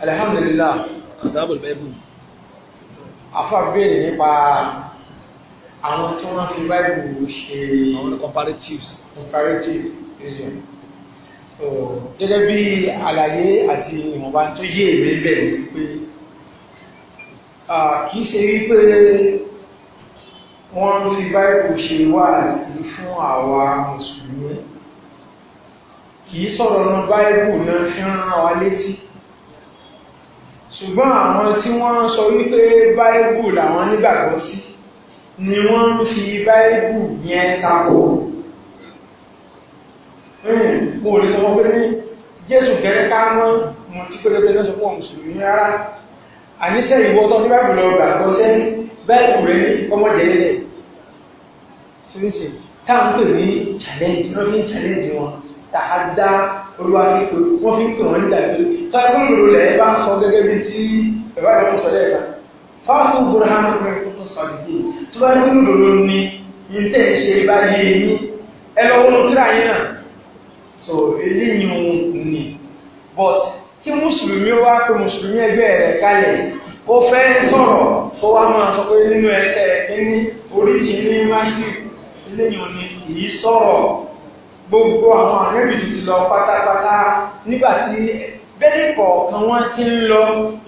S1: alhamdulillah azabul bible afa béèrè nípa àwọn tí wọ́n fi bible ṣe àwọn comparatives comparative reason so gẹ́gẹ́ bí àlàyé àti ìwọ̀nba tó yé èmi bẹ̀rẹ̀ pé kì í ṣe wípé wọ́n fi bible ṣe wáàsí fún àwa mùsùlùmí kì í sọ̀rọ̀ náà bible náà fi ń rán wa létí ṣùgbọ́n àwọn tí wọ́n ń sọ wípé báíbù làwọn nígbàgbọ́ sí ni wọ́n ń fi báíbù yẹn tako
S2: hmm, mo lè sọ wọn pé
S1: ní jésù gẹ́rẹ́ ká mọ́ mo ti pẹ́lẹ́pẹ́ lọ́sọ fún mùsùlùmí rárá àníṣe ìwọ tó ní báíbù lọ gbàgbọ́ sẹ́yìn báíbù rẹ̀ ní ọmọdé lẹ̀ tí ó ń pè ní challenge wọ́n fi ń challenge wọn tàádá olúwa ní pé wọ́n fi ń pè wọ́n ní dàbí táwọn ìlú rẹ̀ bá sọ gẹ́gẹ́ bí tí bàbá rẹ̀ sọ lẹ́ẹ̀ka fáwọn ògbóra hàn rẹ̀ kó tó sọ ìdí tí wọ́n ní ìlú ló ní ilé ìṣe bá yé yín ẹ lọ wọ́n tíra yín náà so eléyìí òun ni but kí mùsùlùmí wá pé mùsùlùmí ẹgbẹ́ rẹ̀ kalẹ̀ ó fẹ́ sọ̀rọ̀ tó wá máa sọ pé nínú ẹsẹ̀ kí orí kìíní máa ń tì eléyìí òun ni kì í sọ̀rọ̀ gbogbo àwọn àrẹ́bì ti lọ pátápátá nígbàtí bẹ́ẹ̀ kọ̀ọ̀kan wọ́n ti ń lọ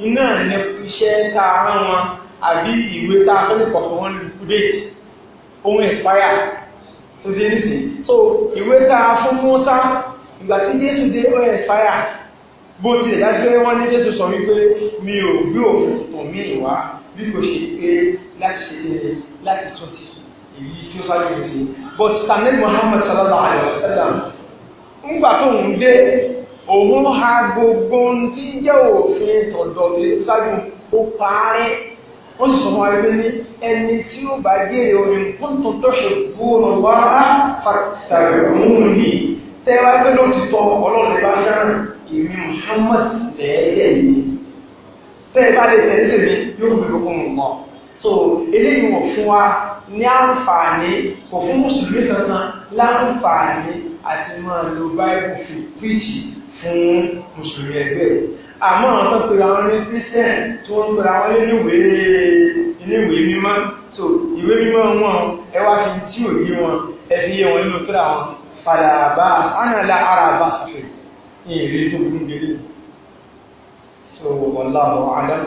S1: iná ní iṣẹ́ tá a rán wọn àbí ìwé tá a fẹ́lẹ̀ kọ̀ọ̀kan wọn liquidate ohun expire tó ṣe nísìnyí so ìwé tá a fún Mùsá ìgbàtí Jésù dé ó expire bó tilẹ̀ dájú pé wọ́n ní Jésù sọ wípé mi ò gbé òfin tuntun mi ìwá bí kò ṣe pé láti ṣe láti tún ti èyí tí ó sáré ti but sanni Muhammad sallallahu alayhi wa sallam ńgbà tó ń dé òun ha gbogbo tí ń jẹ́ òfin tọ̀dọ̀ lè ṣáájú ó parí ó sì sọmọ ẹgbẹ́ ní ẹni tí ó bá jèrè orin kúntùn tó ṣe gbóòrò wá fàtàrí òun yìí tẹ́wàá pé ló ti tọ ọlọ́run bá fẹ́ràn ìmí Muhammad lẹ́ẹ̀lẹ́ mi tẹ́ẹ̀ bá lè tẹ̀lé tèmi yóò fi lókun mọ́ so eléyìí wọ̀ fún wa ní àǹfààní kò fún mùsùlùmí kankan láǹfààní àti máa lo báìbù fi píìsì
S2: fún mùsùlùmí ẹgbẹ́ àmọ́ àwọn tó
S1: pèrè àwọn ní christian tí wọ́n ń pèrè àwọn iléèwé iléèwé mímọ́ so ìwé mímọ́ wọn ẹ wá fi tí ò yé wọn ẹ fi yé wọn nínú kíra wọn padà bá ánàlá ara bá sàfẹ́ ní ìrí tó burú délé so wallahu alam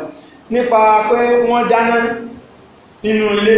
S1: nípa pé wọ́n dáná nínú ilé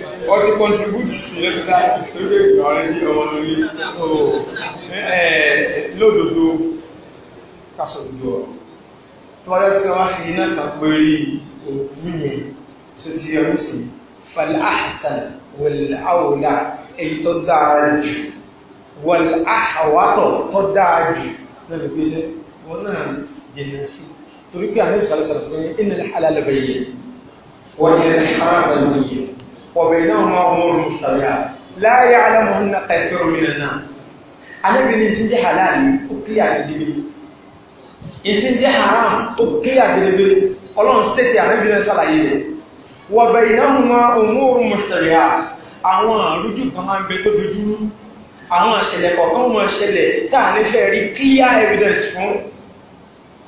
S2: ọ ti contribute sí lẹ́kítà
S1: lórí ìgbà rẹ̀ ní ọmọ lórí so lódodo kásòdodo ọ̀rọ̀ tọ́lá tí wọ́n fi iná kan péré òkú yẹn tó ti yọrí sí falahsan wàláwòlá èyí tó dára jù wàláhàwátọ̀ tó dára jù lẹ́nu pé wọ́n náà jẹ̀nà sí torí pé àmì ìsàlẹ̀sàlẹ̀ fún iná halal bayyana wọ́n yẹn وبينهما أمور مشتبهات لا يعلمهن كثير من الناس Ànábì ní tí ń jẹ́ halal ó kíyà gẹ́gẹ́gẹ́ ìtí ń jẹ́ haram ó kíyà gẹ́gẹ́gẹ́ ọlọ́run stéètì Ànábì ní sàlàyé rẹ̀ àwọn àrújú kan máa ń bẹ tó dojú àwọn ìṣẹ̀lẹ̀ kọ̀ọ̀kan wọn ṣẹlẹ̀ tá à ní fẹ́ rí clear evidence fún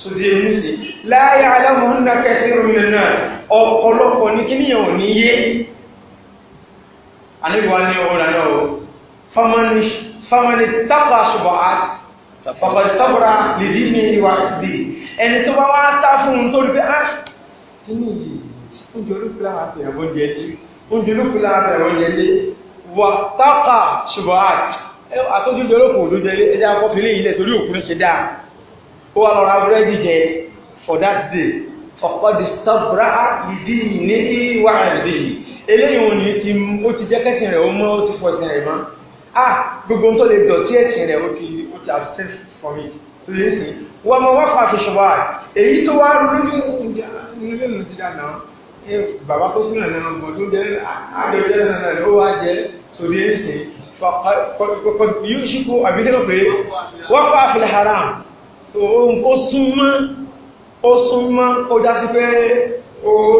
S1: tó di ẹnu sí la ya'lamuhunna kathirun minan nas ọ̀pọ̀lọpọ̀ ní kíníyàn ò ní yé àníwá ní ọ̀rọ̀ náà o famani tábà ṣùgbọ́ àti fàkọ̀tí sábúra lè dí ní ìwà ìdí ẹni tó bá wá sá fún un tó rí pé á tí ní yìí oúnjẹ olókùnlá àti ẹ̀wọ́n jẹ dé oúnjẹ olókùnlá àti ẹ̀wọ́n jẹ dé wà tábà ṣùgbọ́ àti for that day fàkọ̀tí sábúra lè dí ní ìwà ìdí eléyìí wọn ni ti jẹ́ kẹ́sìn rẹ̀ ó mọ́ ó ti fọ̀sìn rẹ̀ mọ́ ah gbogbo tó lè dọ̀tí ẹ̀sìn rẹ̀ ó ti abstain from it tó lè sìn wọ́n mọ wọ́n fà fìṣọ́ wa èyí tó wá lójú nínú ti jẹ́ tí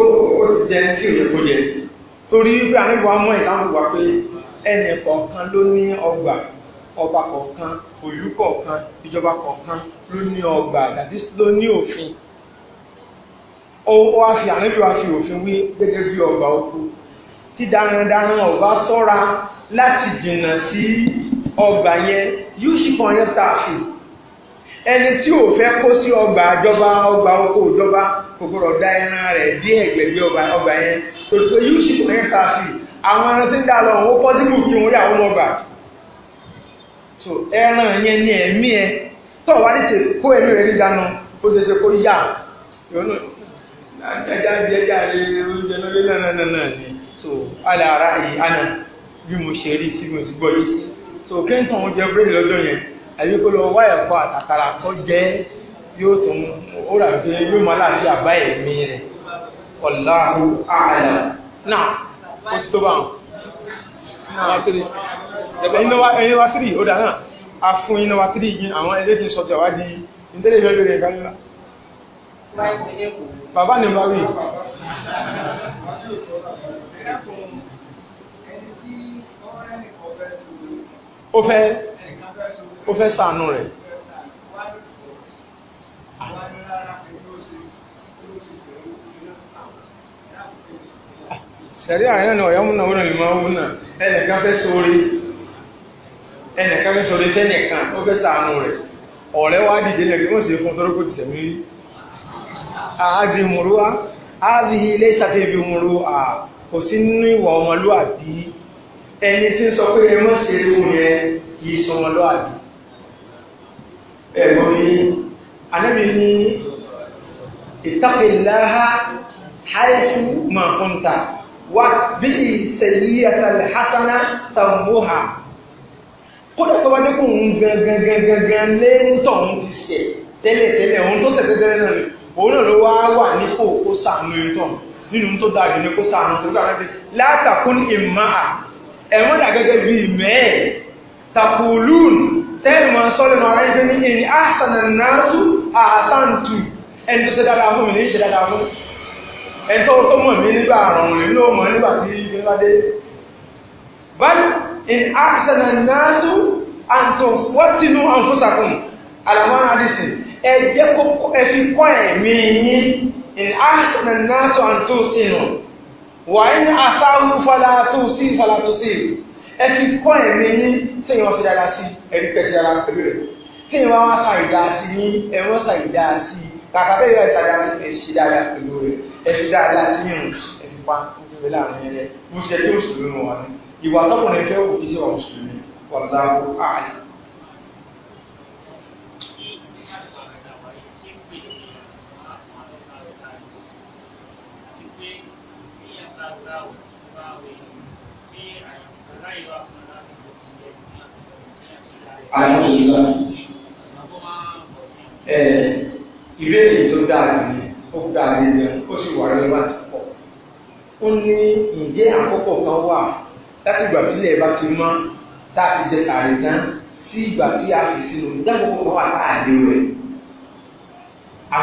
S2: ò yẹ kó jẹ́
S1: torí wípé àníbò wa mọ́ ìsáàmù wa pé ẹnì kọ̀ọ̀kan ló ní ọgbà ọba kọ̀ọ̀kan òlú kọ̀ọ̀kan ìjọba kọ̀ọ̀kan ló ní ọgbà àdàdí ló ní òfin ó wá fi àníbò wa fi òfin wí gẹ́gẹ́ bí ọgbà oko tí darandaran ọba sọ́ra láti jìnnà sí ọgbà yẹn yóò ṣì kàn yẹn tààfin ẹni tí ò fẹ́ kó sí ọgbà àjọba ọgbà oko ìjọba kò dá ẹran rẹ̀ dí ẹ̀gbẹ̀gbẹ̀ ọgbà yẹn torí yìí sì kò ní ta àwọn ẹran tí ń dá lọ òun kí wọ́n yà so ẹran yẹn ẹ wá kó ní ìdáná ó ṣe ṣe kó ajá oúnjẹ náà náà náà ni so yìí àná bí mo ṣe rí sí mo ẹ̀yí kó lọ wá ẹ̀kọ́ àtàkàrà tó jẹ́ yóò tún ó rà pé yóò máa láṣẹ àbá ẹ̀mí rẹ̀ ọ̀láhù ààrẹ náà ó ti tó bá wọn innovatiri ó dá náà a fún innovatiri yìí àwọn eléjì sọjọ wá di ìtẹ́lẹ̀ ìjọ lórí ẹ̀ka nílá bàbá ni ó fẹ́ ó fẹ́ sànú rẹ̀
S2: sẹ̀rí àárín náà ọ̀yọ́ múnà wọ́n lè máa wọ́n náà ẹnìkan fẹ́ sórí
S1: ẹnìkan fẹ́ sórí sẹ́nìkan ó fẹ́ sànú rẹ̀ ọ̀rẹ́ wá dìde lẹ́gbẹ̀ẹ́ wọ́n sì fún tọ́rọ́kù ti sẹ̀mí àádì múrúwá àádì ilé ìsàtẹ́bí múrú à kò sí nínú ìwà ọmọlúwàbí ẹni tí ń sọ pé ẹ mọ́ sí ẹ̀rù yẹn kì í sọmọlúwàbí ẹ̀gbọ́n mi anábì ní ìtàkìláha haitu ma kunta wa bí ìsẹ̀yíyàtà hasana tambuha kódà tó wá ní kò ń gangan lẹ́ntọ̀ ń ti ṣe tẹ́lẹ̀tẹ́lẹ̀ ohun tó ṣẹ̀ tẹ́lẹ̀ náà ni òun náà ló wá wà nípò kó sàánú ẹ̀ntọ̀ nínú tó dájú ní kó sàánú tó dájú ní látàkún ìmáà ẹ̀wọ́n dà gẹ́gẹ́ bí ìmẹ́ẹ̀ takùlùn tẹ́ẹ̀mù máa sọ lẹ́nu ara yín pé ní ẹni àṣàna nàásù àṣàǹtù ẹni tó ṣe dáadáa fún mi ní ṣe dáadáa fún ẹni tó tó mọ̀ mí nígbà àrùn rẹ̀ ló mọ̀ nígbà tí ibi bá dé. báyìí ẹni àṣàna nàásù àǹtò wọ́tínú àǹfọ̀sàkùn àlàmọ́ àdìsìn ẹ jẹ́ kó ẹ fi kọ́ ẹ̀mí yín ẹni àṣàna nàásù àǹtò sínú wàá ní àṣàrù falató sí falató sí ẹ fi kọ́ ẹ̀mí yín téèyàn ṣe dáadáa sí ẹ̀rí pẹ̀ sí dáadáa pẹ̀lú rẹ̀ téèyàn bá wá ṣàìdá sí ní ẹ̀wọ́n ṣàìdá sí kàkà téèyàn bá ṣàìdá sí ẹ̀ ṣe dáadáa pẹ̀lú rẹ̀ ẹ̀ fi dáadáa sí ìrùn ẹ̀ fi pa nítorí láàrin rẹ̀ mo ṣe kí mùsùlùmí nù wá ní ìwà tọkùnrin fẹ́ wò kí sí ọ̀rọ̀ mùsùlùmí wàlúwàlú àlè. Thank you alhamdulilah ẹ ìbéèrè tó dára ni ó dára ni ó sì wà rẹwà tó pọ̀ ó ní ǹjẹ́ àkókò kan wà láti ìgbà tí ilẹ̀ bá ti mọ́ tá a ti jẹ sàárè tán a fi sínú ǹjẹ́ àkókò kan wà a dé tá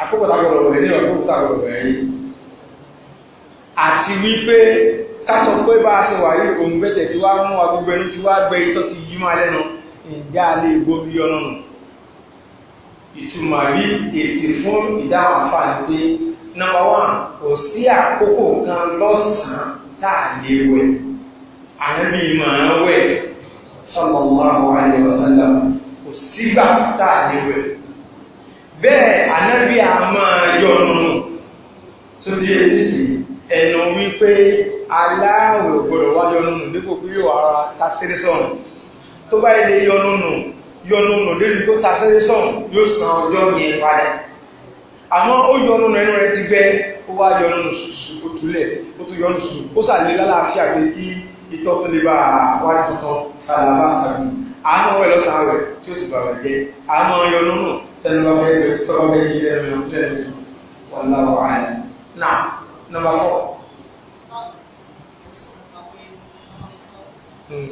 S1: a gbọdọ̀ wẹ̀ nínú àkókò tá a gbọdọ̀ wẹ̀ yìí ká sọ pé bá a ṣe wà yìí òun bẹ̀tẹ̀ tí wàá mú agbègbè ẹni tí wàá gbẹ itọ́ ti yí máa lẹ́nu ìjà lè gbó ọlọ́run ìtumọ̀ rí èsì fún ìdáhùn àfààní pé nọmba wán kò sí àkókò kan lọ́sàn-án tá a lè wẹ̀ ànábì máa wẹ̀ sallallahu alaihi wasallam kò sígbà tá a lè wẹ̀ bẹ́ẹ̀ ànábì a máa yọnu tó ti yẹ nísìnyí ẹnu wípé aláàwẹ̀ gbọ́dọ̀ wá yọnúnù dípò pé yóò ara ta sẹ́rẹ́ sọ̀nù tó bá ilé yọnúnù yọnúnù débi tó ta sẹ́rẹ́ sọ̀nù yóò san ọjọ́ yẹn padà àmọ́ ó yọnúnù ẹnu rẹ ti gbẹ ó wá yọnúnù sùsù ó túlẹ̀ ó tún yọnúnù sùsù ó sàlẹ̀ lálàáfíà pé kí itọ́ tó lè bá wá tuntun kàlà bá sàbí àánú wẹ̀ lọ́sàn-án rẹ̀ tí ó sì bàbà jẹ́ àmọ́ yọnúnù tẹnu bá fẹ́ tọ́lọ́ bẹ́ẹ̀ yí lẹ́nu lẹ́nu wàlá wàhálà náà nọ́mbà fọ́ọ̀. Hmm.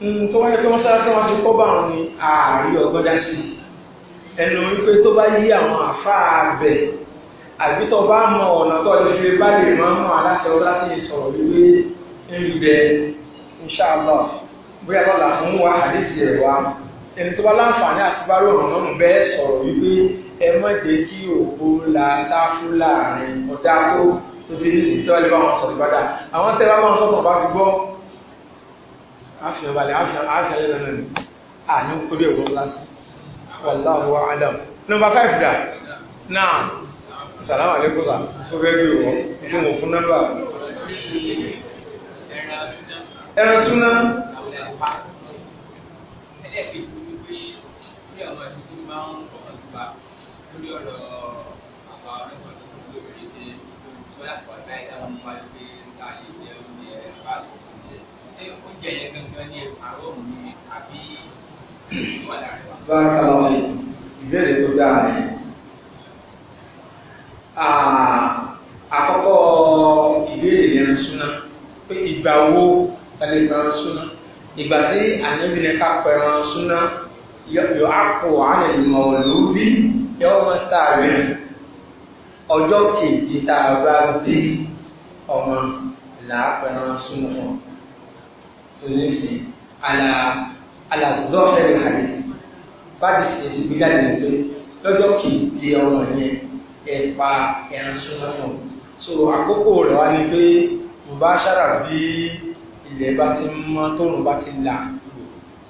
S2: Hmm, tó wáyé pé mọ́sálásí wọn ti
S1: kọ́ bá àwọn ní ààrí ọ̀gọ́dá sí ẹnu wípé tó bá yí àwọn àfáà bẹ̀ àbí tó bá mọ ọ̀nà tó lè fi bá lè máa mọ aláṣẹ ọlá sí ìsọ̀rọ̀ wípé ń bẹ inshallah bóyá lọ́la fún wa àdéhìí rẹ̀ wá ẹni tó bá láǹfààní àti bá rò ọ̀ràn náà bẹ́ẹ̀ sọ̀rọ̀ wípé ẹ má kí òkú la sáfù láàrin ọ̀dà tó tó ti ní ìsìn tó wà lè bá wọn sọ̀rọ̀ ìbàdà àwọn tẹ́ bá wọn sọ̀rọ̀ bá ti gbọ́ àfihàn balẹ̀ àfihàn lẹ́nu náà ni àní orí ẹ̀wọ̀ lásì wallahu a'lam. nọmba five dà náà sàlámà lẹ́kọ̀ọ́ sà ó fẹ́ bí wọ́n tó mọ̀ fún nọ́mbà. ẹran súná. bí àwọn ẹ̀sìn tí máa ń fọkàn sípa lórí ọ̀rọ̀ àwọn ọlọ́pàá tó kún lórí èdè tó yàtọ̀ láì dáhùn wáyé pé ta lè
S2: jẹ oúnjẹ bá a lòkù jẹ ṣé oúnjẹ ah gangan ní àárọ̀ òun ni àbí wà láàrin wa. bákan
S1: náà ìbéèrè tó kapal ni yọ̀ápọ̀ àrẹ̀lùmọ̀ olórí yọ́mọ sáré ọjọ́ kejì tàà bá bí ọmọ làápẹ̀rán súnmọ́ wọn tó ní sí alàzọ́fẹ́rẹ̀ àrẹ bá ti ṣe ti gbígbàdé pé lọ́jọ́ kejì ọmọ yẹn ẹ̀pa ẹran súnmọ́ so àkókò rẹ̀ wá ní pé mo bá ṣára bí ilẹ̀ bá ti mọ́ tóun bá ti là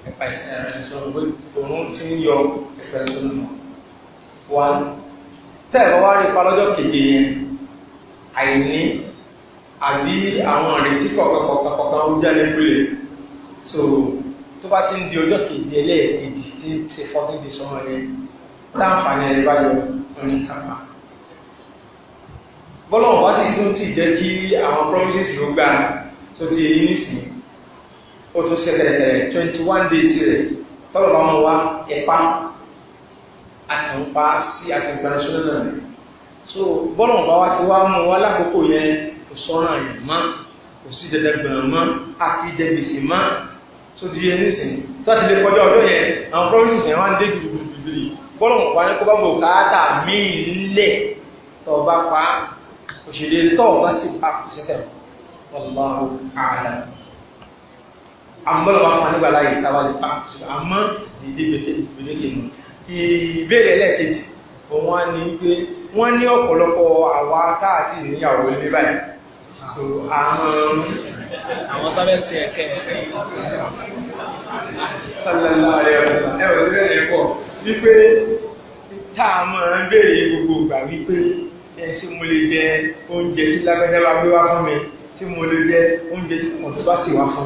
S1: nípa ìsìn ẹ̀rọ ẹni sọ̀rọ̀ pé òun ti ń yọ ẹ̀fẹ́ tó nù. wá tẹ́ ẹ̀rọ wá rí ipa lọ́jọ́ kéde yẹn àìní àbí àwọn ìrètí kọ̀ọ̀kan ó jẹ́ lẹ́gbẹ̀rẹ̀ so tó bá ti ń di ọjọ́ kéde ẹlẹ́ẹ̀kejì tí ń ṣe fourteen days ọmọ rẹ̀ láǹfààní ẹ̀rẹ́ bá yọ orin kàpá bọ́lọ̀ wá sì tún ti jẹ́ kí àwọn promises ló gbà tó ti èyí nísìnyí ó tún ṣe tẹ̀lẹ̀tẹ̀lẹ̀ twenty one days rẹ̀ tọ́lọ̀ bá mú wa ẹ̀pá àsìnpa sí àsìnpa national náà so bọ́lá wọn bá wa ti wá mú wa lákòókò yẹn kò sọ́ra yẹn mọ́ kò sí dandan gbọ̀nà mọ́ àfi dẹ́gbèsè mọ́ tó di yẹn nísìn tó ti lè kọjá ọdún yẹn àwọn promises yẹn wá ń dé gbìgbìgbìgbì bọ́lá wọn bá ní kó bá bò káàtà míì nílẹ̀ tó bá pa òṣèlè tó bá sì pa kò sẹ́sẹ̀ wọ́n lọ́wọ́ àlàyé àmúbọ̀lọ́wọ́ fún anígbà láyé táwa lè pa àmọ́ dìde gbèdéke nù. ìbéèrè ẹlẹ́ẹ̀kejì òun á ní pé wọ́n ní ọ̀pọ̀lọpọ̀ àwa táàtì níyàwó ilé báyìí. àwọn tábẹ́ sí ẹ̀kẹ́ sálẹ́lá rẹ̀ ẹ̀rọ ìrẹ́ rẹ̀ pọ̀ wípé ń béèrè gbogbo ìgbà wípé ẹ̀sí mo mo lè jẹ oúnjẹ tí mo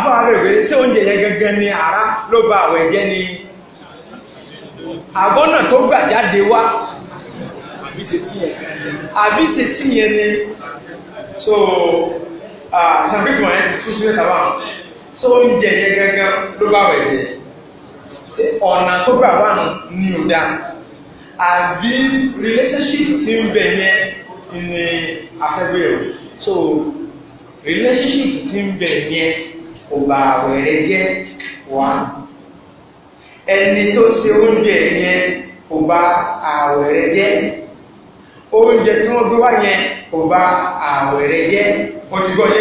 S1: àwọn abẹ́rẹ́ ṣé oúnjẹ yẹn gẹ́gẹ́ ni ara ló ba àwẹ̀ jẹ́ ni àgbọ́nà tó gbà jáde wá àbí ṣe tí yẹn ni so ṣàpèjúmọ̀ yẹn ti tún sílẹ̀ sábà ṣé oúnjẹ yẹn gẹ́gẹ́ ló ba àwẹ̀ jẹ́ ṣé ọ̀nà tó gbà wà ní ọ̀dà àbí relationship ti ń bẹ̀ yẹn ni afẹ́gbẹ̀rẹ̀ so relationship ti ń bẹ̀ yẹn kò bà àwẹ̀ rẹ jẹ́ wá ẹni tó ṣe oúnjẹ yẹn kò bà àwẹ̀ rẹ jẹ́ oúnjẹ tí wọ́n gbé wá yẹn kò bà àwẹ̀ rẹ jẹ́ ọtígbọ́yé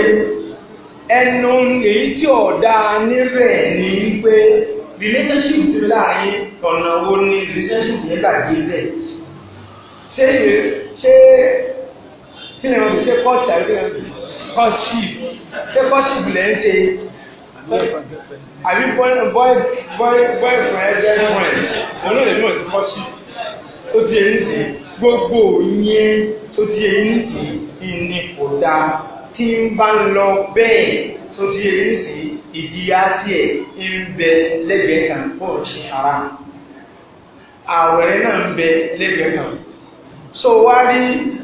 S1: ẹnu èyí tí ọ̀dá níbẹ̀ ní wípé relationship ti láàrin ọ̀nà wo ni relationship yẹn gbàgbé bẹ́ẹ̀ ṣé ṣé
S2: kí ni wọ́n ti ṣe kọ́ọ̀tì àbí
S1: kọ́ọ̀tì ṣé kọ́ọ̀tì lẹ́ ń ṣe àbí boy, girlfriend òun náà lè mọ̀ sí pọ́sí tó ti èyí sí gbogbo yẹn tó ti èyí sí ìní kò dá tí ń bá ń lọ bẹ́ẹ̀ tó ti èyí sí ìjìyà tiẹ̀ ń bẹ lẹ́gbẹ̀ẹ́ kan fún ọ̀sẹ̀ ara àwẹ̀rẹ́ náà ń bẹ lẹ́gbẹ̀ẹ́ kan so wá rí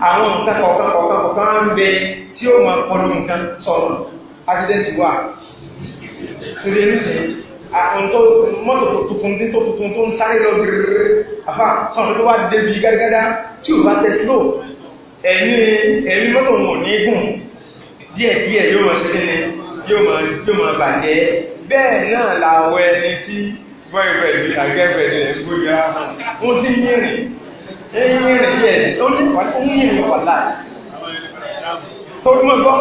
S1: àwọn nǹkan kọ̀ọ̀kan kọ̀ọ̀kan kọ̀ọ̀kan ń bẹ tí ó máa pọnú nǹkan sọ̀rọ̀ accident wà ṣe ní sè àkóńtó mọ́tò tuntun ní tó tuntun tó ń sáré lọ gírírí àfà tó ń fi wá débi gágágá tí ò bá tẹ sílò ẹ̀mí ẹ̀mí mọ́tò wọn ò ní gùn díẹ̀ díẹ̀ yóò máa ṣe ní yóò máa yóò máa bàjẹ́ bẹ́ẹ̀ náà làwọn ẹni tí bọ́ẹ̀fẹ̀dì
S2: àgẹ́fẹ̀dì ẹ̀gbóyà wọ́n ti yìnrìn yìnrìn díẹ̀ ó ní yìnrìn wà
S1: láì tó gbọ́n gbọ́n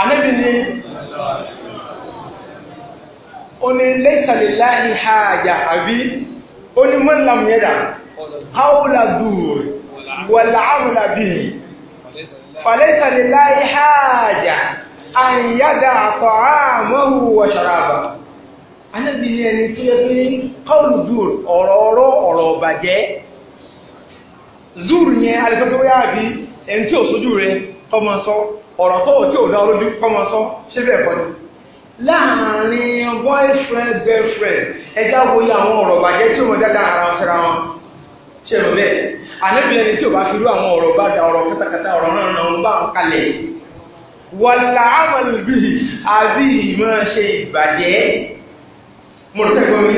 S1: anẹ́bí ni ó ní lẹ́sàlélàhì hàjà àbí ó ní mọ́lámúyẹ́dà haúlà dùúrù wàláàrùlà bí falẹ́sàlélàhì hàjà àyàdà àtọ̀hámọ́hù wà ṣàràbà anábi ní ẹni tó yẹ pé kọlù dùúrù ọ̀rọ̀ ọ̀rọ̀ ọ̀rọ̀ ọ̀bàjẹ́ zúrù yẹn ẹni tí ò sójú rẹ kọmọ sọ ọ̀rọ̀ tó ò
S2: láàrin boyfriend
S1: girlfriend ẹja wo yẹ àwọn ọ̀rọ̀ bàjẹ́ tí wọ́n dáadáa ara wọn síra wọn ṣe lọ bẹ́ẹ̀ àlébìlẹ̀ ni tí o bá fi rú àwọn ọ̀rọ̀ bá da ọ̀rọ̀ kátàkátà ọ̀rọ̀ náà náà ń bá wọn kalẹ̀ wàlá àmàlùbí àbí ìmọ̀ ṣe ìbàjẹ́ mo rò tẹ́gbọ́n mi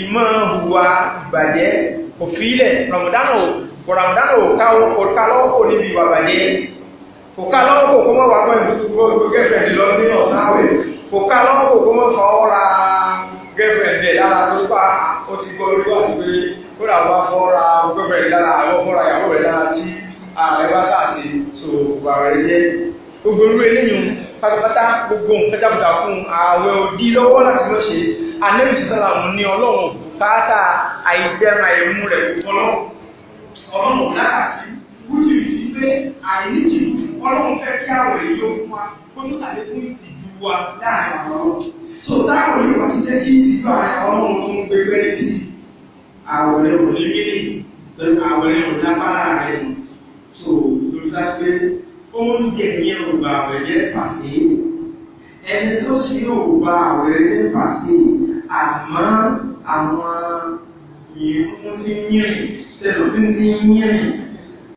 S1: ìmọ̀ hùwà ìbàjẹ́ kò fi ilẹ̀ ramadana kò ramadana kò ká kò ká lọ́wọ́ kò níbi ìwà bàjẹ́ kò ká lọ́wọ́ kò kọ́ mọ́ wà pẹ́ ìgbẹ́fẹ̀ lọ ní ọ̀sán àwẹ̀ kò ká lọ́wọ́ kó mọ́ fọwọ́ ra gẹ́fẹ̀rẹ̀ dẹ̀ lára tó bá ó ti gbọ́ lórí wá sí pé ó rà wá fọ́ ra gẹ́fẹ̀rẹ̀ lára àwọn fọ́ ra ìyàwó rẹ̀ lára tí ààrẹ bá sàti tó gbà rẹ̀ yẹ. gbogbo irú eléyìí pátápátá gbogbo nǹkan jábùdà fún ààwẹ̀ òdì lọ́wọ́ láti lọ́ ṣe anẹ́bí sísọ́là mú ní ọlọ́run bùkátà àìjẹun àìmú rẹ̀ ọlọ́run ọlọ́run lákàtí wújì sí pé àìníjì ọlọ́run fẹ́ kí àwẹ̀ yóò fún wa kó tó sàlékún ìdí wa láàrin àwọn ọ̀rọ̀. tó táwọn yóò wá sí jẹ́ kí tìlú ààrẹ ọlọ́run tó ń gbé pẹ́ẹ́lí sí àwọ̀rẹ́ òlélẹ́yìn pẹ̀lú àwọ̀rẹ́ òlágbára rẹ̀ tó lóṣàṣẹ́ oúnjẹ yẹn ò bá àwẹ̀ jẹ́ pàṣẹ ẹni tó sì ò bá àwẹ̀ jẹ́ pàṣẹ
S2: àmọ́ àwọn ìrún ti ń yẹ̀yìn tẹ̀lọ́fín ti ń yẹ̀yìn